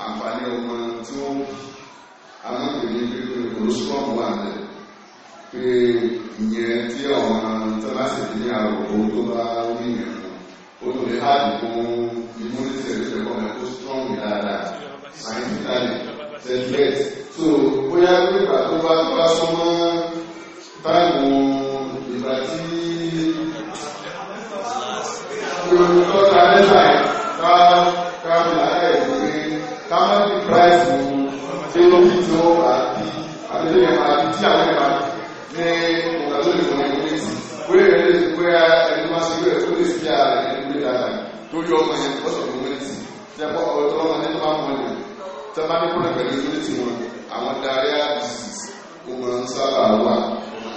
àǹfààní ọmọ tí wọ́n amọ̀ pè ní pé olùsọ́ọ̀mù wà nílẹ̀ pé ìyẹn tí àwọn tọ́lásì ní àròkọ tó bá wí yẹn ó lè háàdì fún immunity ẹ̀rọ ìjọba ọmọ tó strong dáadáa scientifically tẹ́lẹ̀ so bóyá pípa tó bá tó bá súnmọ́ báwo ìgbà tí olùtọ́ta lẹ́sà ká ká fi láyé ìwé ká má fi price mu tí ó fi tó àti àti lè máa fi tí àwọn ìbára ṣe ọ̀gá tó lè fún ẹni pé tí wọ́n rẹ̀ lè fún bóyá ẹni máa ṣe rẹ̀ tó lè sí ààrẹ ẹni pé dáadáa lórí ọmọ yẹn lọ́sọ̀ fún mi tí tí a bọ́ ọ̀tọ́ ọmọ ní tó máa mọ̀ ní tí a bá ní kúrẹ̀ pẹ̀lú ìfúnni tí wọn àwọn diarrhea disease ó mọ̀ ń sábà wà ọmọ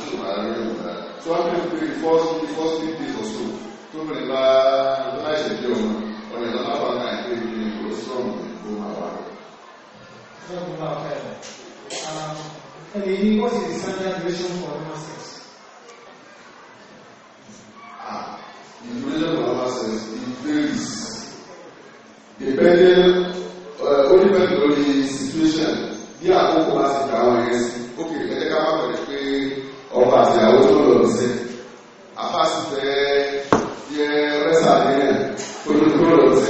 tí wọ́n rẹ̀ rẹ̀ wọ́n tí wọ́n fi pé first first three days or so tó bẹ̀rẹ̀ bá láìsẹ̀ bí ọmọ ọ̀rẹ́ lọ́la wà náà ìpè ní ìgbòsọ̀rọ̀ And he was in the standard duration for masters. Ah, the duration for masters it varies. Depending, uh, only on the situation. Here, àkókò bá ti dàwọn yẹn sí, ó kèrè the ká má bẹ̀rẹ̀ pé ọba àti àwọn tó lọ sí. Àfàsì fẹ́ yẹ rẹ́sà nílẹ̀ tó ló tó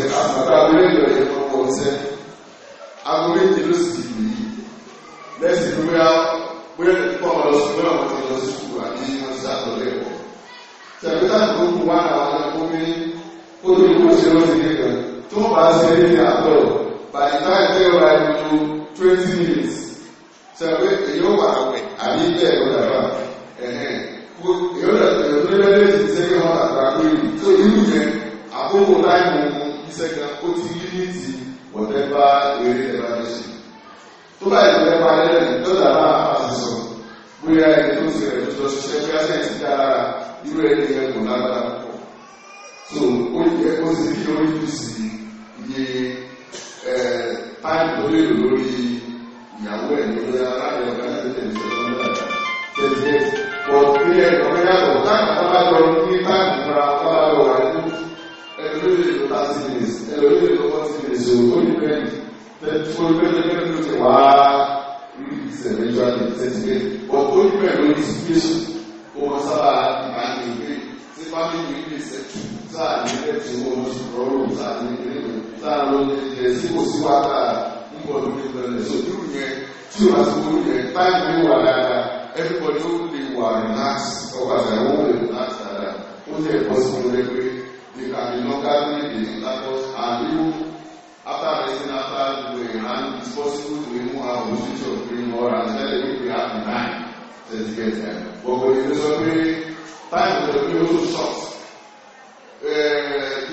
lẹ́sìn tó bóyá bóyá pọ̀ lọ sí bóyá wọ́n ti lọ sí sùkúrù àbí wọ́n ti sàtọ̀ lẹ́kọ̀ọ́. Ṣèpítà tó kù wá àwọn ọmọ mi ó ní kó ṣe ó ti dé kan tó bá ṣe é ní àtọ̀ bàtí táì tẹ́ ọ̀rọ̀ àìmọ̀tò twenty minutes. Ṣèpé èyí ó wà àwẹ̀ àbí bẹ́ẹ̀ ló dàgbà ẹ̀hẹ́n. Èyí ó dàgbà èyí ó lé lẹ́sìn sẹ́kẹ̀ wọn àgbà pé tó irú yẹn àkókò láì mú iṣẹ́ kan ó ti límìtì whatever eré ẹ̀ tó bá ìlú ẹpa lẹ́rìn tó dàbá àṣìṣọ bóyá ẹni tó ṣe rẹ̀ tó ṣiṣẹ́ bí aṣẹ́ ti dára irú ẹni yẹn kò lágbára púpọ̀ so ó yẹ kó sì kí ó yí sí iye táìpù tó lè lò lórí ìyàwó ẹ̀ ní bóyá láti ọ̀gá náà tẹ̀lé ìṣẹ̀lẹ̀ ọ̀gá náà tẹ̀lé pọ̀ bí ẹ̀ ọ̀gá yàtọ̀ táìpù tó bá lọ ní táìpù tó bá lọ wà ní Tẹ́lifíṣẹ́ ló ti wá rí ìṣẹ̀lẹ̀ ìjọ àti ìṣẹ̀lẹ̀ ọ̀pọ̀ ìpẹ́ ló ti fi ṣe kó wọn sábà máa ń gbé tí fámìlì ìlú ìṣẹ̀tù sáà ní ilé tí wọ́n ti rọrùn sáà ní ilé sáà ló ń jẹ sí kò sí wákà nígbà tó ti bẹ̀rẹ̀ sójú yẹn tí o bá ti wọ́n yẹn táìmù wà dáadáa everybody ó lè wà relax ọba àtàwọn ó lè relax dáadáa ó lè bọ́ sí wọn lẹ́gbẹ́ nípa ìlọ́gá ní èdè lápọ̀ àdéhùn after resting, after doing, and it's possible to remove our position of green or and tell them we have in mind to get them. But when you sọ pé time eh, to be also short.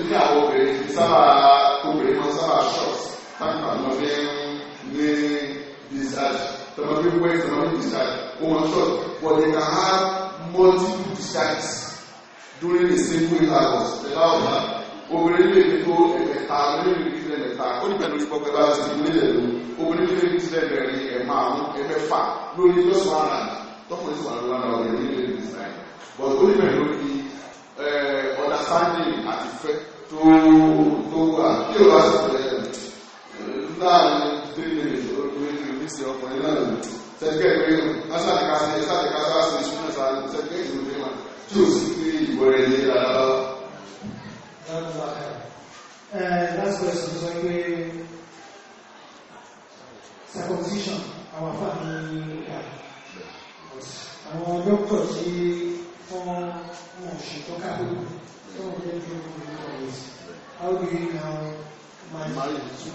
Ní àwọn obìnrin ti sábà obìnrin máa sábà short time to lọ ní ní discharge. Tọ́lá bí wọ́n ti lọ ní discharge, wọ́n máa short. But they can have multiple discharges during the a single intercourse. They allow that obìnrin lè ní tó ẹ̀mẹ̀ta obìnrin lè ní tilẹ̀ mẹ́ta ó ní pẹ̀lú ìgbọ́ pẹ̀lú àti ìgbélé ẹ̀lú obìnrin lè ní tilẹ̀ mẹ́rin ẹ̀mà àwọn ẹ̀mẹ́fà lórí lọ́sàn án àná tọkùnrin sì wà lọ́wọ́ náà obìnrin lè ní ìsìláì but ó ní pẹ̀lú ní eh, understanding àti fẹ́ tó tó wà kí o wá sí ẹ̀ láàrin three minutes olùgbé ní ìrísí ọkùnrin náà sẹ́kẹ̀ Uh, last question sọ pé circumcision àwọn afáàní àwọn dókítà tí wọ́n mọ̀ ṣe tó kápẹ́ tó wọ́n jẹ́ tó wọ́n ní ọ̀rọ̀ yìí how do you know now manage to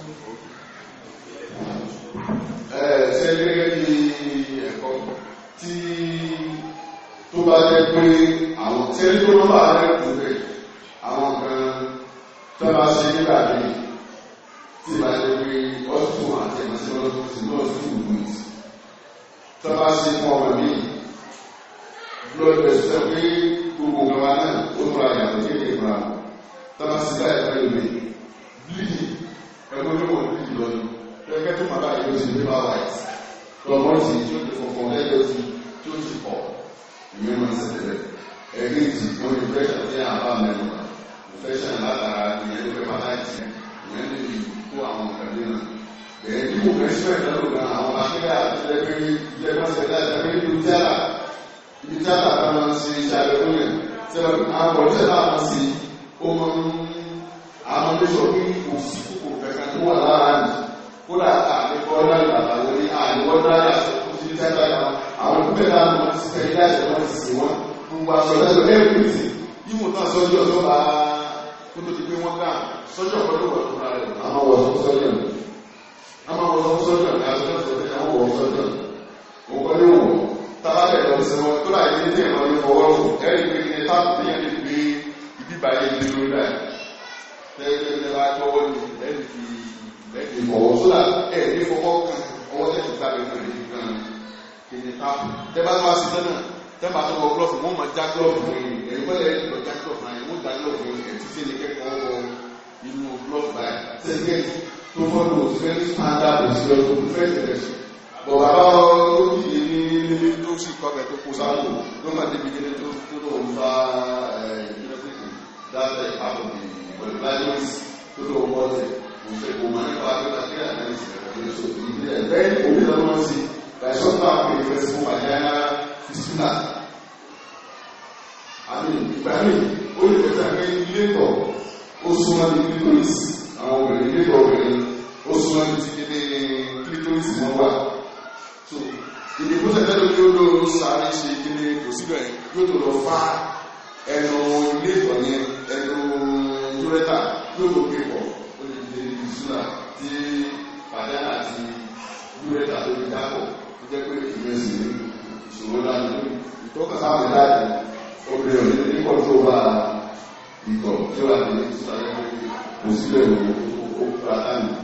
ṣe gẹ́gẹ́ bí ẹ̀kọ́ tí tó bá jẹ́ pé àwọn tẹ́lifónọ́mà rẹ̀ kù rẹ̀ àwọn kan tó bá ṣe nígbà míì tí ìbá ṣe pé ọ́sùn àti ẹ̀mọ́sí ọlọ́dún ti lọ́ọ̀ sí ìwé tó bá ṣe fún ọmọ mi blood test sọ pé gbogbo nǹkan wa náà ó fura yàtọ̀ kéde fura tó bá ṣe báyìí pẹ̀lú mi bíi ẹgbẹ́ tó wọ̀ bíi lọ́dún ẹgbẹ́ tó máa bá yẹn lọ́sìn nípa white lọ́mọ́ sí tí ó ti fọ̀fọ̀ lẹ́yìn ọtí tí ó ti pọ̀ ìyẹn máa ń ṣẹlẹ̀ ẹgbẹ́ ìtì wọn ni fẹ́ ṣàtẹ́ àbá mẹ́rin tẹsán látara ìyẹn ló fẹ́ pàtàkì ìyẹn lè kó àwọn nǹkan nínú. Ẹ̀yẹ́ bí mo fẹ́ síbẹ̀ lọ́dọ̀ gan àwọn akéwà tẹ́lẹ̀ pé ilé ẹgbẹ́ tẹ́lẹ̀ pé ibi tíátà ibi tíátà bá máa ń ṣe iṣẹ́ abẹ fún yẹn tẹ́lẹ̀ àwọn ọ̀rẹ́ náà máa ṣe ó máa ń àwọn ọmọdéṣọ́ bí kò sí kò kẹ̀kẹ́ tó wà lára rẹ̀ kódà àbíkọ́ láì bàbá lórí àìwọ́ dára àṣekú sí tíátà kan àwọn ìpínlẹ̀ náà máa ń ṣe ilé àṣẹ wọn ti sè wọn gbogbo aṣọ kó tó di pé wọ́n dà sọ́jà ọ̀pọ̀lọpọ̀ wà fúnra rẹ̀ àwọn wọ̀ sọ́jà sọ́jà àwọn wọ̀ sọ́jà sọ́jà àti sọ́jà àwọn wọ̀ sọ́jà òkọ́ ni, wọ̀ tára rẹ̀ lọ sí wọn tó láì ní ní ẹ̀rọ ní fọwọ́ fún ẹ̀rí pé kí táà ní ẹni pé ibi báyìí ní ló dà tẹ́lẹ̀ wá tọwọ́ ní ẹ̀rí fi ẹ̀rí fọwọ́ sódà ẹ̀rí fọwọ́ kan ọwọ́ tẹ̀sí gbàgbé pẹ̀lú ìgbàn kí ni táà tẹ́ bá tó wá sí tẹ́lẹ̀ tẹ́ bá tó wọ glọ́ọ̀fù wọ́n máa já ìdájọ́ òfin ẹ̀ títí ní kẹ́kọ̀ọ́ wọ inú blọọkì báyìí tẹ́lẹ̀ tó fọ́nù òfin standard òṣèlú tó fẹ́ tẹ̀lẹ̀ bọ̀ bàbá olóyè ní tó sì kọ́kẹ́ tó kó sáwọ́ ló máa débi kí ní tó tó tó tó wọ́n tẹ̀ òfin kò máa nípa akẹ́kẹ́ àdáyìí very open democracy by àmì ìgbà mi ó lè tẹ̀sán pé ilé tọ̀ ó súnmọ́ ní clitoris àwọn obìnrin ilé tọ̀ obìnrin ó súnmọ́ ní ti kéde clitoris wọn wà. so ìdìbò tẹ̀lé lórí olóòórùn sáré ṣe kéde kò síbẹ̀ yóò tó lọ fá ẹnu ilé tọ̀ yẹn ẹnu dúrẹ́tà yóò tó gbé pọ̀ ó lè dìde ìṣúná tí padà àti dúrẹ́tà tó fi dápọ̀ tó jẹ́ pé ìrẹsì ìṣòro láti ìtọ́ka sáà mi láti obìnrin ò ní ní kọ́ tó bá ìtọ̀ tí ó láti ní sáré kò sílẹ̀ òkú àtàlù gbogbo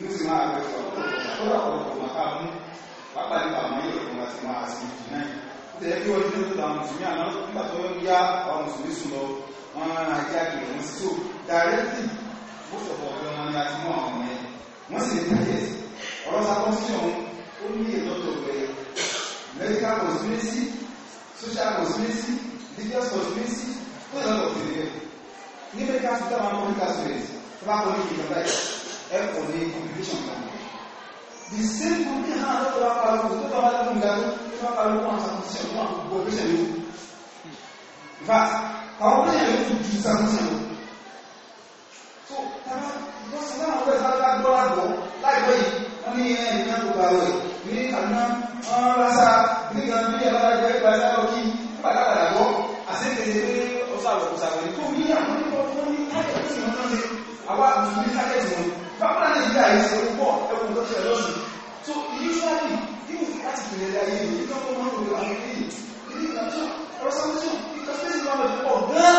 ní ti máa rẹ̀ sọ̀rọ̀ tó lọ́pọ̀lọpọ̀ màkà mú pápá nípa àmọ́ yóò fún wa ti máa sí ìdí náà ó tẹ̀lé kí wọ́n dúró tó àwọn mùsùlùmí àná nígbà tó ń yá àwọn mùsùlùmí sùn lọ wọn rán ajé àgbèrè wọn sí tó dàrẹ́tì ó sọ̀pọ̀ ọ̀dọ́ wọn ni a ti mú àwọn ọmọ yẹn wọ́n sì ní target ọ̀rọ̀ circumcision ó ní ìlọ́tọ̀ rẹ̀ eh, medical conspiracy social conspiracy religious conspiracy ó ìlọ́tọ̀ rẹ̀ ní medical hospital wọn kọ́ medical students tó bá kọ́ ní ẹ complication kan the same company hàn ló wá pariwo tó bá wà lórí ìgbà tó tó bá pariwo wọn sàmùsẹ̀ wọn àgbo patient yìí in fact àwọn patient yìí kò ju sàmùsẹ̀ wọn so tàbá wọ́n sọ fún àwọn ọ̀gbẹ́ sábà gbọ́ àgbọ̀ láìpẹ́ yìí wọ́n ní ẹ̀ ní àgbò pariwo yìí ní àná wọn lásà ní kan bí ẹ̀rọ ẹgbẹ́ ìgbà ẹ̀rọ kí nígbà a padà gbọ́ àṣẹ kejì ní ọ̀sán àlọ́kùsà rẹ̀ kó bí àwọn ọ̀gbọ́n ní so usually things láti bẹ̀rẹ̀ láyé yìí tó kọ́ máa ń lo àwọn eléyìí ilé ìdájọ́ ọ̀rọ̀ sọ́mọ́sọ́ ìkọ́ stéèjì máa bẹ̀rẹ̀ pọ̀ gan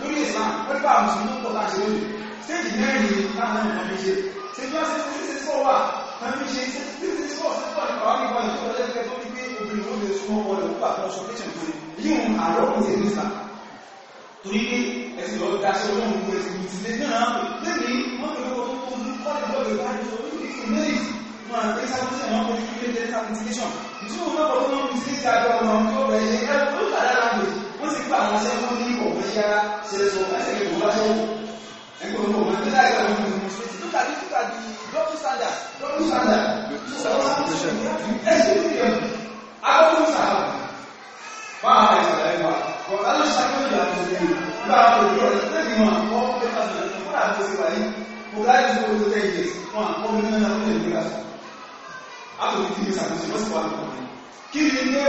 lórí Islam pẹ́pẹ́ àwọn mùsùlùmí pọ̀ láti lórí stéèjì mẹ́rin láwọn ọmọ mi ṣe stéèjì wá sí stéèjì sí fọ́wà máa ń ṣe stéèjì sí fọ́ọ̀ sí fọ́ọ̀ nípa wá nípa ìṣòro ẹgbẹ́ tó ní pé obìnrin ó lè súnmọ́ wọn lè wúwà fún ọ̀sọ̀kẹ́sìn tó yíò àlọ́ kò sí ní Islam torí pé ẹ̀sìn lọ daṣẹ́ ọlọ́run gbogbo ẹ̀sìn ìtìlẹ̀ náà lẹ́yìn mọ́tò lọ́wọ́ tó kọ́ ọdún kọ́ ọdún lọ́wọ́ ìbáraẹ̀sọ̀ orí ìmẹ́rìtì máa pé sáfíṣẹ̀ máa kọ́ ní kéde sanitation ìtumọ̀ máa kọ́ tó ń ti ní àjọ ọmọ tó bẹ̀rẹ̀ yẹn ẹ̀rọ tó kàdá láàbò wọ́n ti pa àwọn sẹ́fún ní ọ̀pọ̀ ṣe ara ṣe sọ ẹsẹ̀ lè wọ́n lọ́wọ́ ẹgbẹ́ ọmọ ọmọ ẹgbẹ́ láì gbàgbọ́ ní ọmọ ṣe tó kàdí tó kàdí double standard double standard tó sọ wọn sáfíṣẹ̀ ẹsẹ̀ lè yẹ agbọ́dọ̀ sáà bá a ẹ̀sẹ̀ rẹ̀ wá kọ̀ọ̀kan ló ṣàkóso ìyàtọ̀ sí i gbà àtòkì tí ìgbésà tó ṣe lọ́sí wà nínú rẹ̀ kí ni ilé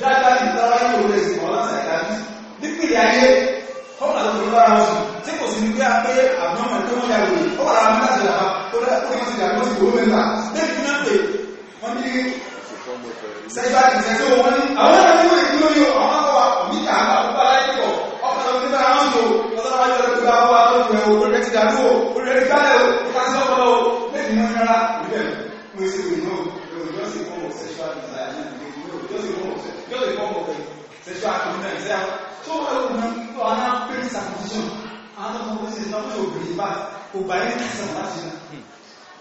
dáadáa ní ìtara yóò rẹ̀ sì wọ́n láti àìdájú nípìnlẹ̀ ayé kọ́nà tó fi lára wọn sùn tí kò sí ní pé a pé àwọn ọmọ ẹgbẹ́ wọn yàgò yìí ó wà lára mẹ́ta ti làbá ó dá ó kàn sí ìdàgbọ́ sí ìwé mẹ́ta lẹ́yìn náà pé wọ́n ní sẹ́yìn bá ti sẹ́yìn tó wọ́n ní àwọn ọmọ ẹgbẹ́ wọn ìlú yóò àwọn akọwà òmìnira àwọn ọmọ aláyé pọ̀ ọkàn lọ nípa àwọn ọmọ ọ̀sán àwọn ọmọ ẹgbẹ́ wọn wà lọ́wọ́ ẹ̀ olórí ti dàdúró olórí Because they because they come away. Sexual commitment. So I will not pay circumcision. And the moment is not to believe back. Who by any circumcision.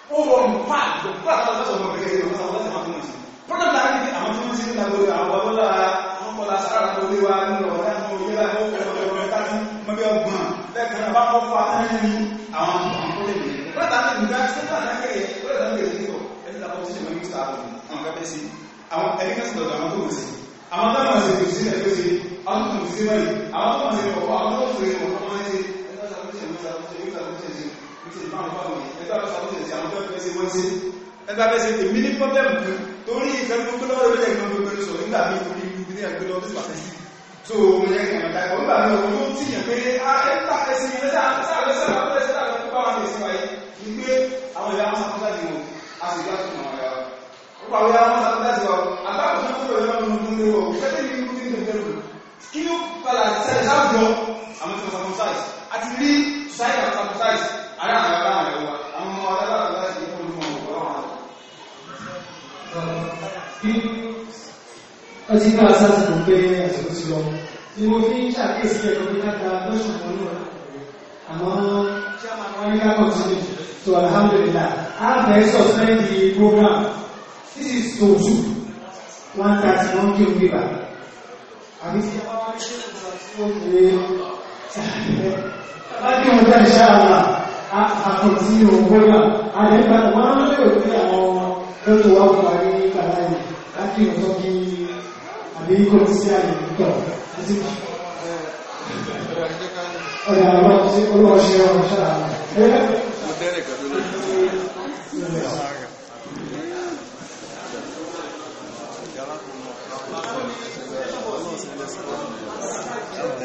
Oh, on part, the part of the obligation of the community. Problem that I am doing is that we are all all our Sarah to live and all that we are all all that we are gone. Let's have a pop for enemy. I want to put it. But that is that that that that that that that that that that that that that that àwọn ẹni kásì lọ́dọ̀ àwọn tó mọ̀ sí àwọn tó mọ̀ sí kò sí ẹ̀ tó ṣe àwọn tó mọ̀ sí báyìí àwọn tó mọ̀ sí ọ̀pọ̀ àwọn tó fèrè wọn àwọn ẹni ẹgbẹ́ sàkóṣe ẹgbẹ́ sàkóṣe ẹgbẹ́ sàkóṣe ẹgbẹ́ sàkóṣe so mo yẹ kí n ta ẹ̀kọ́ nígbà náà owó tí yẹn pé a ẹ ta ẹsẹ̀ yẹn lẹsẹ àti àlẹsẹ àlẹsẹ àlẹsẹ àlẹsẹ báwa ní ìsìn wáyé ní pé àwọn ìyá wọn sàkóṣe àdìmọ a sì gbà tó mọ àwọn ìyá wọn. Ọ̀pọ̀ àwọn ará máa láti ọ̀, àbáwọ̀ tó kúrò náà mú un léwọ̀, ṣẹ́lẹ̀ ní ìlú ní ìgbẹ̀rù. Kí ló padà sẹ́lẹ̀ sáàbùjọ àwọn tó sàmùsáìs? A ti rí sàìd àti sàmùsáìs, ará àwọn ará rẹ̀ wa, àwọn ọmọ ará rẹ̀ láti ní ìlú mọ̀ ọ̀pọ̀ àwọn àrẹ̀. Ó ti bá a sáà ti kò pé àsìkò ti lọ. Ni mo fi ń ṣàkíyèsí ẹ̀kọ́ bí láta lọ́sùn kan náà. Àmọ́ ṣé àwọn ẹ̀ka kan ti tó alhamdulillah. A bẹ̀rẹ̀ sọ̀tún ẹ̀ di program this is to two one thirty ah, ah, ah, oh, one kí n gbéra àbí tí a bá wá ṣe ìgbà tí ó pè é sàbẹ̀ bá kí wọn jẹ́ ìṣá àlà àkàntì ògbóyà àdẹ́gbà wọn á lè pé àwọn lọ́tọ̀ wà wà ní kàlá yìí láti ọ̀tọ́ kí àbí kò sí àyè tọ̀ àti ọ̀yà ọlọ́ọ̀ṣẹ́ ọlọ́ọ̀ṣẹ́ ọ̀ṣẹ́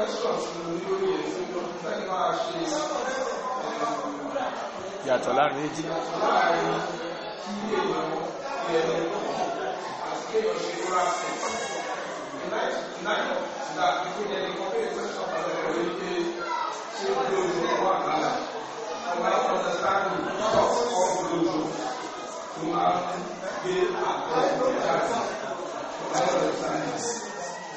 questions lórí ẹ̀sìn yàtọ̀ láàrin méjì láàrin kí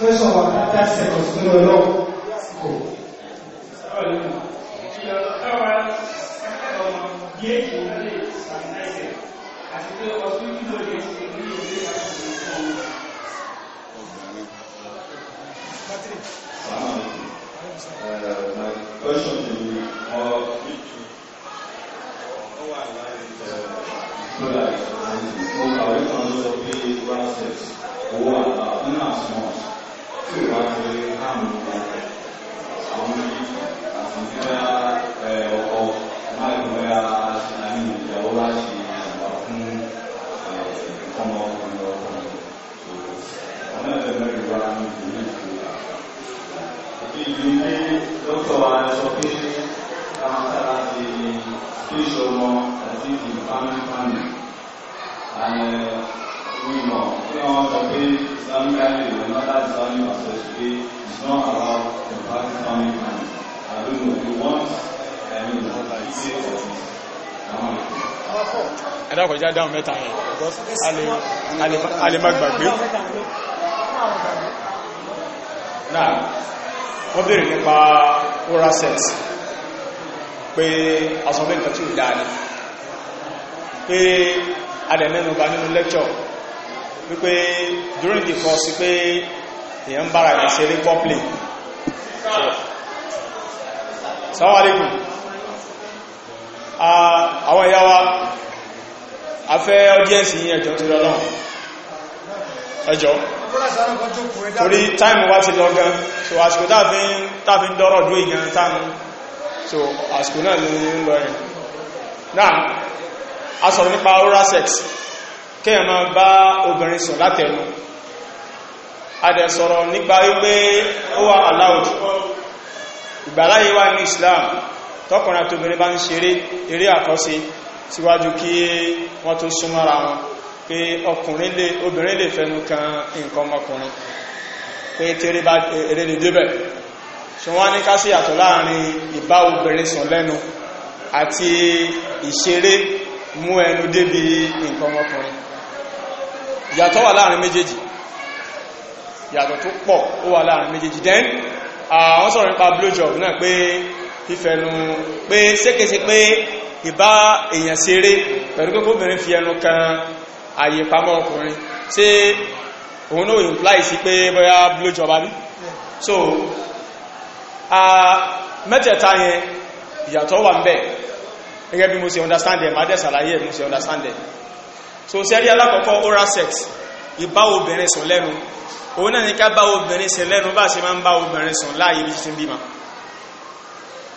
question about that thirty seconds nínú ẹ lọ́wọ́ kò. Uh, my question to you, or so that I will answer the whole aspects over uh, in as much คือเราคือข้ามไป today is not about the party coming and I don't know who wants and who doesn't say for me. Ẹ dákọ̀ ìjá dáhùn mẹ́ta yẹn, a lè má gbàgbé. Náà, wọ́n bèèrè nípa oral sex pé asọ̀bẹ́ nǹkan tí ó dáa ni, pé a lè mẹ́nu bá nínú lecture wípé during the course pé èyàn bára rẹ̀ ṣe rí pọ́plì sáwáríkù àwọn ìyá wa afẹ́ ọdíẹ̀sì yí ẹjọ́ tó lọ́nà ẹjọ́ torí time wá ti lọ gan so àsìkò táàfi ń dọ́rọ̀ dó ìgan táìmù so àsìkò náà ní ń lọ rìn náà a sọ̀rọ̀ nípa oral sex kéèyàn máa bá obìnrin sùn látẹ̀nu adẹ̀sọ̀rọ̀ nípa wípé ó wà allowed ìgbàláyé wà ní Islam tọ́kùnrin àtòbìnrin bá ń ṣeré eré àkọ́sí síwájú kí wọ́n tó súnmọ́ra wọn pé ọkùnrin lè obìnrin lè fẹnu kan nǹkan ọmọkùnrin pé tẹ́rẹ bá eré lè débẹ̀ ṣe wọ́n ní ká sí àtọ̀ láàrin ìbá obìnrin sùn lẹ́nu àti ìṣeré mú ẹnu débi nǹkan ọmọkùnrin ìyàtọ̀ wà láàrin méjèèjì yàtọ̀ tó pọ̀ ó wà láàrin méjèèjì den àwọn sọ̀rọ̀ nípa blowjob náà pé fífẹnu pé sékèsé pé ìbá èèyàn ṣeré pẹ̀lú pé kóbìnrin fi ẹnu kan àyè pamọ́ ọkùnrin tí òun náà imply sí pé bóyá blowjob àbí so mẹ́tẹ̀ẹ̀ta yẹn ìyàtọ̀ wà ń bẹ̀ gẹ́gẹ́ bí mo ṣe understand ẹ̀ máa dẹ̀ ṣàlàyé mo ṣe understand ẹ̀ so sẹ́rí alákọ̀ọ́kọ́ oral sex ìbá obìnrin sùn lẹ́nu òun náà ní ká bá obìnrin ṣe lẹ́nu bá ṣe máa ń bá obìnrin sùn láàyè bí ṣe ń bímọ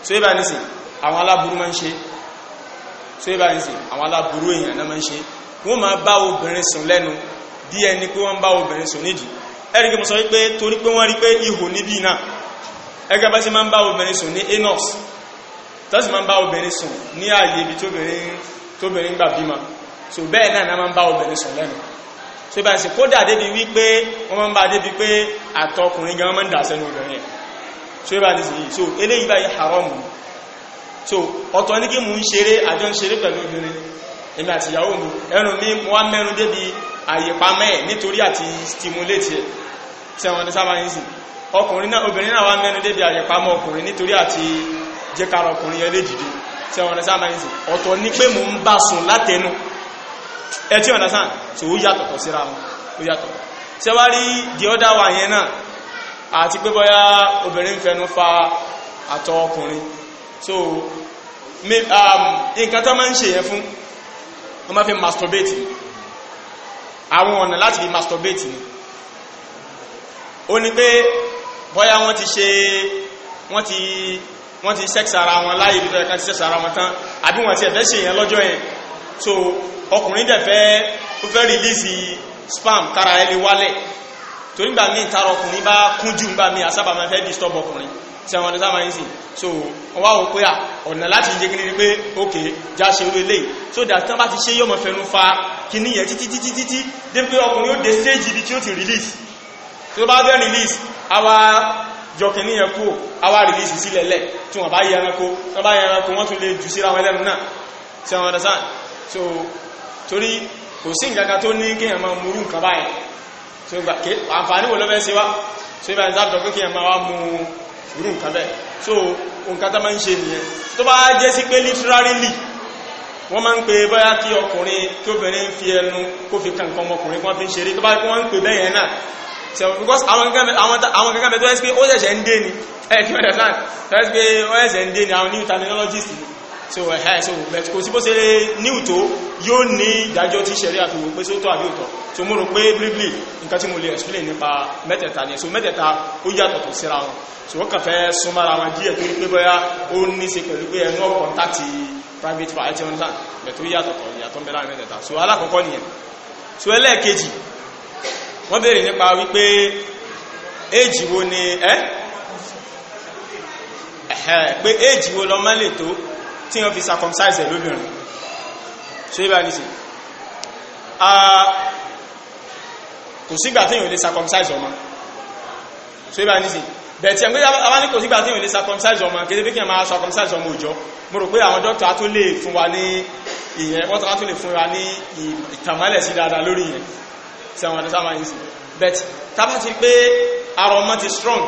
so ibà ní sí àwọn aláburú máa ń ṣe so ibà ní sí àwọn aláburú èèyàn náà máa ń ṣe wọ́n máa bá obìnrin sùn lẹ́nu bí ẹni pé wọ́n bá obìnrin sùn nídìí ẹ̀rìkì mo sọ wípé torí pé wọ́n rí pé ihò níbí náà ẹgbẹ́ bá ṣe máa ń bá obìnrin sùn ní anus tó sì máa ń bá obìnrin sùn ní ààyè ibi tóbìnrin gbà bímọ so bẹ́ẹ̀ náà náà máa ń bá obìnrin sùn lẹ́nu so ibà sí kódà débi wípé wọ́n máa ń bá débi pé àtọkùnrin gan máa ń dà sẹ́nu obìnrin ẹ̀ so ibà sí yìí so eléyìí báyìí haram so ọ̀tọ̀ ní kí mú ń ṣeré àjọ ń ṣeré pẹ̀lú obìnrin èmi àti ìyàwó mi ẹnu mi wá mẹ́nu débi stimulate ẹ̀ tí àwọn ọdún sábà ń sìn ọkùnrin náà obìnrin náà wá mẹ́nu débi àyèpamọ́ ọkùnrin nítorí àti jẹ́kara ọkùnrin ẹlẹ́jìdì tí àwọn ọdún sábà ẹ tí ọ̀nà so ó yàtọ̀tọ̀ síra wọn ó yàtọ̀tọ̀ ṣe wá rí di ọ́dá wà yẹn náà àti pé bọ́yá obìnrin fẹnu fa àtọ̀ ọkùnrin so um, nǹkan tó máa ń ṣe yẹn fún wọ́n máa fi masturbate àwọn ọ̀nà láti fi masturbate ni ó ní pé bọ́yá wọ́n ti ṣe wọ́n ti wọ́n ti sex ara wọn láyé ibi tó yẹ ká ti sex ara wọn tán àbí wọ́n ti ẹ̀fẹ́ ṣe yẹn lọ́jọ́ yẹn so ọkùnrin dẹ̀ fẹ́ ó fẹ́ rìlíìsì spam kára ẹni wálẹ̀ torí gbà mí tara ọkùnrin bá kúnjú gbà mí àsábà máa fẹ́ disturb ọkùnrin tí àwọn ọdún sáwọn ìsìn so wá o pé à ọ̀nà láti jẹ́ kí ní pé òkè já ṣe orí ilé so that tán bá ti ṣe yọ́mọ̀ fẹnu fa kí ní yẹn títí títí títí dé pé ọkùnrin ó dé stage ibi tí ó ti release tó bá bẹ́ release àwa jọkì ní ẹkú àwa release sílẹ̀lẹ̀ tí wọ́n bá yẹ ẹranko wọ́n bá yẹ ẹranko wọ́n tún lè jù síra wọn lẹ́nu náà tí àwọn ọdún sáwọn so torí kò sí nǹkankan tó ní kí ẹ̀mà múrú nǹkan báyìí so gbà kí àǹfààní wò lọ́fẹ́ sí wá so ibà ní sáàtọ̀ kí ẹ̀mà wá mú irú nǹkan bẹ́ẹ̀ so nǹkan tó máa ń ṣe nìyẹn tó bá jẹ́ sí pé literally wọ́n máa ń pe bóyá kí ọkùnrin kí obìnrin fi ẹnu kó fi kàn kan ọmọkùnrin kí wọ́n fi ń ṣeré tó bá wọ́n ń pe bẹ́ẹ̀ yẹn náà so because àwọn kankan bẹ́ẹ̀ tó ẹ́sì pé ó ṣẹ̀ṣẹ̀ ń dé ni ẹ̀ kí wọ́n dẹ̀ sáà tó ẹ́sì pé ó ṣẹ̀ṣẹ̀ ń dé ni àwọn new terminologies ni so ẹ̀ eh, eh, so but kò sí bó ṣe ní ìtò yóò ní ìdájọ́ tí ṣẹ̀rí àfihàn pé sótọ́ àbí òtọ́ so mo rò pé briefly nǹkan tí mo lè explain nípa mẹ́tẹ̀ẹ̀ta ni so mẹ́tẹ̀ẹ̀ta ó yàtọ̀ tó síra wọn so wọ́n kàn fẹ́ súnmọ́ra wọn díẹ̀ torí pé bóyá ó ní ṣe pẹ̀lú pé ẹnu ọkọ̀ táti private party on land but ó yàtọ̀ tó yàtọ̀ ń bẹ láàrin mẹ́tẹ̀ẹ̀ta so alákọ̀ọ́kọ́ nìyẹn so ẹlẹ́ẹ̀kejì wọ́n béèrè nípa wípé éèjì wo ni eh? ẹ́ pé éèjì wo lọ́mọ lè tó tí wọ́n fi circumcise lóbìnrin so ibà ní sí kò sígbà tí yíò lè circumcise ọmọ so ibà ní sí bẹ̀tí ẹgbẹ́ àwọn ní kò sígbà tí yíò lè circumcise ọmọ kéde pínkì máa circumcise ọmọ òjò mo rò pé àwọn dókítà tó lè fún wa ní ìyẹn wọ́n tó lè fún wa ní ìtàmálẹ̀ sí dáadáa lórí yẹn tí àwọn ọ̀dọ́sá máa ń sìn but tábà ti pé ara ọmọ ti strong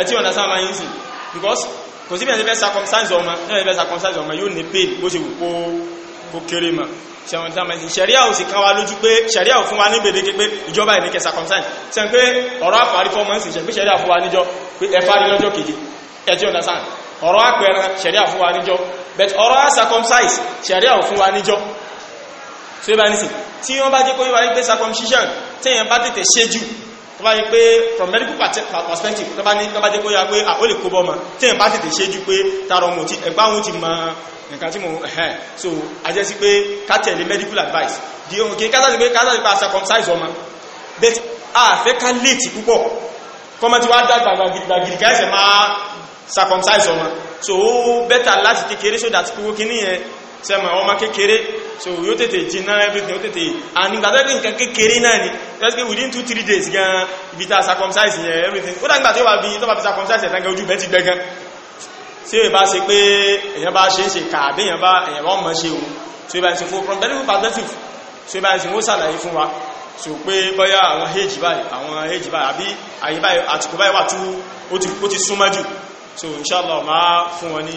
ẹ̀ tí ọ̀dọ́sá máa ń sìn because kò sí bẹ̀rẹ̀ circumcise ọmọ bẹ̀rẹ̀ circumcise ọmọ yóò ní pain bó ṣe wù kó kó kéré mọ̀ ṣẹ̀wọ̀n tí a mọ̀ sí ṣẹ̀ríà ò sì kan wa lójú pé ṣẹ̀ríà ò fún wa ní gbèdéke pé ìjọba ìníkẹ circumcise ṣe ń pé ọ̀rọ̀ àfàrí fọ́ mọ́ sí ṣe pé ṣẹ̀ríà fún wa níjọ́ pé ẹfà rí lọ́jọ́ kejì ẹjọ́ understand ọ̀rọ̀ àpẹẹrẹ ṣẹ̀ríà fún wa níjọ́ but ọ̀rọ̀ circumcise ṣẹ̀ríà ò fún wa níjọ́ tí ó bá ní sí tí wọ́n bá jẹ́ kó yíwa ní pé circumcision tí èèyàn bá tètè ṣe jù tó bá yí pé from medical perspective tó bá ní tó bá jẹ́ kó yá pé à ah, ó lè kó bọ́ ma tí ẹ̀ bá tètè ṣe jù pé tààrọ mo ti ẹgbá wọn ti ma nǹkan tí mo ẹ̀hẹ́ so a jẹ́ sí pé ká tẹ̀lé medical advice di ohun kí kátà sí pé kátà sí pé a circumcise ọmọ but a fẹ́ ká late púpọ̀ kọ́mọ tí wá dàgbà gbàgìrì káyẹ̀sẹ̀ máa circumcise ọmọ so ó better láti kékeré so that kúrò kí nìyẹn sẹ́mọ̀ àwọn ọmọ kékeré so yóò tètè jiná everything ó tètè and ìgbà tẹ́lẹ̀ nǹkan kékeré náà ni just pé within two three days gan ibi ta circumcise yẹn everything ó dàgbà tí ó bá fi tó bá fi circumcise ẹ̀tàn gan ojú bẹ́ẹ̀ ti gbẹ gan tí èyàn bá ṣe pé èyàn bá ṣe ń ṣe kà àbí èyàn bá èyàn bá mọ̀ ṣe o so ìbá ìsìn fún from medical perspective so ìbá ìsìn ó ṣàlàyé fún wa so pé bóyá àwọn age báyìí àwọn age báyìí àbí àyè báyìí àtìkù báyìí wà tó ó ti súnmọ́ jù so inshallah máa fún wọn ní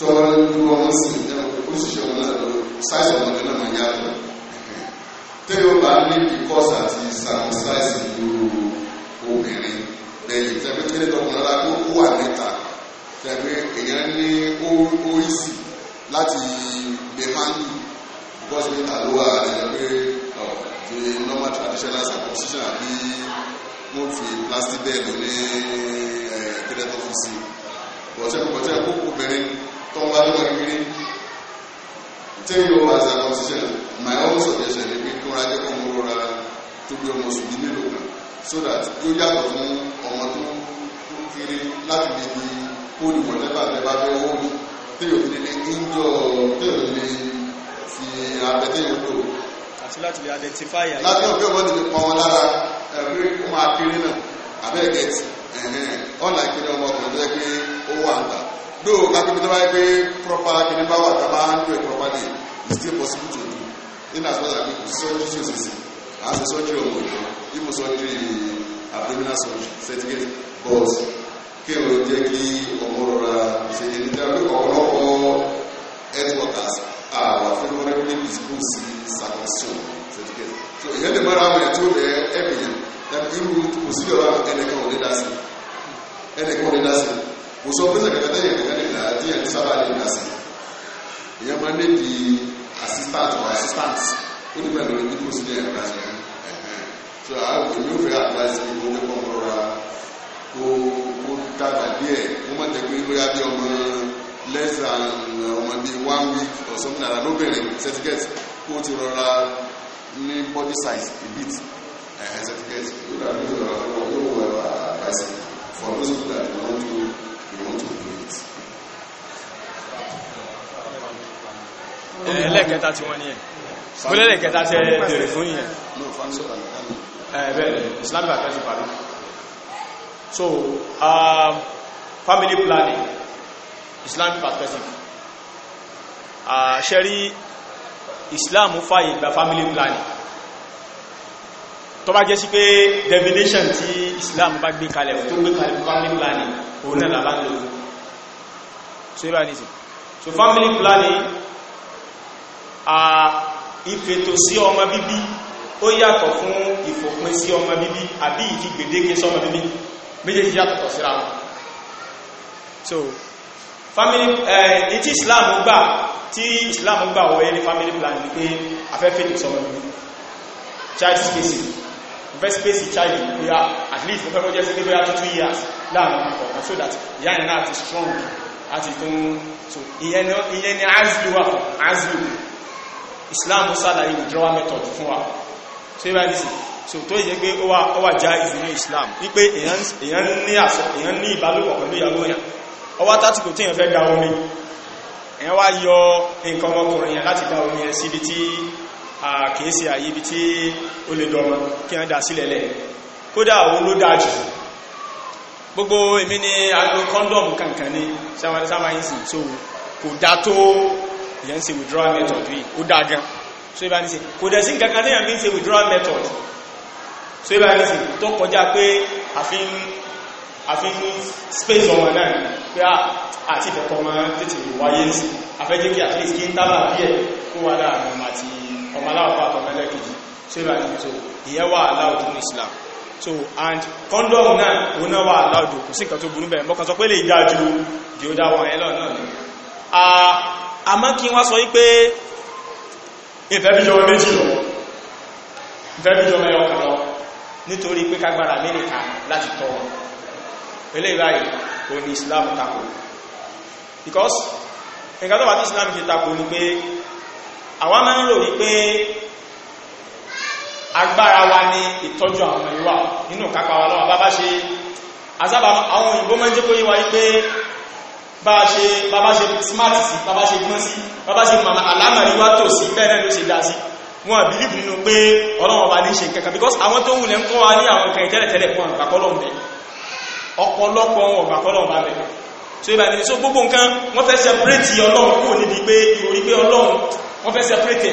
tọ́ ju ọmọ sí ìjẹ́ ó sì ṣe ọmọ náà lọ sáìsì ọmọ náà máa yàtọ̀ tẹ́lẹ̀ ó bá ní bíkọ́sì àti sàmù sáìsì lóru obìnrin lẹ́yìn tẹ́lẹ̀ tẹ́lẹ̀ tọkùnrin lára tó wà o tẹ́lẹ̀ èèyàn ní oríṣi láti bẹ́mánu bíkọ́sì níta ló wà lẹ́yìn pé ọ̀ ti normal traditional circumcision àbí wọ́n fi plastic bẹ́ẹ̀ lò ní ẹ̀ẹ́dẹ́gbẹ̀tọ̀ fi sí ọ̀tẹ́kùnkọ̀tẹ́ kó obìnrin tó ń bá ló wẹ̀ kiri tí yóò wá circumcision my own suggestion ni pé kí wọ́n rájẹ́ kó rọra tó gbé ọmọ sùn ní mélòó kan so that yóò yàtọ̀ fún ọmọ tó kiri láti lè di kóòdù wọ̀lẹ́bà lẹ́bà fẹ́ wọ́ọ̀lù tí yóò fi lè ní injọ tí yóò lè fi abẹ́tẹ́ yóò lò àti láti lè identify àyíká láti ọ̀pẹ́ ọmọ ti pọ̀ wọn lára ẹ̀rí kó máa kiri náà abẹ́ẹ̀kẹ́tì ọ̀nà ìpínlẹ̀ ọmọ tó yẹ pé ó wà tó o ká pípé tó bá yẹ pé proper kìnnì bá wà tá a bá ń do it properly it's still possible to do in as well as we could surgery to sisi a ṣe surgery ọmọ ìjọ even surgery uh, abdominal surgery certificate but kéwòn jẹ́ kí ọmọ rọra ṣe ní dábí ọ̀pọ̀lọpọ̀ health workers àwọn favourable discourse sí circumcision certificate so ìyẹn lè mọ́ra àwọn ètò rẹ̀ ẹ̀mìyàn irú kò sí ọ̀rọ̀ ẹnìkan ò lè dá sí ẹnìkan ò lè dá sí kò sọ pé sẹ̀kẹ̀tẹ̀ yẹn kẹ̀kẹ́ lè là á díẹ̀ tó sábà lè là sí ìyẹn máa ní di assistant or assistant ó ní bẹ́ẹ̀ lórí bí kò sí ní ẹ̀ka sí ẹ̀ so àwọn èmi ò fẹ́ advice mi kó nípa ọmọ rà kó kó dàgbà díẹ̀ kó má jẹ́ pé bóyá bí ọmọ less than uh, ọmọ bí one week or something like that lóbìnrin certificate kó ti rọra ní body size a bit certificate yóò dàbí ọ̀rọ̀ yóò wẹ̀ advice for those people that want to able to do it. ẹlẹ́kẹta tí wọ́n ní ẹ̀ gbọ́lẹ́lẹ́kẹta tẹ́ bèèrè fún yẹn ẹ̀bẹ̀rẹ̀ islamic adventure pàdé so uh, family planning islamic perspective ah, ṣẹ́rí islam fàyè gba family planning tó bá jẹ́ sí pé definition tí Islam bá gbé kalẹ̀ tó gbé kalẹ̀ family planning òun náà bá ń lò so ibà ní sí so family planning a ìfètò sí ọmọ bíbí ó yàtọ̀ fún ìfòpin sí ọmọ bíbí àbí ìfi gbèdéke sọmọ bíbí méjèèjì yàtọ̀tọ̀ síra wọn so family eh, ní tí Islam gbà tí Islam gbà wọ́n yẹ́ ní family planning pé afẹ́fẹ́ ìsọmọ bíbí child spacing first place child we are at least for fẹ́ kó jẹ́ sí two years láàrin ọmọ kọ̀ọ̀kan so that ìyá ẹ̀ náà is strong àti tó ń so ìyẹn ni azlu as fún azlu Islam sálàyé withdrawal method fún wa so ibà ní sí so tó yẹ pé ó wà já ìsinmi Islam wípé èyàn ní àṣọ èyàn ní ìbálòpọ̀ pẹ̀lú ìyàwó yàn ọwá tátìkò tí èyàn fẹ́ da omi èyàn wá yọ nǹkan ọmọkùnrin yẹn láti da omi yẹn síbi tí àkíyèsí àyè ibi tí ó lè dọ̀rọ̀ kí wọ́n dá sílẹ̀ lẹ̀ kódà òun ló dáa jù gbogbo èmi ni agbo kọ́ndọ̀mù kankan ní sáwáyínsì tó kò dá tó ìyẹn ṣe withdrawal method yìí ó dáa gan so ibà ní sí kò dẹ̀ sí kankan ní àmì ṣe withdrawal method so ibà ní sí tó kọjá pé àfihàn space ọmọ náà pé àti ah, ìfẹ̀kọ́ máa tètè wáyé sí afẹ́jẹ́ kí at least kí ń tábà bí ẹ̀ kó wà láàrin àti so and condom náà òun náà wà allowed kò sí nǹkan tó burú bẹ̀ mọ́kàn sọ pé lè dá ju di ó dá wọn ẹlọ́ náà ni àmọ́ kí wọ́n sọ wípé ìfẹ́ bí jọ méjì because nǹkan tó wà tí Islam fi tako ni pé àwọn máa ń rò wípé agbára wa ni ìtọ́jú àwọn ìwà nínú kápá wa lọ́wọ́ bá ṣe asábà àwọn òyìnbó máa jẹ́ kó yíwa wípé bá ṣe bá ṣe smart sí bá ṣe gbọ́n sí bá ṣe mama alámàríwá tò sí bẹ́ẹ̀rẹ́ ló ṣe dá sí wọn àbílì nínú pé ọlọ́wọ́n bá ní ṣe kẹkẹ because àwọn tó wùlẹ̀ ń kọ́ wa ní àwọn kẹrì tẹ́lẹ̀tẹ́lẹ̀ wọn àgbàkọ́lọ̀ ń bẹ̀ ọ̀pọ̀lọpọ̀ wọn àgbàkọ́lọ̀ ń so ìbàdàn so wọ́n fẹ́ separate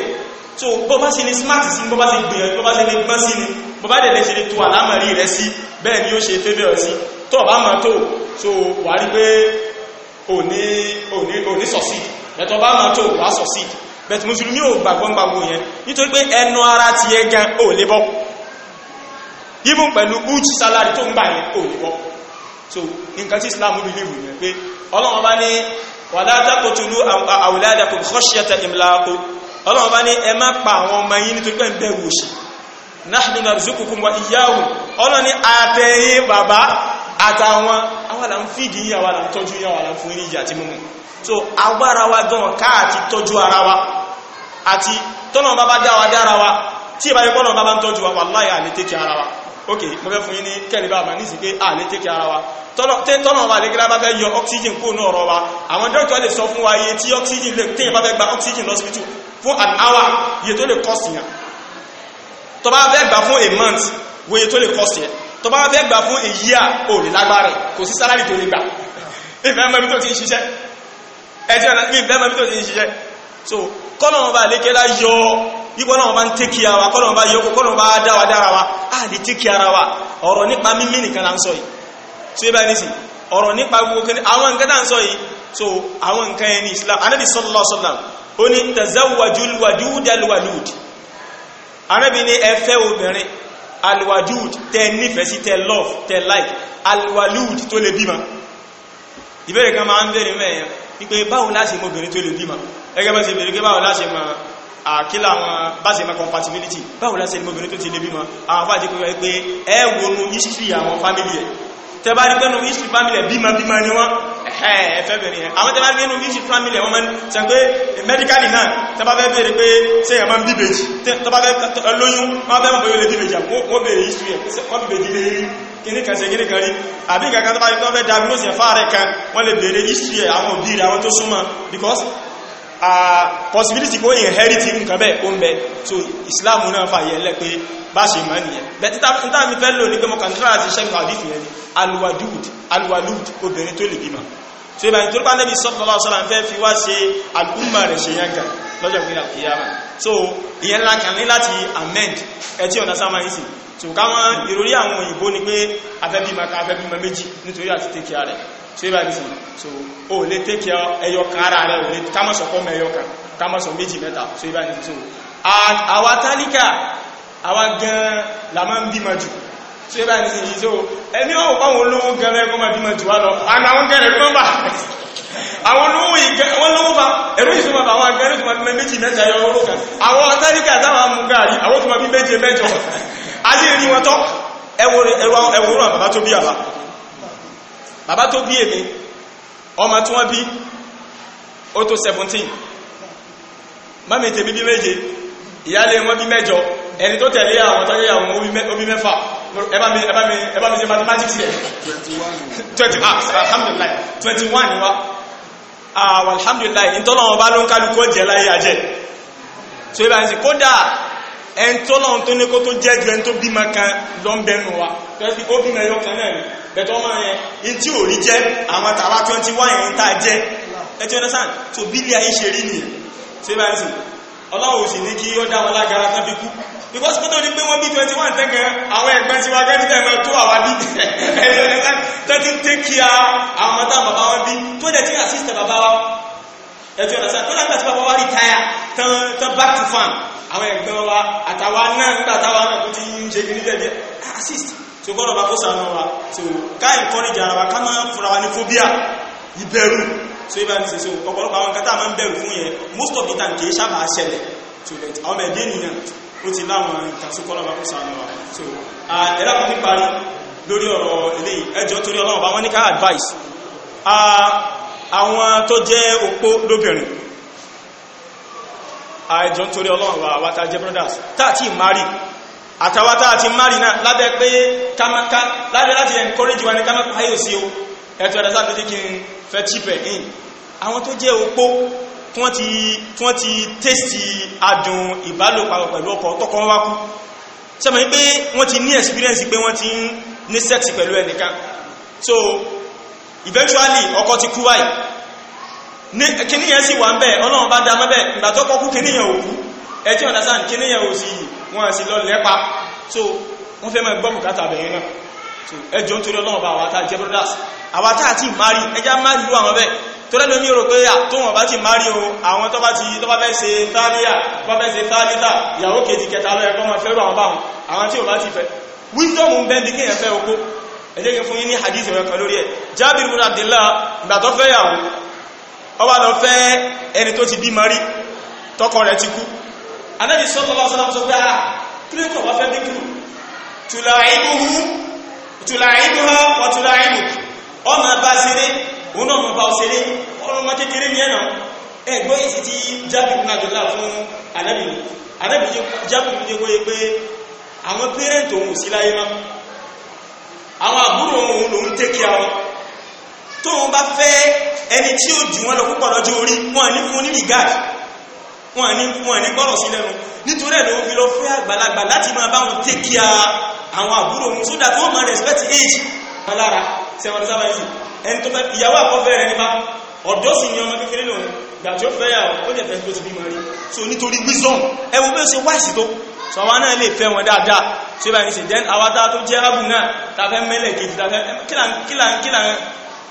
so bó bá ṣe ní smart sí bó bá ṣe gbìyànjú bó bá ṣe ní gbọ́n sí ni bó bá dẹ̀lẹ́ ṣe ní tó àlámọ̀rí rẹ̀ sí bẹ́ẹ̀ ni ó ṣe favour sí tó bá mọ̀ tó so wà rí pé òní òní òní succeed ẹ̀tọ́ bá mọ̀ tó wà succeed bẹ̀tì mùsùlùmí ò gbàgbọ́ gbàgbọ́ yẹn nítorí pé ẹnu ara ti ẹ gan ò lè bọ́ even pẹ̀lú uch salary tó ń gbà yẹn ò lè bọ́ so nǹkan tí Islam believe yẹn pé Ọlọ́run bá ní wàlá taqtulu awladakum khashyata imlaq ọlọ́run bá ní ẹ má pa àwọn ọmọ yín nítorí pé ń bẹ̀rù òṣì nahnu narzuqukum wa iyyahum ọlọ́run ní àtẹ̀yìn bàbá àtàwọn àwọn là ń fìdí yín so agbára wa gan káàtì tọ́jú ara wa àti tọ́nà bá bá dá wa dára wa tí ìbáyé pọ́nà bá bá ń tọ́jú wa wàláyà àlétékè ara wa ok mo fẹ́ fún yín ní kẹ́lì bá àmà nísìké àlè tẹ́kẹ́ ara wa tọ́nà wa lè gíra bá fẹ́ yọ oxygen kó náà rọ wa àwọn dókítà lè sọ fún wa iye tí oxygen lè tẹ́yìn bá fẹ́ gba oxygen hospital fún an hour iye tó lè cost yẹn tó bá fẹ́ gbà fún a month wo iye tó lè cost yẹn tó bá fẹ́ gbà fún a year ò lè lágbára kò sí salary tó lè gbà ìfẹ́ mọ́ ibi tó ti ń ṣiṣẹ́ ẹ̀jẹ̀ ìfẹ́ mọ́ ibi tó ti ń ṣiṣẹ́ so kọ́nà wa lè gíra yọ yíbọn náà bá ń tẹ́kì àwà kọ́lọ̀n bá yọkù kọ́lọ̀n bá dáwà dára wa a lè tẹ́kì ara wa ọ̀rọ̀ nípa mímí nìkan láń sọ yìí so ibá ní sí ọ̀rọ̀ nípa gbogbo àwọn nǹkan tá sọ yìí so àwọn nǹkan ẹni Islam anábì sallallahu alaihi wasallam ó ní tazawwajul wadud alwadud anábì ní ẹ fẹ́ obìnrin alwadud tẹ nífẹ̀ẹ́ sí tẹ love tẹ like alwalud tó lè bímọ ìbéèrè kan máa ń bèèrè mẹ́ẹ̀yàn wípé báwo láti mọ obìnrin tó lè bímọ ẹgẹ́ bá ti bèèrè pé báwo láti mọ àkílà àwọn báṣe ma compatibility báwo lásẹ̀ ní obìnrin tó ti lè bímọ àwọn fàájí kò wáyé pé ẹwọnú history àwọn family ẹ̀ tẹbá rí pẹ́nu history family ẹ̀ bímọ bímọ ni wọ́n ẹ̀fẹ́ bẹ̀rẹ̀ ẹ̀ àwọn tẹbá rí pẹ́nu history family ẹ̀ wọ́n mẹ́rin sẹ pé medically náà tẹbá fẹ́ bèèrè pé ṣe ẹ̀mọ́ bíbèjì tẹbá fẹ́ lóyún wọ́n fẹ́ mọ̀ bóyá lè bíbèjì wọ́n bèèrè history ẹ̀ wọ́n bíbèjì lè rí kìníkan ṣe kìníkan rí àbí ìkàkan tó bá rí pé wọ́n fẹ́ diagnose ẹ̀fà rẹ̀ kan wọ́n lè bèèrè history ẹ̀ àwọn òbí rẹ̀ àwọn tó súnmọ́ because possibility kó inherit nǹkan bẹ́ẹ̀ ó ń bẹ so islam náà fàyẹ̀ lẹ́ pé bá ṣe máa nìyẹn bẹ̀ títà mi fẹ́ lò ní pé mọ̀kàntúrà àti ṣẹ́gbà àdífì yẹn ni alwalud alwalud obìnrin tó lè bímọ so ìbáyìí tó bá nẹ́bí sallallahu alaihi wasallam fẹ́ fi wá ṣe àlùmọ̀ rẹ̀ ṣe yàn kan lọ́jọ́ ìpínlẹ̀ kìyàmà so ìyẹn ńlá kan ní láti amend ẹtí ọ̀nà sáma yìí sì káwọn ìròrí àwọn òyìnbó ni pé afẹ́bímọ ká afẹ́bímọ méjì nítorí àti take care rẹ̀ so ìbáyìí sì so o lè take ẹyọ kan ara rẹ̀ o lè kámọ̀sọ̀ kọ́mọ ẹyọ kan kámọ̀sọ̀ méjì mẹ́ta so ìbáyìí sì so àwa tálíkà àwa gan-an la ń bímọ jù tí ó bá ní sí so ẹni ó pàwọn olówó gẹ́rẹ́ ẹgbọ́n máa bímọ jù wá lọ àmì àwọn gẹ́rẹ́ ẹ̀rú nọ́mbà àwọn olówó ìgbẹ́wọ́n lówó bá ẹ̀rú ìsúnmọ̀ àwọn agẹ́rẹ́ tó máa bímọ méjì mẹ́ta yọ owó kan àwọn ọ̀tẹ́ríkà táwọn amúgáàrí àwọn tó máa bí méje mẹ́jọ ayé rí wọn tọ́ ẹwòrán bàbá tó bí àbá bàbá tó bí èmi ọmọ tí wọ́n bí ó tó 17 mami tèmi bí méje ìyálé wọn bí mẹ́jọ ẹni tó tẹ̀lé àwọn tọ́lé àwọn ó bí mẹ́fà ẹbá mi ẹbá mi ṣe mathematics yẹ 21 ah, alhamdulillah 21 ni wa ah, àwọn alhamdulillah ìtọ́lọ́wọ́n bá ló ń kálukú ọjẹ́ láyé ajẹ́ so ibà ń sì kódà ẹn tọ́lọ́wọ́n tó ní kó tó jẹ́ ju ẹn tó bímọ kan lọ́nbẹ̀nu wa tẹ́sí ó bímọ ẹyọ kan náà bẹ̀tọ́ ọmọ yẹn in tí ò rí jẹ́ àwọn tàwa 21 yẹn ń tà jẹ́ ẹ ti understand so bílíà yìí ṣe rí nìyẹn so ibà ń sì ọlọ́run sì ní kí ó dá wọn lágara tán fi kú because kó tó ní pé wọ́n bí 21 tẹ́kẹ̀ àwọn ẹ̀gbẹ́ tí wọ́n gẹ́gẹ́ tẹ́mẹ tó àwà bí ẹ̀yọ́ ní tó a àwọn ọmọdá bàbá wọn bí tó dẹ̀ tí àsìsẹ̀ bàbá wọn ẹ̀tọ́ ọ̀nà back to farm àwọn ẹ̀gbẹ́ wa àtàwa náà nígbà táwa náà kó ti ń assist tí ó gbọ́dọ̀ bá wa so ká encourage ara wa ká máa fura so ibà ní sèso ọ̀pọ̀lọpọ̀ àwọn nǹkan tá a máa ń bẹ̀rù fún yẹn most of the time kì í sábà ṣẹlẹ̀ so that àwọn ọmọ ẹ̀dẹ́ nìyẹn ó ti láwọn nǹkan sí kọ́lọ́ bá kó sànù wa so ẹ̀rọ kan ní parí lórí ọ̀rọ̀ eléyìí ẹjọ́ torí ọlọ́run bá wọ́n ní ká advice àwọn tó jẹ́ opó lóbìnrin ẹjọ́ torí ọlọ́run bá wá tá jẹ́ brothers tá àti marry àtàwátá àti marry náà lábẹ́ pé lábẹ́ láti encourage wa ní ká má pààyò sí o ẹ̀tọ́ ẹ̀dá sáà pé kí n fẹ́ chípẹ̀ in àwọn tó jẹ́ opó tí wọ́n ti tẹ́sì adùn ìbálòpọ̀ pẹ̀lú ọkọ tọ́kọ wá kú sẹ́mọ̀ pé wọ́n ti ní experience pé wọ́n ti ní sex pẹ̀lú ẹnìkan so eventually ọkọ ti kú báyìí kíní yẹn sì wà ń bẹ̀ ọlọ́run bá dá mọ́bẹ̀ ìgbà tó kọ́kú kíní yẹn ò kú ẹ̀tí ọ̀dá sáà kíní yẹn ò sì wọ́n sì lọ lẹ́pa so wọ́n fẹ́ mọ́ gbọ́ bùkátà bẹ̀yẹn náà ẹjọ́ nítorí ọlọ́run bá àwọn àtàjẹ́ brothers àwọn àtà ti mari ẹjá mari lú àwọn bẹ́ẹ̀ tó lẹ́nu ní rò pé tó bá ti mari o àwọn tó bá ti tó bá fẹ́ ṣe tánìyà tó bá fẹ́ ṣe tánìyà ìyàwó kejì kẹta lọ ẹ̀kọ́ wọn fẹ́rù àwọn báwọn àwọn tí ò bá ti fẹ́ wisdom ń bẹ́ẹ̀ bí kéèyàn fẹ́ oko ẹ jẹ́ kí fún yín ní hadith ẹ̀rọ kan lórí ẹ̀ Jábìr ibn Abdullah ìgbà tó fẹ́ yàwó ó wá lọ fẹ́ ẹni tó ti bí mari tọkọ rẹ̀ ti kú Ànábì sallallahu alaihi wasallam sọ pé ah kí ló tùlàìmùhà wọ́n tùlàìmù ọmọ bá ṣeré òun náà mọ̀ bá ṣeré ọmọ kékeré ní ẹ̀nà ẹgbọ́ ìsì ti jábì ní àjọ́lá fún anábì anábì jábì ní ẹgbọ́ yẹ pé àwọn pẹ́rẹ́ntì òun sí láyé mọ́ àwọn àbúrò òun lòun tẹ́kì àwọn tóun bá fẹ́ ẹni tí ó jù wọn lọ púpọ̀ lọ́jọ́ orí wọn ní fún ní rìgáàdì wọn ní wọn ní gbọ́rọ̀ sí lẹ́nu nítorí ẹ̀ ló fi lọ fẹ́ àgbàlagbà láti máa bá wọn take care àwọn àbúrò wọn so that wọ́n máa respect age wọn lára sẹ́wọ̀n sábà yìí ẹni tó fẹ́ ìyàwó àkọ́fẹ́ rẹ̀ nípa ọ̀dọ́ sì ni ọmọ kékeré lòun ìgbà tí ó fẹ́ yà ó lè fẹ́ tó ti bí mọ́ rí so nítorí wisdom ẹ wo bí ó ṣe wáìsì tó so àwọn náà lè fẹ́ wọn dáadáa tí ó bá ní ṣe then àwọn tá tó jẹ́ arábù náà ta fẹ́ mẹ́lẹ̀ kejì ta fẹ́ kílà kílà kílà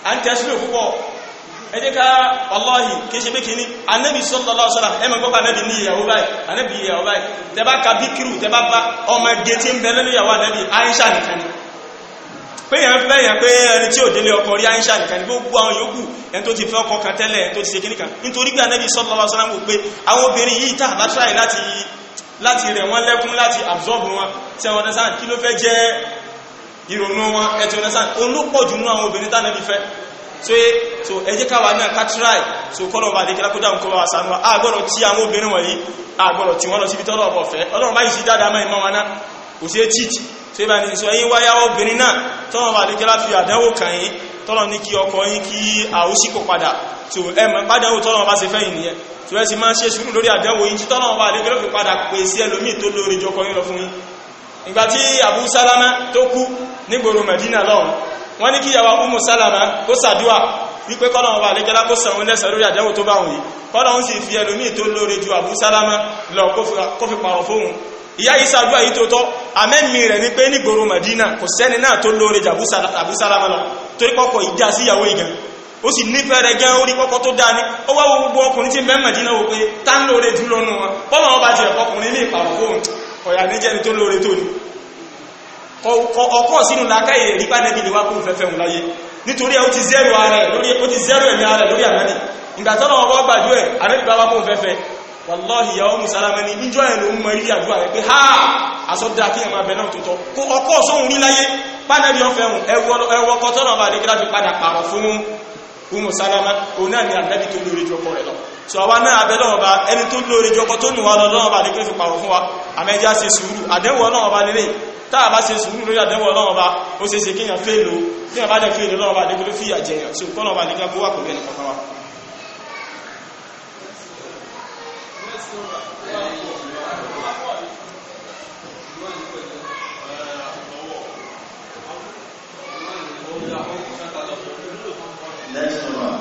à ń tẹ́sílò púpọ̀ ẹjẹ́ká wàláhì kìí ṣe pé kìíní anẹ́bì sallallahu alaihi wasallam ẹmọ gbọ́gbà anẹ́bì ní ìyàwó báyìí anẹ́bì ìyàwó báyìí tẹbá ka bí kírù tẹbá bá ọmọ ẹgbẹ́ tí ń bẹ lẹ́nu ìyàwó anẹ́bì Aisha nìkan ni pé yẹn fẹ́ yẹn pé ẹni tí ò délé ọkọ rí Aisha nìkan ni gbogbo àwọn yòókù ẹni tó ti fẹ́ ọkọ kan tẹ́lẹ̀ ẹni tó ti ṣe kíníkan nítorí pé anẹ́bì sallallahu alaihi wasallam mọ̀ pé àwọn obìnrin yìí tá àbá tíráì láti láti rẹ̀ wọ́n lẹ́kún láti absorb wọn tí wọ́n dẹ́sán kí ló fẹ́ jẹ́ ìrònú wọn ẹ̀tì ọ̀dẹ́sán olópọ̀jù nú àwọn obìnrin tánàbí fẹ́ so eh, so ẹ jẹ́ káwa náà try so kọ́nà ọba àdékẹ́lá kó dáhùn kó bá wa sànú wa àgbọ̀rọ̀ tí àwọn obìnrin wọ̀nyí àgbọ̀rọ̀ tí wọ́n lọ síbi tọ́lọ̀ ọ̀bọ̀ fẹ́ ọlọ́run báyìí sí dáadáa mọ́ ìmọ̀ wọn náà kò sí cheat so ibà ní sọ yín wáyá obìnrin náà tọ́lọ̀ ọba àdékẹ́lá fi àdánwò kàn yín tọ́lọ̀ ní kí ọkọ yín kí àwòsípò padà so ẹ mọ̀ pádánwò tọ́lọ̀ ọba ṣe fẹ́yìn nìyẹn so ẹ sì máa ṣe sùúrù lórí àdánwò yín tí tọ́lọ̀ ọba àdékẹ́lá fi padà pèsè ẹlòmíì tó lóore jọkọ yín lọ fún yín ìgbà tí Abu Salama tó kú nígboro Medina lọ́hùn wọ́n ní kí yàwá umu salama kó sàdúà wípé kọ́lọ̀ wà lẹ́gẹ́lá kó sàn lẹ́sẹ̀ lórí àdánwò tó bá wọ̀nyí kọ́lọ̀ ń sì fi ẹlòmí tó lóore ju àbú salama lọ kó fi pàrọ̀ fóun ìyá yìí sàdúà yìí tó tọ́ àmẹ́mí rẹ̀ ní pé nígboro Madina kò sẹ́ni náà tó lóore ju àbú salama lọ torí pọ́kọ̀ ìjà sí ìyàwó ìgàn ó sì nífẹ̀ẹ́ rẹ̀ gan orí pọ́kọ́ ọkọ̀ sínú làkáyè rípa nẹ́bí ni wá kún fẹ́fẹ́ òun láyé nítorí ó ti zẹ́rù ààrẹ lórí ó ti zẹ́rù ẹ̀mí ààrẹ lórí àmẹ́ni ìgbàtọ́nà ọgbọ́ gbàjú ẹ̀ àrẹ́bìbá wá kún fẹ́fẹ́ wàláhì yàwó musalamẹni níjọ́ ẹ̀ ló ń mọ rí àdúrà rẹ̀ pé ha àsọ́dá kí ẹ̀mà bẹ̀ náà tó tọ́ kó ọkọ̀ sóhun rí láyé pánẹ́bí ọ̀fẹ́hùn ẹwọ́ kọtọ́nà bá lẹ́gbẹ́ra fi padà pààrọ̀ fún umu salama òun náà ni ànábì tó lórí jọkọ rẹ̀ lọ so àwa náà abẹ́ lọ́wọ́ bá ẹni tó lórí jọkọ tó nù wá lọ lọ́wọ́ bá lẹ́gbẹ́ fi pààrọ̀ fún wa àmẹ́já ṣe sùúrù àdẹ́wọ̀ náà bá lélẹ́yìn táà bá ṣe sùúrù lórí àdẹ́wọ̀ ọlọ́run bá ó ṣe ṣe kíyàn fèèlò tí wọ́n bá jẹ́ fèèlò lọ́rọ̀ bá dégbélé fìyà jẹyàn tí ó kọ́nà bá nígbà kówà kò lẹ́nu kankan wa Next one.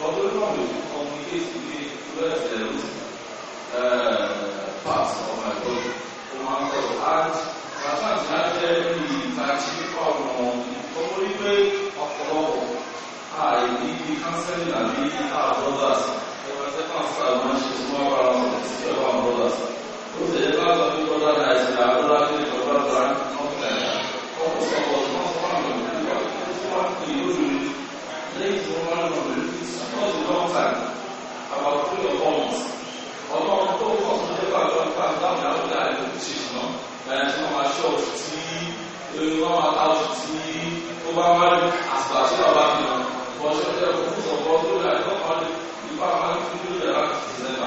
Probablement, le plus compliqué, c'est que first the root uh, parts of my body. Ó máa ń sọ̀rọ̀ and bàbá àti lájẹ́ bí ìtají fáwọn ọmọ ọmọ rí pé ọ̀pọ̀lọpọ̀ àìní bí kánsẹ́lì àbí our brothers. Ẹ̀rọ ẹ̀sẹ̀ pàṣẹ àwọn máa ń ṣe fún àwọn ará wọn sí ẹ̀rọ our brothers. Ó sì lè bá sọ pé brother náà ti là ó láti lè lọ brother náà ọ̀pọ̀ ọ̀pọ̀ sọ̀rọ̀ ọ̀pọ̀ sọ̀rọ̀ àwọn ìlú wa ó sì wá pè é lórí lẹ́yìn tí wọ́n máa ń lọ pẹ̀lú not a long time, about three or four months. Ọlọ́run tó pọ̀ tó jẹ́ pàdé ọ̀pá láwọn àwọn ìlà ìlú ṣe ìṣúná, ẹni tí wọ́n máa ṣọ́ oṣù tí wọ́n máa ta oṣù tí ó bá wá ní àsìkò àti bàbá mi lọ. Wọ́n ṣe jẹ́ fún fún ọ̀pọ̀ tó rà ẹ̀kọ́ kan ní ìfá máa ń tún lórí ẹ̀rọ àti ìṣẹ̀lẹ̀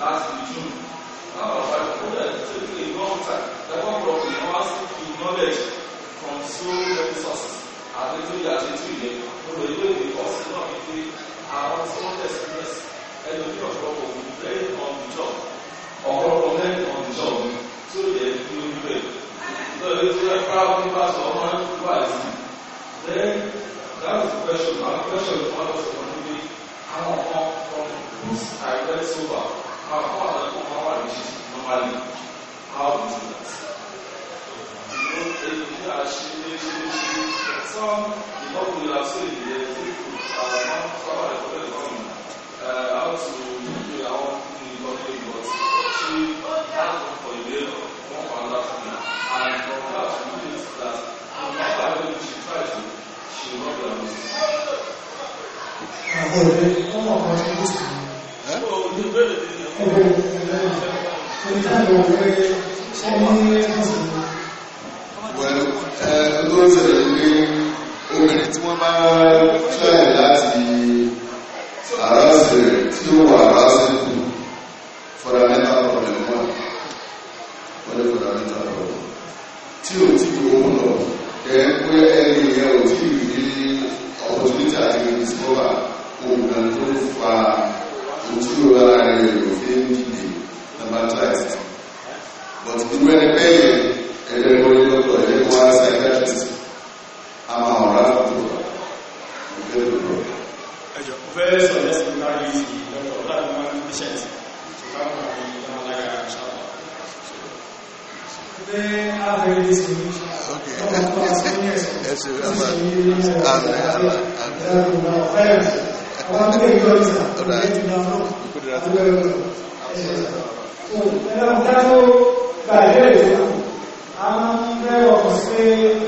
láti June. Láwọn ọ̀pá ìkọ́lẹ̀ tó ti lè long time, ẹ̀kọ́ pọ̀ ní wọ́n á sì fi knowledge from so many sources àti tó yà àti tó yẹ. Olùdó ìwé ìkọ́sí náà ní àwọn tí wọ́n tẹ̀sí mẹ́sì ẹlòmí ọ̀pọ̀lọpọ̀ òun very ọ̀dùjọ́ ọ̀pọ̀lọpọ̀ mẹ́rin ọ̀dùjọ́ òun tí ó yẹ kí ó rẹ̀ lọ́yọ̀ tí wọ́n fara wọn bá sọ ọmọ wà sí then that the question my question is one of the one from whose i get sober my father and my mama dey normally how do that. Some people will have said they are faithful, are not far away from uh, how to do their own thing, but she had for a year, So, the very thing, the wẹ̀lú tó ń ṣẹlẹ̀ ní obìnrin tí wọ́n bá try láti àrásẹ̀ tí ó wà àrásẹ̀ kù fundamental problem wà wọ́n lè fundamental problem tí ò tí kò ó lọ kẹ́ pé ẹni ìyẹn ò tí ì rí opportunity àti discover ògùn tó fa ojú ọ̀la rẹ̀ òfin dìde number twice but ìwé ẹgbẹ́ yẹn Gracias a máa ń bẹ̀rẹ̀ ọ̀pọ̀ sí pé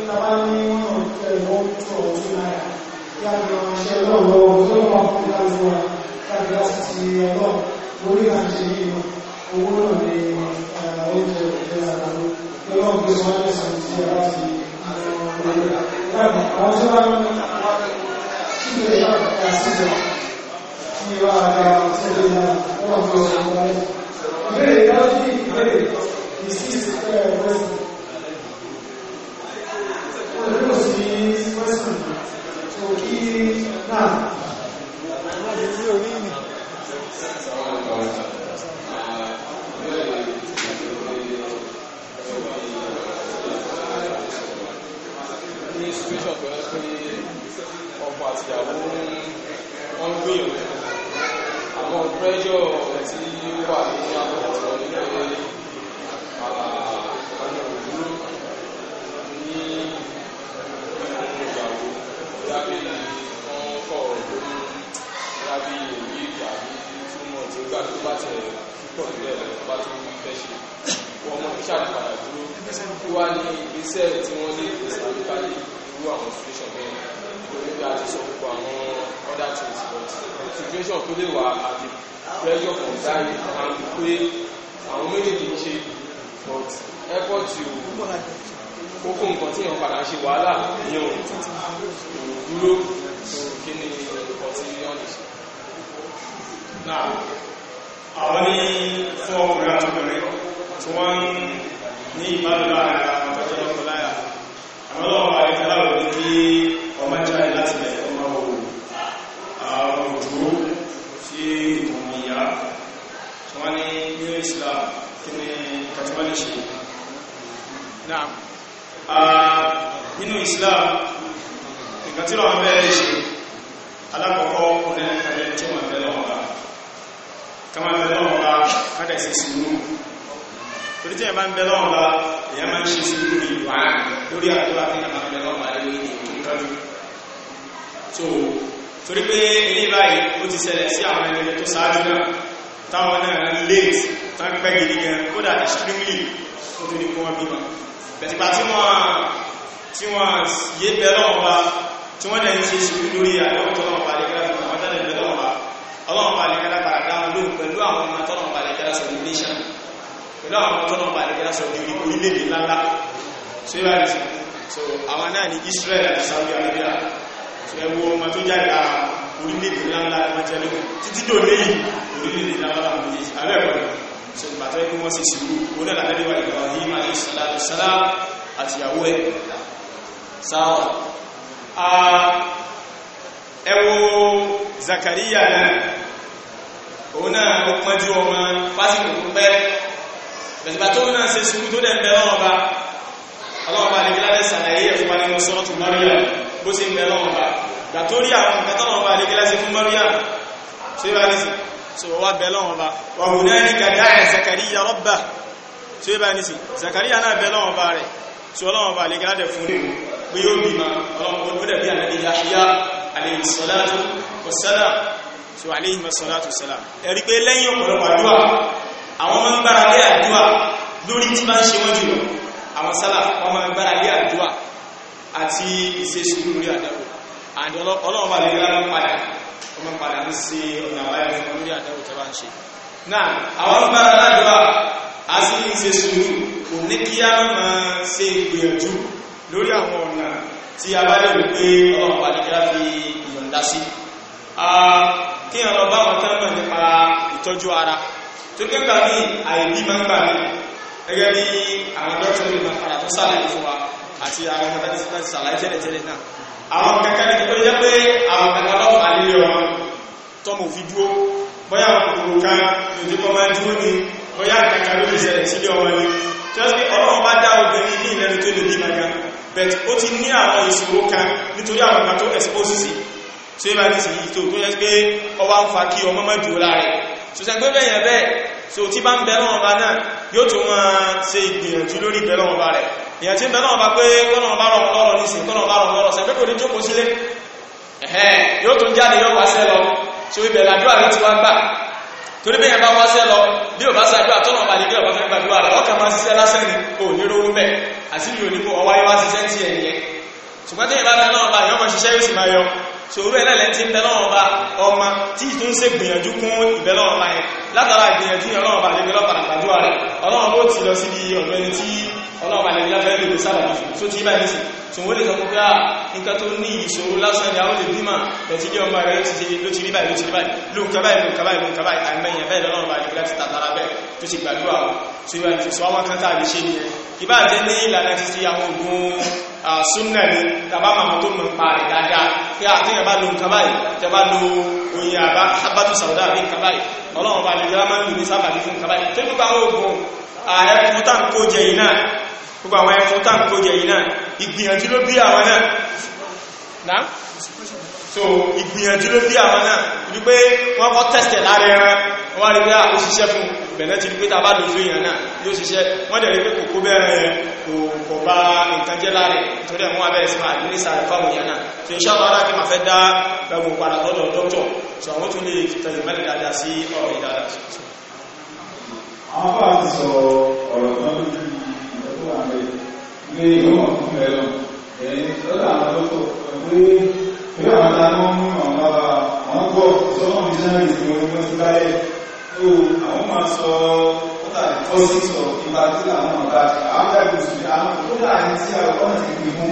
tàbá ní wọ́n náà tẹ̀ wọ́n tó ọ̀tún a lọ ṣe lọ́wọ́ tó wà fún ìdájọ́ wa láti láti ti ọlọ́ lórí àṣẹ yìí owó náà eh, ní oúnjẹ òkè àtàlú yóò sí western tó kí náà ní situation tó yẹ pé ọkọ àtìyàwó wọ́n gbé ìwé àwọn pressure tí wà ní àwọn ọ̀rọ̀ nípa àwọn òwúrò ní iṣẹ́ tí wọ́n kókó nǹkan tí wọ́n padà ń ṣe wàhálà ní òun dúró kí ni ọkọ̀ tí wọ́n lè ṣe náà àwọn ní fún ọkùnrin àtọkùnrin tí wọ́n ní ìbálòlá àyà àtọ́jọ́ lọ́kọ̀ láyà àwọn ọlọ́wọ́ àyíkálà rò ní kí ọmọ jáde láti bẹ̀ ọmọ òwò àwọn òjò sí ìmọ̀ ìyá tí wọ́n ní ní Islam kí ni kàtíwálì ṣe nínú Islam nǹkan tí wọ́n bẹ̀rẹ̀ ṣe alákọ̀ọ́kọ́ ọkùnrin ẹ̀kẹ́lẹ́ tí wọ́n bẹ̀rẹ̀ ọ̀gá kama bẹ̀rẹ̀ ọ̀gá kádà sí sínú torí tí ẹ̀mà ń bẹ̀rẹ̀ ọ̀gá èyàn máa ń ṣe sínú ní ìwà lórí àdúrà tí ẹ̀mà ń bẹ̀rẹ̀ ọ̀gá lórí ìtọ́jú so torí pé ilé báyìí ó ti ṣẹlẹ̀ sí àwọn ẹni tó ṣáájú náà táwọn náà late tán pẹ́ gidi gan kódà extremely ó fi ní kó wọn bímọ bẹ̀tìgbà tí wọ́n tí wọ́n yé bẹ̀rẹ̀ ọba tí wọ́n dẹ̀ ń ṣe ṣe lórí àwọn tọ́lọ́wọ́n bá lẹ́kẹ́lá fún àwọn tọ́lọ́wọ́n bẹ̀rẹ̀ ọba ọlọ́wọ́n bá lẹ́kẹ́lá bá dáhùn lóhùn pẹ̀lú àwọn ọmọ tọ́lọ́wọ́n bá lẹ́kẹ́lá sọ ní nation pẹ̀lú àwọn ọmọ tọ́lọ́wọ́n bá lẹ́kẹ́lá sọ ní orílẹ̀-èdè ńláńlá so yóò rí sí so àwọn náà ní Israel so ìgbàtọ́ ikú wọ́n sì sùúrù ó dẹ̀ lànẹ́lẹ́wà Ibrahim alaihissalam àtìyàwó ẹ̀ sáwọ̀ ẹ wò Zakariya náà òun náà ó pọ́njú ọmọ fásitì tó pẹ́ bẹ̀sìgbàtọ́ náà ṣe sùúrù tó dẹ̀ ń bẹ ọlọ́ọ̀ba ọlọ́ọ̀ba lè gílá sàlàyé ẹ̀ fún wa nínú sọ́ọ̀tù Maria bó ṣe ń bẹ ọlọ́ọ̀ba gbàtórí àwọn nǹkan tọ́lọ́ọ̀ba lè gílá sí fún Maria ṣé bá ní so wá bẹ lọ́wọ́n ba wà hunalika da'a so yẹ bá ní sí Zakariya náà bẹ ba so ọlọ́wọ́n ba lè gádẹ fún ní bí yóò Yahya alayhi salatu wa salam so alayhi salatu wa salam ẹ̀rí pé lẹ́yìn ọ̀pọ̀lọpọ̀ àdúrà àwọn máa ń gbára lé àdúrà lórí tí máa ń ṣe wọ́n jùlọ àwọn sálà wọ́n máa ń gbára lé àdúrà ba lè ọmọ padà ń sí ọ̀nà àbáyọ fún lórí àdẹ́wò tó bá ń ṣe náà àwọn gbára ládùúgbà a sì ń ṣe sùúrù kò ní kí á máa ṣe ìgbìyànjú lórí àwọn ọ̀nà tí a bá lè rí pé ọlọ́run padà kí á fi ìyọ̀ǹda sí kí ọ̀nà bá wọn tán náà nípa ìtọ́jú ara tó kẹ́kọ̀ọ́ ní àìbí gbà mí gẹ́gẹ́ bí àwọn dókítà nípa padà tó sálẹ̀ fún wa àti àwọn ọmọ tẹ́lẹ̀ sílẹ̀ sàlàyé tẹ́lẹ̀ tẹ́lẹ̀ náà àwọn kẹ́kẹ́ ní tó jẹ́ pé àwọn kẹ́kẹ́ ọlọ́pàá lílé wọn tọ́mù fi dúó bóyá àwọn kòkòrò kan ní ojú kọ́ máa dúó ní bóyá kẹ́kẹ́ ló lè ṣẹlẹ̀ sílé ọmọ ni tí wọ́n sì ọlọ́run bá dá obìnrin ní ìlẹ́nu tó lè bí màgá but ó ti ní àwọn ìṣòro kan nítorí àwọn kan tó expose sí ṣé bá ti sì tó tó yẹ pé ọwá ń fa kí ọmọ mọ́jú láàrẹ̀ so ṣe pé bẹ́yẹn bẹ́ẹ̀ so tí bá ń bẹ́rọ̀ ọba náà yóò tó máa ṣe ìgbìyànjú lórí bẹ́rọ̀ ọba rẹ̀ ìyẹn tí ń bẹ náà bá pé kọ́nà bá rọ̀ lọ́rọ̀ nísìn kọ́nà bá rọ̀ lọ́rọ̀ sẹ́gbẹ́ kò ní jókòó sílé ẹ̀hẹ́ yóò tún jáde yóò wá sẹ́ lọ so ibẹ̀ làdúrà rẹ ti wá gbà torí bẹ́ẹ̀ bá wá sẹ́ lọ bí ò bá sàdúrà tọ́nà bá lè bí ọ̀bá fẹ́ gbàdúrà rẹ ọkà máa ṣiṣẹ́ lásán ni o ní rówó bẹ́ẹ̀ àti yóò ní kó ọwá yóò wá ṣiṣẹ́ ti ẹ̀ nìyẹn ṣùgbọ́n tí ìbá bẹ́ẹ̀ náà bá yọ́mọ ṣiṣẹ́ yóò sì máa yọ so rẹ̀ náà lẹ́tí ń bẹ náà ọlọ́ọ̀bà ní lábẹ́ lórí sábàbí tó ti bá nìsí tó wọ́n lè sọ púpá ah, nǹkan tó ní ìṣòro lásán ni àwọn lè bímà ẹ̀tí ní ọmọ rẹ̀ ló ti rí báyìí ló ti rí báyìí lóòkà báyìí lóòkà báyìí lóòkà báyìí àìmẹ́yìn bẹ́ẹ̀ lọ́nà bá ní láti tàtàrà bẹ́ẹ̀ tó ti gbàdúrà tó yíwa ti sọ àwọn kan tàbí ṣe nìyẹn ìbá jẹ́ ní ìlànà ti ti àwọn ogun súnnà ni tàbá màmá tó mọ̀ pa rẹ̀ dáadáa pé ah, àtẹ́yìn bá lo nǹkan báyìí tẹ́ bá lo oyin àbá sábàtú gbogbo àwọn ẹmú táǹkó jẹ yìí náà ìgbìyànjú ló bí àwọn náà so ìgbìyànjú ló bí àwọn náà ìlú pé wọ́n kọ́ tẹ́sẹ̀ lára ẹran wọ́n rí pé à ah, ó ṣiṣẹ́ fún bẹ̀rẹ̀ ti rí pé tàbá lò fún èèyàn náà yóò ṣiṣẹ́ wọ́n dẹ̀ rí pé kòkó bẹ̀rẹ̀ kò bá nǹkan jẹ́ lára torí ẹ̀wọ́n abẹ́rẹ̀ sí máa ní sàrẹ̀ fáwọn èèyàn náà tí ó ṣáwọ́ ara kí máa fẹ́ dá gbogbo padà lọ́dọ̀ dókítọ̀ so àwọn tún lè tẹ̀lé mẹ́rin dáadáa sí ọ̀rọ̀ ìdára àwọn bá ti sọ ọ̀rọ̀ kan lójú tó wà lẹ̀ ní ìwọ̀n fún ẹ̀ lọ ẹ̀yìn lọ́dọ̀ àwọn lọ́tọ̀ pé pé àwọn ta wọ́n mú àwọn bàbá àwọn gbọ́ sọ́wọ́n mi náà ní ìwọ̀n wọn ti báyẹ̀ tó àwọn máa sọ ọ́tà ẹ̀kọ́ sí sọ ìgbà tí àwọn ọ̀gá àwọn dàgbò sí àwọn tó láàrin tí àwọn ọ̀nà ti fi mú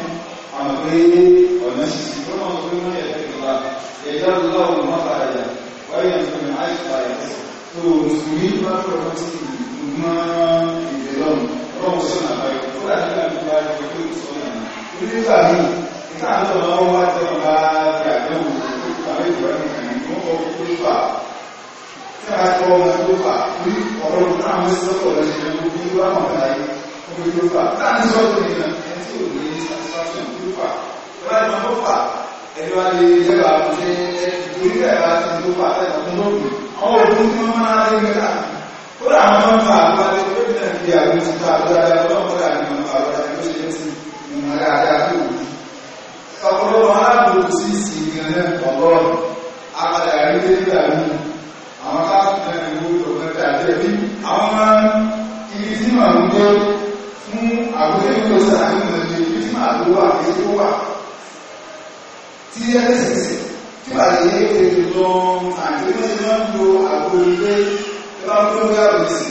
àwọn pé ọ̀nà ṣìṣì tó náà tó mú ẹ̀fẹ́ ìjọba ẹ̀jọ́ lọ́wọ́ mọ́tàlá wáyé ẹ̀jọ́ mi àìsàn àìsàn tó mùsùlùmí bá fẹ́ ọ̀nà sí ìlú mọ ìdẹ̀lọ́nù ọlọ́run sọ̀nà àbáyọ tó dà nígbà tó bá yọ pé ó sọ yàrá nígbà míì nígbà tó lọ́wọ́ wá jẹ́ ọ̀la bí àdéhùn tàbí ìgbà nìkan ní wọ́n kọ́ tó fà tí a kọ́ ọmọ tó fà ní ọ̀rọ̀ táwọn sọ́kọ̀ lọ sí ẹni tó wá mọ̀ láyé ọmọ tó fà táwọn sọ́kọ̀ nìkan ẹni tí ò ní satisfaction tó fà ìwádìí máa tó fà ẹni wá lè lẹ́wà ṣe orí ẹ̀rọ àti tó fà ẹ̀rọ tó lọ́gbìn ọmọ òfin tó máa ń rí ó rà àwọn ọmọ àgbàdé tó ní nàìjíríà ló ti bá agbára ọlọ́mọdé àmì ọmọ àgbàdé tó ṣe ti ìmọ̀ dáadáa tó wù. ọ̀pọ̀lọpọ̀ aláàbò tí ìsìn ìgbìyànjú ọgọ́rùn-ún apàdà rí nígbà míì àwọn káàkiri náà ni wọ́n tó mẹ́ta àtẹ́bí àwọn máa ń ibi tí màá ń gbé fún àgbélé tó sàánú ní ibi tí màá lówó àgbélé tó wà tí ẹlẹ́sìn tí wà lè yé ètò lọ́ọ́ àgbélé náà ń lo àgbélé lọ́wọ́ tó ń yàrá sí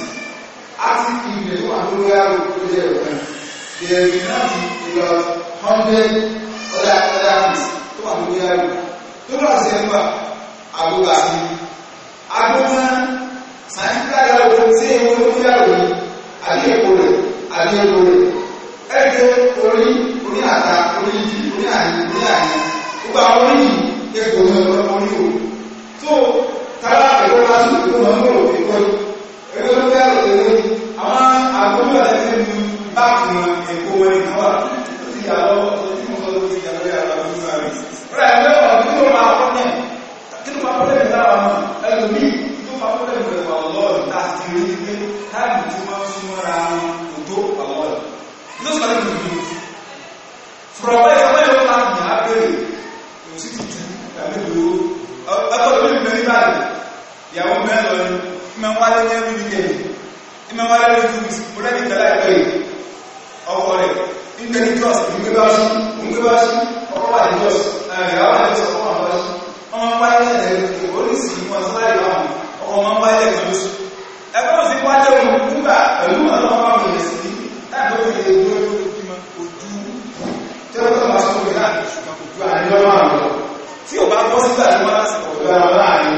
a ti fi ilẹ̀ wà tó ń yàrá tó jẹ́ ìwọ̀n bẹ̀rẹ̀ náà ti fi lọ hundred other other things tó wà tó ń yàrá tó bá ṣe ń bà àbúrò àti agbóná sàǹkà yàrá tó ṣe é wọ́n tó yàrá yìí àbí èkó rẹ̀ àbí èkó rẹ̀ ẹgbẹ́ orí orí àta orí ìdí orí àyè orí àyè gbogbo àwọn orí yìí èkó rẹ̀ orí òru tó sára ẹ̀rọ láti ìlú náà ní òfin kọ́ ẹ̀rọ ló bẹ̀rẹ̀ lẹ́yìn àwọn àgbọ̀nbí àti ẹni báàkì wọn èkó wọn ni wà ti yà lọ tí mo sọ lórí ìyàwó yà lọ ní sáré. rẹ̀ ẹ̀rọ ọ̀rọ̀ kí ló máa kọ́ náà kí ló máa kọ́ lẹ́yìn lára wọn ẹlòmí tó máa kọ́ lẹ́yìn rẹ̀ wà lọ́ọ̀rù láti rí i pé táàbì tó máa ń súnmọ́ra wọn kò tó àwọ̀rù. ló sọ lẹ́yìn tó dùn. fúrọ̀ wáyé sọ wáyé ló máa ń yà á bẹ̀rẹ̀ kò sí tuntun tàbí lò ó ẹgbẹ́ ìyàwó mẹ́lọ ni ìmọ̀ wálé ní ẹbí nìkẹ́ ìmọ̀ wálé ní ẹbí nìkẹ́ mo lẹ́ni kẹlá ìpẹ́ ọkọ rẹ̀ nígbẹ́ ní jọ́s ìgbé bá ṣú ìgbé bá ṣú ọkọ wà ní jọ́s ìyàwó àti jọ́s ọkọ wà ní ọmọ wálé ní ẹbí nìkẹ́ ó ní sí ìmọ̀ sọ́lá ìwà ọkọ máa ń wálé ní ẹbí nìkẹ́ ẹgbẹ́ òsì wájẹ́ bá mi sí láti tí wọ́n lásìkò ọ̀dọ́ ara láàrin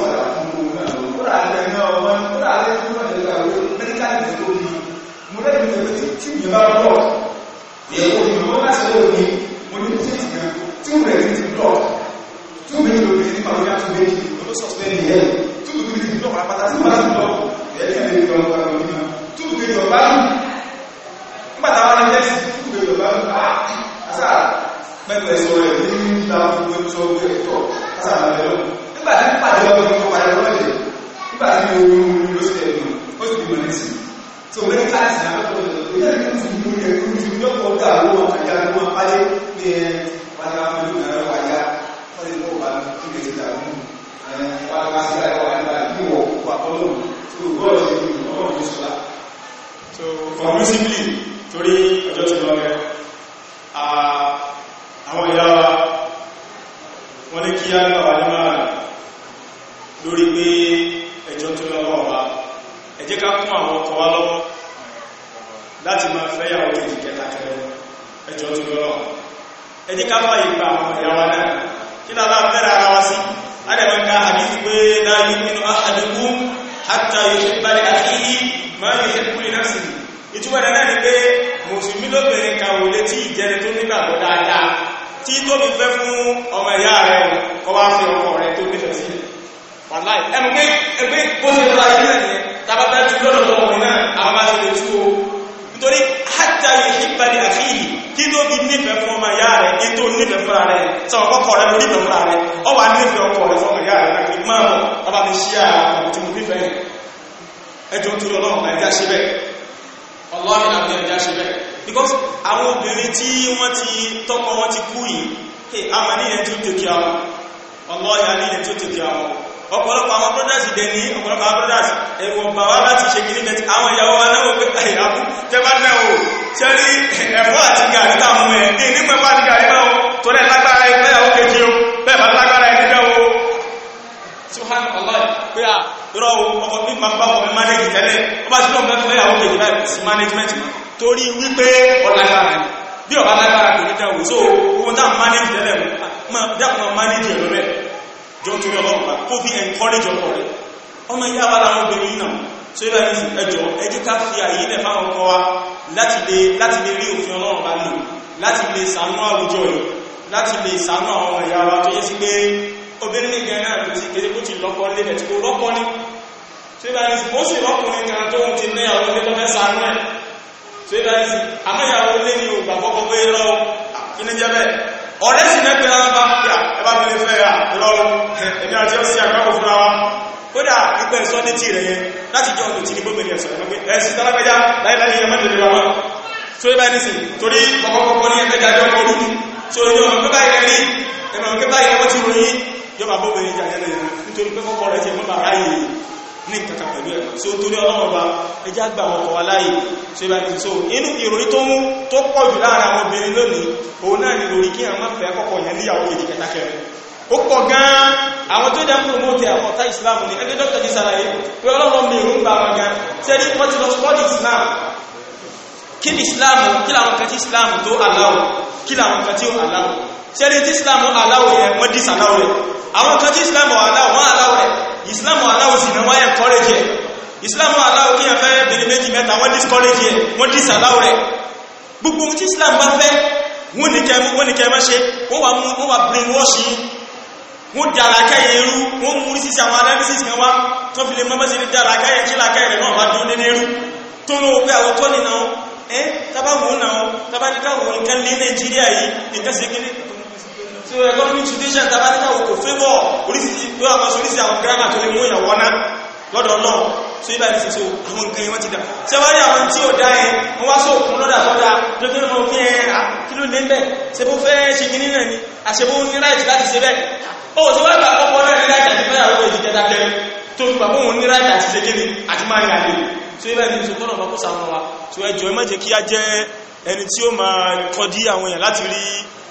lórí ìgbẹ̀rẹ̀ tí tí ìyẹn bá lọ yẹ kó ní ọmọ láti lọ ní mo ní tí ti yàn tí ó rẹ̀ ti ti lọ tí ó méjì lórí ní pàtó yá tó méjì lọ́dọ̀ sọ pé ní ẹ̀ tí ó méjì lọ pàtàkì tí ó bá ti lọ ẹ̀ kí ẹ̀ lọ wà lọ nínú tí ó méjì ọba lù nígbà táwọn ẹgbẹ́ sí tí ó méjì ọba lù á àṣà pẹ́pẹ́ sọ rẹ̀ ní ìta gbogbo ẹni sọ pé ẹ̀tọ́ àṣà àbẹ̀ lọ nígbà tí pàdé ọmọ ìjọba ẹ̀rọ rẹ̀ nígbà tí ó ń lọ sí ẹ̀dùn ó sì bí mọ̀ so many times na ìyá ìlú ti mú yẹ kú ju lọ́pọ̀ dà lọ́wọ́ àyà ló máa pálé ní ẹ wájú àwọn ìlú náà wà yá wọ́n lè kó wà kí lè ti dàrú wà á wá sí àyẹ̀wò àyẹ̀wò àyẹ̀wò wà kọ́lọ̀ so bọ́ọ̀lù ṣe ní ọ̀rọ̀ ní sọ́lá. so conclusively torí ọjọ́ ti lọ rẹ̀ àwọn ìyá wa wọ́n ní kí á gbà wà ní máa lórí pé ẹjọ́ tó lọ́wọ́ wa ẹ jẹ́ ká kún àwọn ọkọ wa lọ́wọ́ láti máa fẹ́yàwó èjì kẹta kẹrẹ ẹjọ́ tó lọ́wọ́ ẹ jẹ́ ká fà ìgbà àwọn ìyàwó náà kí lọ́la bẹ̀rẹ̀ ara wa sí adẹ́mọ̀ká àdìsí pé láàyè nínú àdìkú hatta yuhibba li akhihi ma yuhibbu li nafsihi ìtumọ̀ ẹ̀ náà ni pé mùsùlùmí lóbìnrin kan ò lè tí ìjẹni tó nígbàgbọ́ dáadáa tí tó fi fẹ́ fún ọmọ ìyá rẹ̀ kọ́ wá fi ọkọ rẹ̀ tó nífẹ̀ẹ́ sí wàláì ẹnu pé ẹgbẹ́ bó ṣe lọ́la ilé ẹ̀ tàbátà tí lọ́nà tó wọ̀n náà àwọn bá ti lè tú o nítorí hátà yìí hípa ní àfihì kí tó bí nífẹ̀ẹ́ fún ọmọ ìyá rẹ̀ kí tó nífẹ̀ẹ́ fúnra rẹ̀ sọ̀rọ̀ kọ́kọ́ rẹ̀ lórí ìfẹ̀ẹ́ fúnra rẹ̀ ọ wà nífẹ̀ẹ́ ọkọ rẹ̀ fún ọmọ ìyá rẹ̀ náà kì í máa mọ̀ ọba mi ṣí àwọn tí mo nífẹ̀ẹ́ yẹn ẹjọ́ tó lọ́nà ọ̀gá ẹja ṣe bẹ́ẹ̀ ọlọ́ọ̀nì àbúrò ẹja ṣe bẹ́ẹ̀ because àwọn obìnrin tí wọ́n ti tọ́kọ wọn ti kú yìí hey, àmà níyẹn tó tèkì àwọn ọlọ́ọ̀yà ọ̀pọ̀lọpọ̀ àwọn brothers dẹ̀ ní ọ̀pọ̀lọpọ̀ àwọn brothers ẹ̀wọ̀n bàbá láti ṣe kìíní tẹ̀tì àwọn ìyàwó wa náà wípé àyàkú tẹ́bá náà o ṣe rí ẹ̀fọ́ àti gàrí táwọn ẹ̀ ní nípa ẹ̀fọ́ àti gàrí náà tó rẹ̀ lágbára ẹgbẹ́ àwọn kejì o bẹ́ẹ̀ bá lágbára ẹgbẹ́ náà o subhan allah pé à rọ ọkọ̀ bí máa bá ọmọ manage tẹ́lẹ̀ ó bá sílọ̀ mẹ́fẹ́ fẹ́ àwọn kejì báyìí sí management torí so owó manage tẹ́lẹ̀ mọ́ dákùn manage ẹ̀rọ jọ torí ọlọ́pàá kó fi encourage ọkọ rẹ̀ ọmọ ìyá wa láwọn obìnrin náà so ibà ní ẹjọ́ ẹjúká fi àyè lẹ̀ fáwọn ọkọ wa láti lè rí òfin ọlọ́run bá lò láti lè ṣàánú àwùjọ yìí láti lè ṣàánú àwọn ìyá wa tó yẹ sí pé obìnrin nìkan náà kò sí kéde kó ti lọ́kọ lébẹ̀ tí kò rọ́kọ ní so ibà ní ó sì rọ́kùnrin kan tó ń ti ọ̀rẹ́ sì nẹ́gbẹ̀ lábá yà ẹbá mi lè fẹ́ yà lọ́rọ̀ ẹ̀mí àti ọ́sí àgbáwò fúnra wa kódà pípẹ́ sọ ní tí rẹ̀ yẹn láti jọ ọ̀dọ̀ tí ní gbogbo ẹ̀sọ̀ ẹ̀mọ́gbé ẹ̀sì tálágbẹ́já láìláì yẹn mẹ́lẹ̀ lọ́wọ́ tó ẹ báyìí nìsín torí ọkọ̀kọ̀kọ̀ ní ẹgbẹ́jà ẹjọ́ ọmọ olúmi tó ẹjọ́ ọmọ pípa ilẹ̀ rí ẹ̀mọ̀ pípa ilẹ̀ wọ́n ti ròyìn yọba bóbìnrin jà yẹn lẹ́yìn nítorí pé kọ́kọ́ rẹ̀ ti mọ́ bàrá yìí ní kàkà pẹ̀lú ẹ̀ so torí ọlọ́run ọba ẹjá gba àwọn ọkọ̀ aláyè so ìbá ní so inú ìròyìn tó mú tó pọ̀ jù láàrin àwọn obìnrin lónìí òun náà ni lórí kí àwọn afẹ́ kọ́kọ́ yẹn níyàwó èdè kẹta kẹrin ó pọ̀ gan-an àwọn tó dá ń promote àkọ́tá Islam ni ẹgbẹ́ dókítà ti ṣàlàyé pé ọlọ́run mi ìrún gba àwọn gan sẹ́ni wọ́n ti lọ sọ́ọ́dì Islam kí ni Islam kí làwọn kan tí Islam tó aláwọ̀ kí làwọn kan tí ó aláwọ̀ ṣẹ́rí tí islam aláwọ̀ yẹn wọ́n dís aláwọ̀ rẹ̀ àwọn kan tí islam aláwọ̀ wọ́n aláwọ̀ rẹ̀ islam aláwọ̀ sì náà wọ́n yẹn kọ́rẹ́jì ẹ̀ islam aláwọ̀ kí yẹn fẹ́ bèrè méjì mẹ́ta wọ́n dís kọ́rẹ́jì ẹ̀ wọ́n dís aláwọ̀ rẹ̀ gbogbo tí islam bá fẹ́ wọ́n ní kẹ́ wọ́n ní kẹ́ má ṣe wọ́n wà mú wọ́n wà brain wash yìí wọ́n dára kẹ́yẹ irú wọ́n mú sísí àwọn analysis kan wá tó fi lè mọ́ mọ́sí ní dára kẹ́yẹ tí làkẹ́yẹ rẹ̀ náà bá dún nínú irú tó ló pé àwọn tó nìna wọn ẹ́ tábà wọn náà tábà ní káwọn nǹkan lé nàìjíríà yìí nǹkan ṣe kéde so economic situation tàbá ní káwò kò fébọ̀ oríṣìí tó àwọn oríṣìí àwọn gírámà tó lè mú ìyàn wọ́ná lọ́dọ̀ náà so ibà ní ṣe àwọn nǹkan ìwọ́n ti dà tí wọ́n rí àwọn tí ò dá ẹ wọ́n wá sóòkun lọ́dà lọ́dà lókè mọ́ fún ẹ kí ló lé ń bẹ̀ ṣe bó fẹ́ ṣe kí nínà ni àṣebó ní ráìtì láti ṣe bẹ́ẹ̀ ó ti wá gbà ọkọ̀ náà ní ráìtì àti fẹ́yàwó èdè kẹta kẹrin tó fi gbàgbọ́ òun ní ráìtì àti ṣe kí ni àti máa ń yà lè so ibà ní ṣe kọ́nà ọ̀pọ̀ sàwọn wa so ẹjọ́ ẹ má jẹ́ kí á jẹ́ ẹni tí ó máa kọdí àwọn èèyàn láti rí